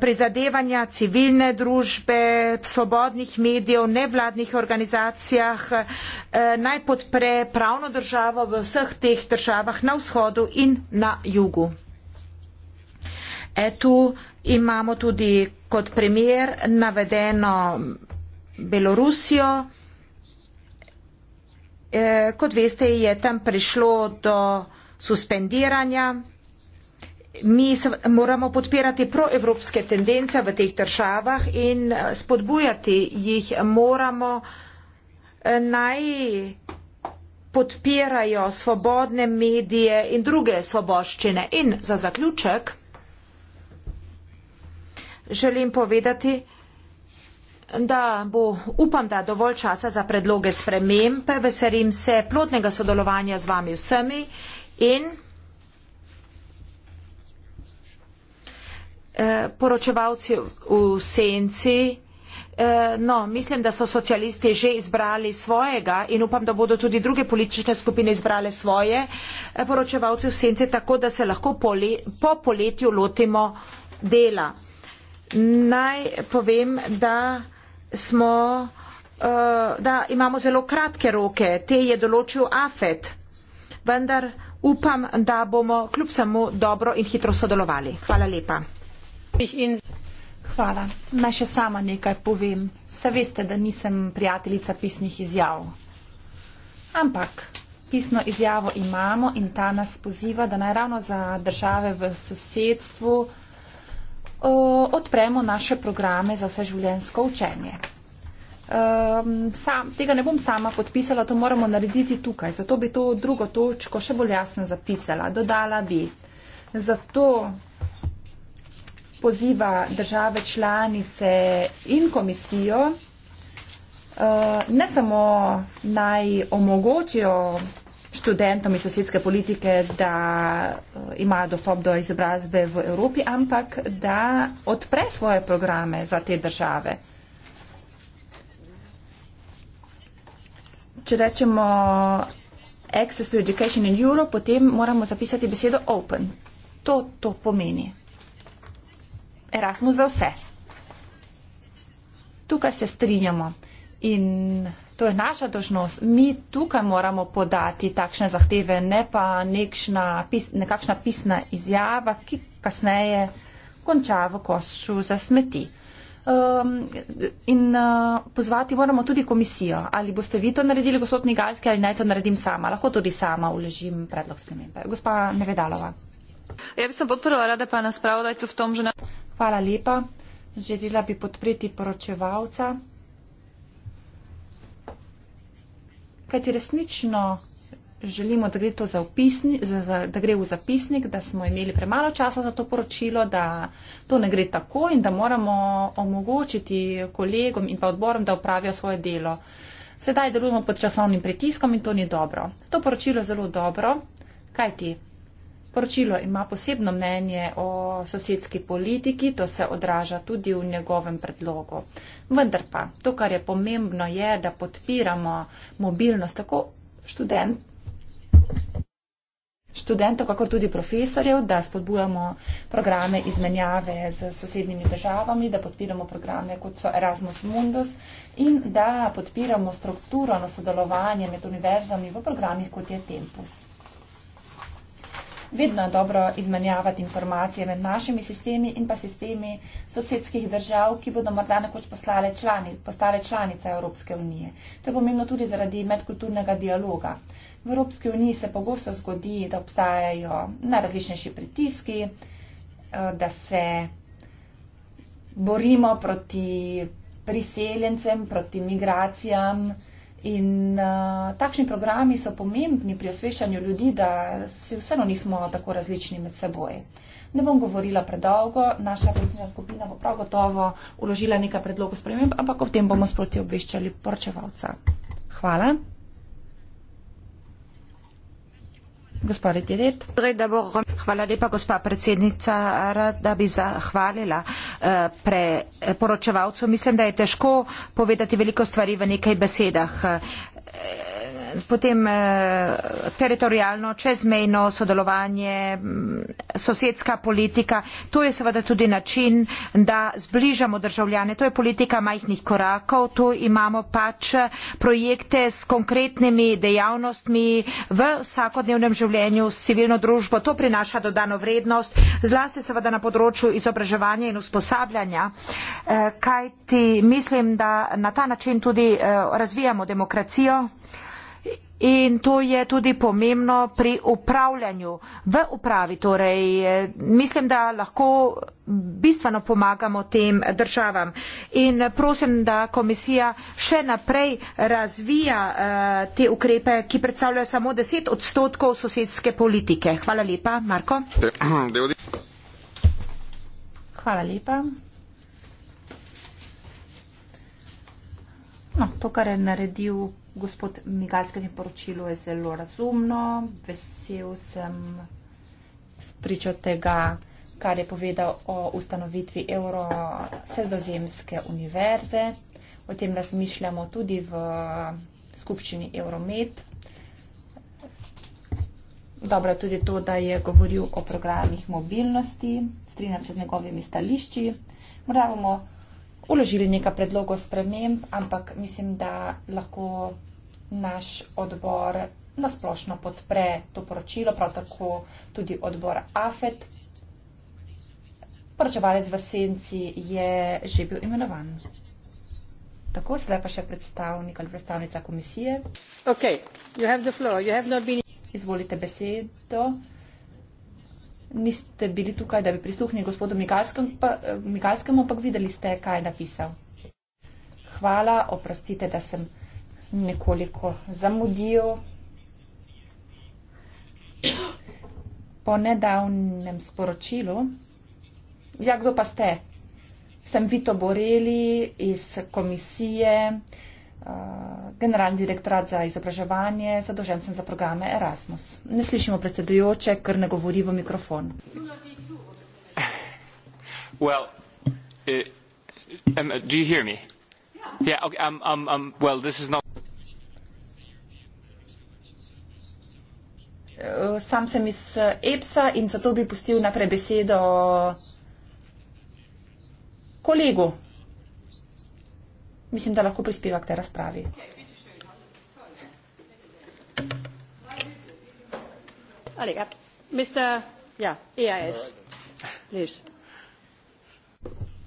Speaker 1: prizadevanja civilne družbe, svobodnih medijev, nevladnih organizacijah, eh, naj podpre pravno državo v vseh teh državah na vzhodu in na jugu. E tu imamo tudi kot primer navedeno Belorusijo eh, kot veste, je tam prišlo do suspendiranja. Mi moramo podpirati proevropske tendence v teh državah in eh, spodbujati jih moramo eh, naj podpirajo svobodne medije in druge svoboščine. In za zaključek želim povedati, da bo, upam, da dovolj časa za predloge sprememb. Veselim se plodnega sodelovanja z vami vsemi in eh, poročevalci v senci. Eh, no, mislim, da so socialisti že izbrali svojega in upam, da bodo tudi druge politične skupine izbrale svoje eh, poročevalce v senci, tako da se lahko poli, po poletju lotimo dela. Naj povem, da smo, eh, da imamo zelo kratke roke, te je določil AFET, vendar upam, da bomo kljub samo dobro in hitro sodelovali. Hvala lepa. Hvala.
Speaker 4: Naj še sama nekaj povem. Se veste, da nisem prijateljica pisnih izjav. Ampak pisno izjavo imamo in ta nas poziva, da naj ravno za države v sosedstvu odpremo naše programe za vseživljenjsko učenje. Sam, tega ne bom sama podpisala, to moramo narediti tukaj. Zato bi to drugo točko še bolj jasno zapisala. Dodala bi, zato poziva države članice in komisijo, eh, ne samo naj omogočijo študentom iz sosedske politike, da eh, imajo dostop do izobrazbe v Evropi, ampak da odpre svoje programe za te države. Če rečemo access to education in euro, potem moramo zapisati besedo open. To to pomeni. Erasmus za vse. Tukaj se strinjamo. In To je naša dožnost. Mi tukaj moramo podati takšne zahteve, ne pa nekšna, pis, nekakšna pisna izjava, ki kasneje konča v košču za smeti. Um, in uh, pozvati moramo tudi komisijo. Ali boste vi to naredili, gospod Migalski, ali naj to naredim sama. Lahko tudi sama uležim predlog spremembe. Gospa Nevedalova. Ja bi sem podprla rada pa nas pravodajcu v tom že ne. Hvala lepa. Želila bi podpreti poročevalca. kajti resnično želimo, da gre, za upisni, za, za, da gre v zapisnik, da smo imeli premalo časa za to poročilo, da to ne gre tako in da moramo omogočiti kolegom in pa odborom, da upravijo svoje delo. Sedaj delujemo pod časovnim pritiskom in to ni dobro. To poročilo je zelo dobro, kajti Poročilo ima posebno mnenje o sosedski politiki, to se odraža tudi v njegovem predlogu. Vendar pa, to, kar je pomembno, je, da podpiramo mobilnost tako študent, študentov, kako tudi profesorjev, da spodbujamo programe izmenjave z sosednjimi državami, da podpiramo programe, kot so Erasmus Mundus in da podpiramo strukturo na sodelovanje med univerzami v programih, kot je Tempus. Vedno je dobro izmenjavati informacije med našimi sistemi in pa sistemi sosedskih držav, ki bodo morda nekoč člani, postale članice Evropske unije. To je pomembno tudi zaradi medkulturnega dialoga. V Evropski uniji se pogosto zgodi, da obstajajo najrazličnejši pritiski, eh, da se borimo proti priseljencem, proti migracijam. In uh, takšni programi so pomembni pri osveščanju ljudi, da si vseeno nismo tako različni med seboj. Ne bom govorila predolgo, naša politična skupina bo prav gotovo uložila nekaj predlogov sprememb, ampak o tem bomo sproti obveščali poročevalca. Hvala.
Speaker 1: Gospa Retiret. Hvala lepa, gospa predsednica. Rada bi zahvalila eh, poročevalcu. Mislim, da je težko povedati veliko stvari v nekaj besedah. Eh, potem eh, teritorijalno, čezmejno sodelovanje, mm, sosedska politika, to je seveda tudi način, da zbližamo državljane, to je politika majhnih korakov, tu imamo pač projekte s konkretnimi dejavnostmi v vsakodnevnem življenju s civilno družbo, to prinaša dodano vrednost, zlasti seveda na področju izobraževanja in usposabljanja, eh, kajti mislim, da na ta način tudi eh, razvijamo demokracijo. In to je tudi pomembno pri upravljanju v upravi. Torej, eh, mislim, da lahko bistveno pomagamo tem državam. In prosim, da komisija še naprej razvija eh, te ukrepe, ki predstavljajo samo 10 odstotkov sosedske politike. Hvala lepa, Marko. Hvala
Speaker 4: lepa. No, to, kar je naredil gospod Migalske je poročilo zelo razumno, vesel sem spričo tega, kar je povedal o ustanovitvi Eurosredozemske univerze. O tem razmišljamo tudi v skupščini Euromed. Dobro je tudi to, da je govoril o programih mobilnosti, strinjam se z njegovimi stališči. Moramo uložili nekaj predlogov sprememb, ampak mislim, da lahko naš odbor nasplošno podpre to poročilo, prav tako tudi odbor AFET. Poročevalec v senci je že bil imenovan. Tako, sedaj pa še predstavnik ali predstavnica komisije. Okay. Been... Izvolite besedo niste bili tukaj, da bi prisluhnili gospodu eh, Mikalskemu, ampak videli ste, kaj je napisal. Hvala, oprostite, da sem nekoliko zamudil. Po nedavnem sporočilu, ja, kdo pa ste? Sem Vito Boreli iz komisije. Eh, generalni direktorat za izobraževanje, zadolžen sem za programe Erasmus. Ne slišimo predsedujoče, ker ne govori v mikrofon.
Speaker 1: Well, uh, um, do you hear me? Yeah, yeah okay, um, um, um, well, this is not.
Speaker 4: Sam sem iz EPSA in zato bi pustil naprej besedo kolegu, mislim, da lahko prispeva k tej razpravi.
Speaker 2: Ja, ja,
Speaker 4: e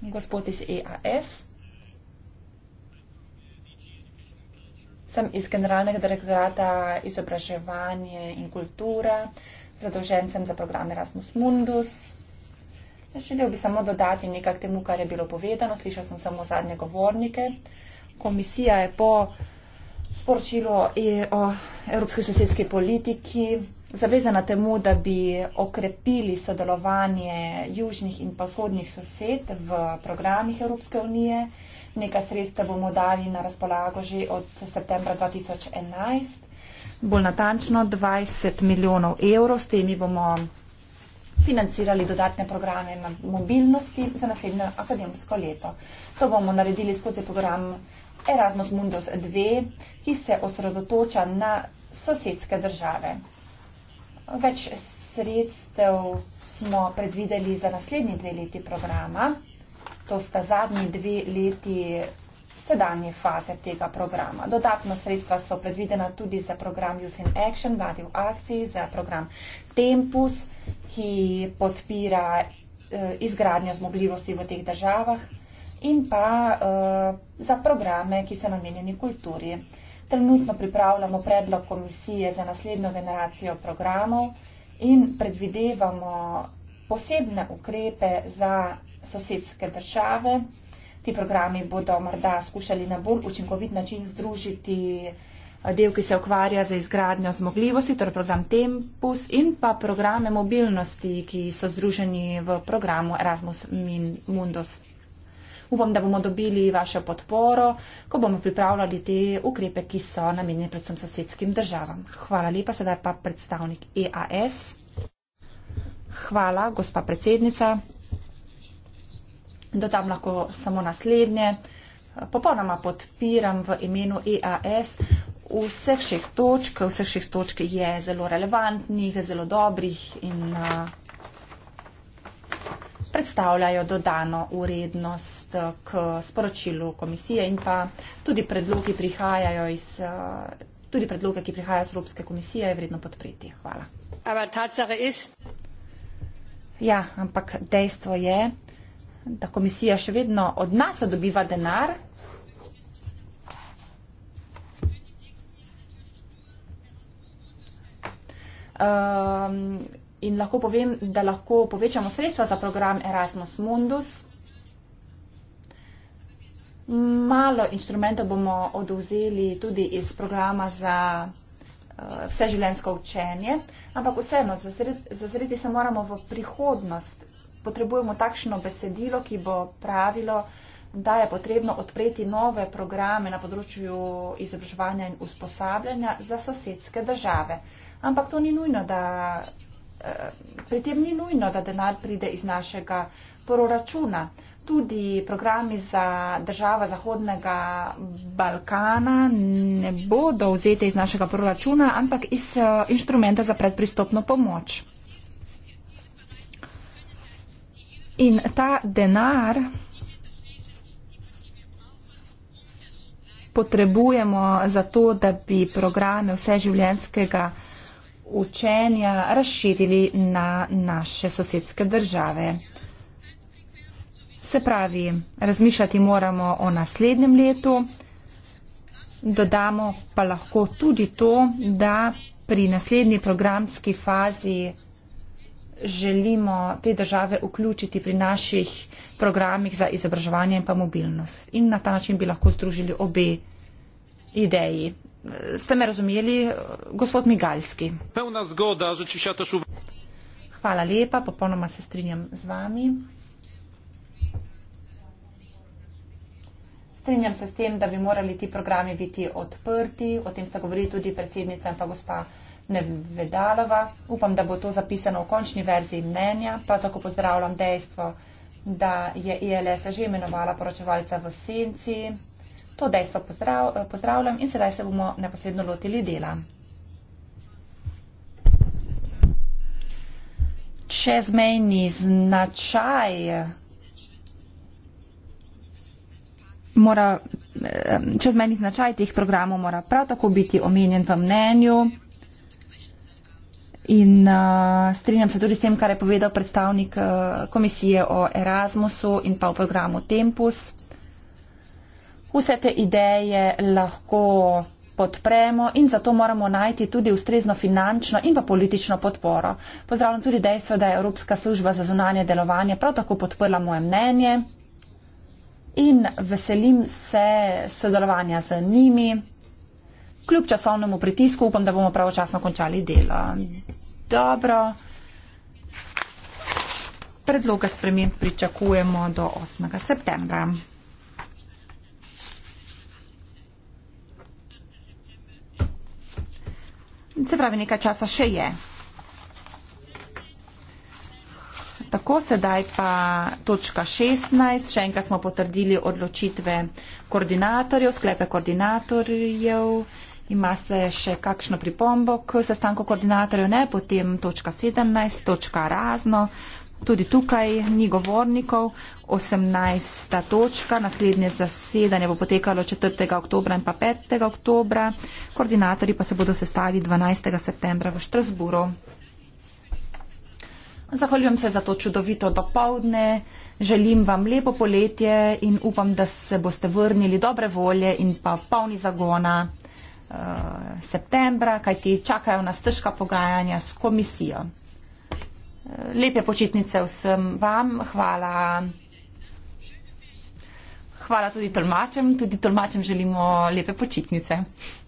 Speaker 4: Gospod iz EAS. Sem iz Generalnega direktorata izobraževanje in kultura. Zadolžen sem za program Erasmus Mundus. Želel bi samo dodati nekaj k temu, kar je bilo povedano. Slišal sem samo zadnje govornike. Komisija je po sporočilu e- o evropski sosedski politiki zavezana temu, da bi okrepili sodelovanje južnih in vzhodnih sosed v programih Evropske unije. Nekaj sredstev bomo dali na razpolago že od septembra 2011. Bolj natančno 20 milijonov evrov, s temi bomo financirali dodatne programe mobilnosti za naslednje akademsko leto. To bomo naredili skozi program Erasmus Mundus 2, ki se osredotoča na sosedske države. Več sredstev smo predvideli za naslednji dve leti programa, to sta zadnji dve leti sedanje faze tega programa. Dodatno sredstva so predvidena tudi za program Youth in Action, Vladi v akciji, za program Tempus, ki podpira eh, izgradnjo zmogljivosti v teh državah in pa eh, za programe, ki so namenjeni kulturi. Trenutno pripravljamo predlog komisije za naslednjo generacijo programov in predvidevamo posebne ukrepe za sosedske države. Ti programi bodo morda skušali na bolj učinkovit način združiti uh, del, ki se ukvarja z izgradnjo zmogljivosti, torej program Tempus in pa programe mobilnosti, ki so združeni v programu Erasmus Mundus. Upam, da bomo dobili vašo podporo, ko bomo pripravljali te ukrepe, ki so namenjeni predvsem sosedskim državam. Hvala lepa, sedaj pa predstavnik EAS. Hvala, gospa predsednica. Dodam lahko samo naslednje. Popolnoma podpiram v imenu EAS vseh šest točk, vseh šest točk je zelo relevantnih, zelo dobrih in uh, predstavljajo dodano urednost uh, k sporočilu komisije in pa tudi predlogi prihajajo iz, uh, tudi predloge, ki prihajajo iz Evropske komisije, je vredno podpreti. Hvala. Ja, ampak dejstvo je, da komisija še vedno od nas dobiva denar, Um, in lahko povem, da lahko povečamo sredstva za program Erasmus Mundus. Malo inštrumentov bomo oduzeli tudi iz programa za uh, vseživljenjsko učenje, ampak vseeno, zazreti se moramo v prihodnost. Potrebujemo takšno besedilo, ki bo pravilo, da je potrebno odpreti nove programe na področju izobraževanja in usposabljanja za sosedske države. Ampak to ni nujno, da eh, pri tem ni nujno, da denar pride iz našega proračuna. Tudi programi za država Zahodnega Balkana ne bodo vzete iz našega proračuna, ampak iz eh, inštrumenta za predpristopno pomoč. In ta denar potrebujemo za to, da bi programe vseživljenskega programa učenja razširili na naše sosedske države. Se pravi, razmišljati moramo o naslednjem letu, dodamo pa lahko tudi to, da pri naslednji programski fazi želimo te države vključiti pri naših programih za izobraževanje in pa mobilnost. In na ta način bi lahko združili obe ideji ste me razumeli, gospod Migalski.
Speaker 1: Pevna zgoda, že če še teš v.
Speaker 4: Hvala lepa, popolnoma se strinjam z vami. Strinjam se s tem, da bi morali ti programi biti odprti, o tem sta govorili tudi predsednica in pa gospa Nevedalova. Upam, da bo to zapisano v končni verziji mnenja, pa tako pozdravljam dejstvo, da je ILS e že imenovala poročevalca v senci, To dejstvo pozdrav, eh, pozdravljam in sedaj se bomo neposredno lotili dela. Čezmejni značaj eh, mora, eh, čezmejni značaj teh programov mora prav tako biti omenjen v mnenju in uh, strinjam se tudi s tem, kar je povedal predstavnik uh, komisije o Erasmusu in pa o programu Tempus vse te ideje lahko podpremo in zato moramo najti tudi ustrezno finančno in pa politično podporo. Pozdravljam tudi dejstvo, da je Evropska služba za zunanje delovanje prav tako podprla moje mnenje in veselim se sodelovanja z njimi. Kljub časovnemu pritisku upam, da bomo pravočasno končali delo. Dobro. Predloga sprememb pričakujemo do 8. septembra. se pravi, nekaj časa še je. Tako sedaj pa točka 16. Še enkrat smo potrdili odločitve koordinatorjev, sklepe koordinatorjev. Ima se še kakšno pripombo k sestanku koordinatorjev? Ne, potem točka 17, točka razno. Tudi tukaj ni govornikov, 18. točka, naslednje zasedanje bo potekalo 4. oktobra in pa 5. oktobra, koordinatorji pa se bodo sestali 12. septembra v Štrasburu. Zahvaljujem se za to čudovito dopovdne, želim vam lepo poletje in upam, da se boste vrnili dobre volje in pa polni zagona uh, septembra, kajti čakajo nas težka pogajanja s komisijo lepe počitnice vsem vam, hvala. Hvala tudi tolmačem, tudi tolmačem želimo lepe počitnice.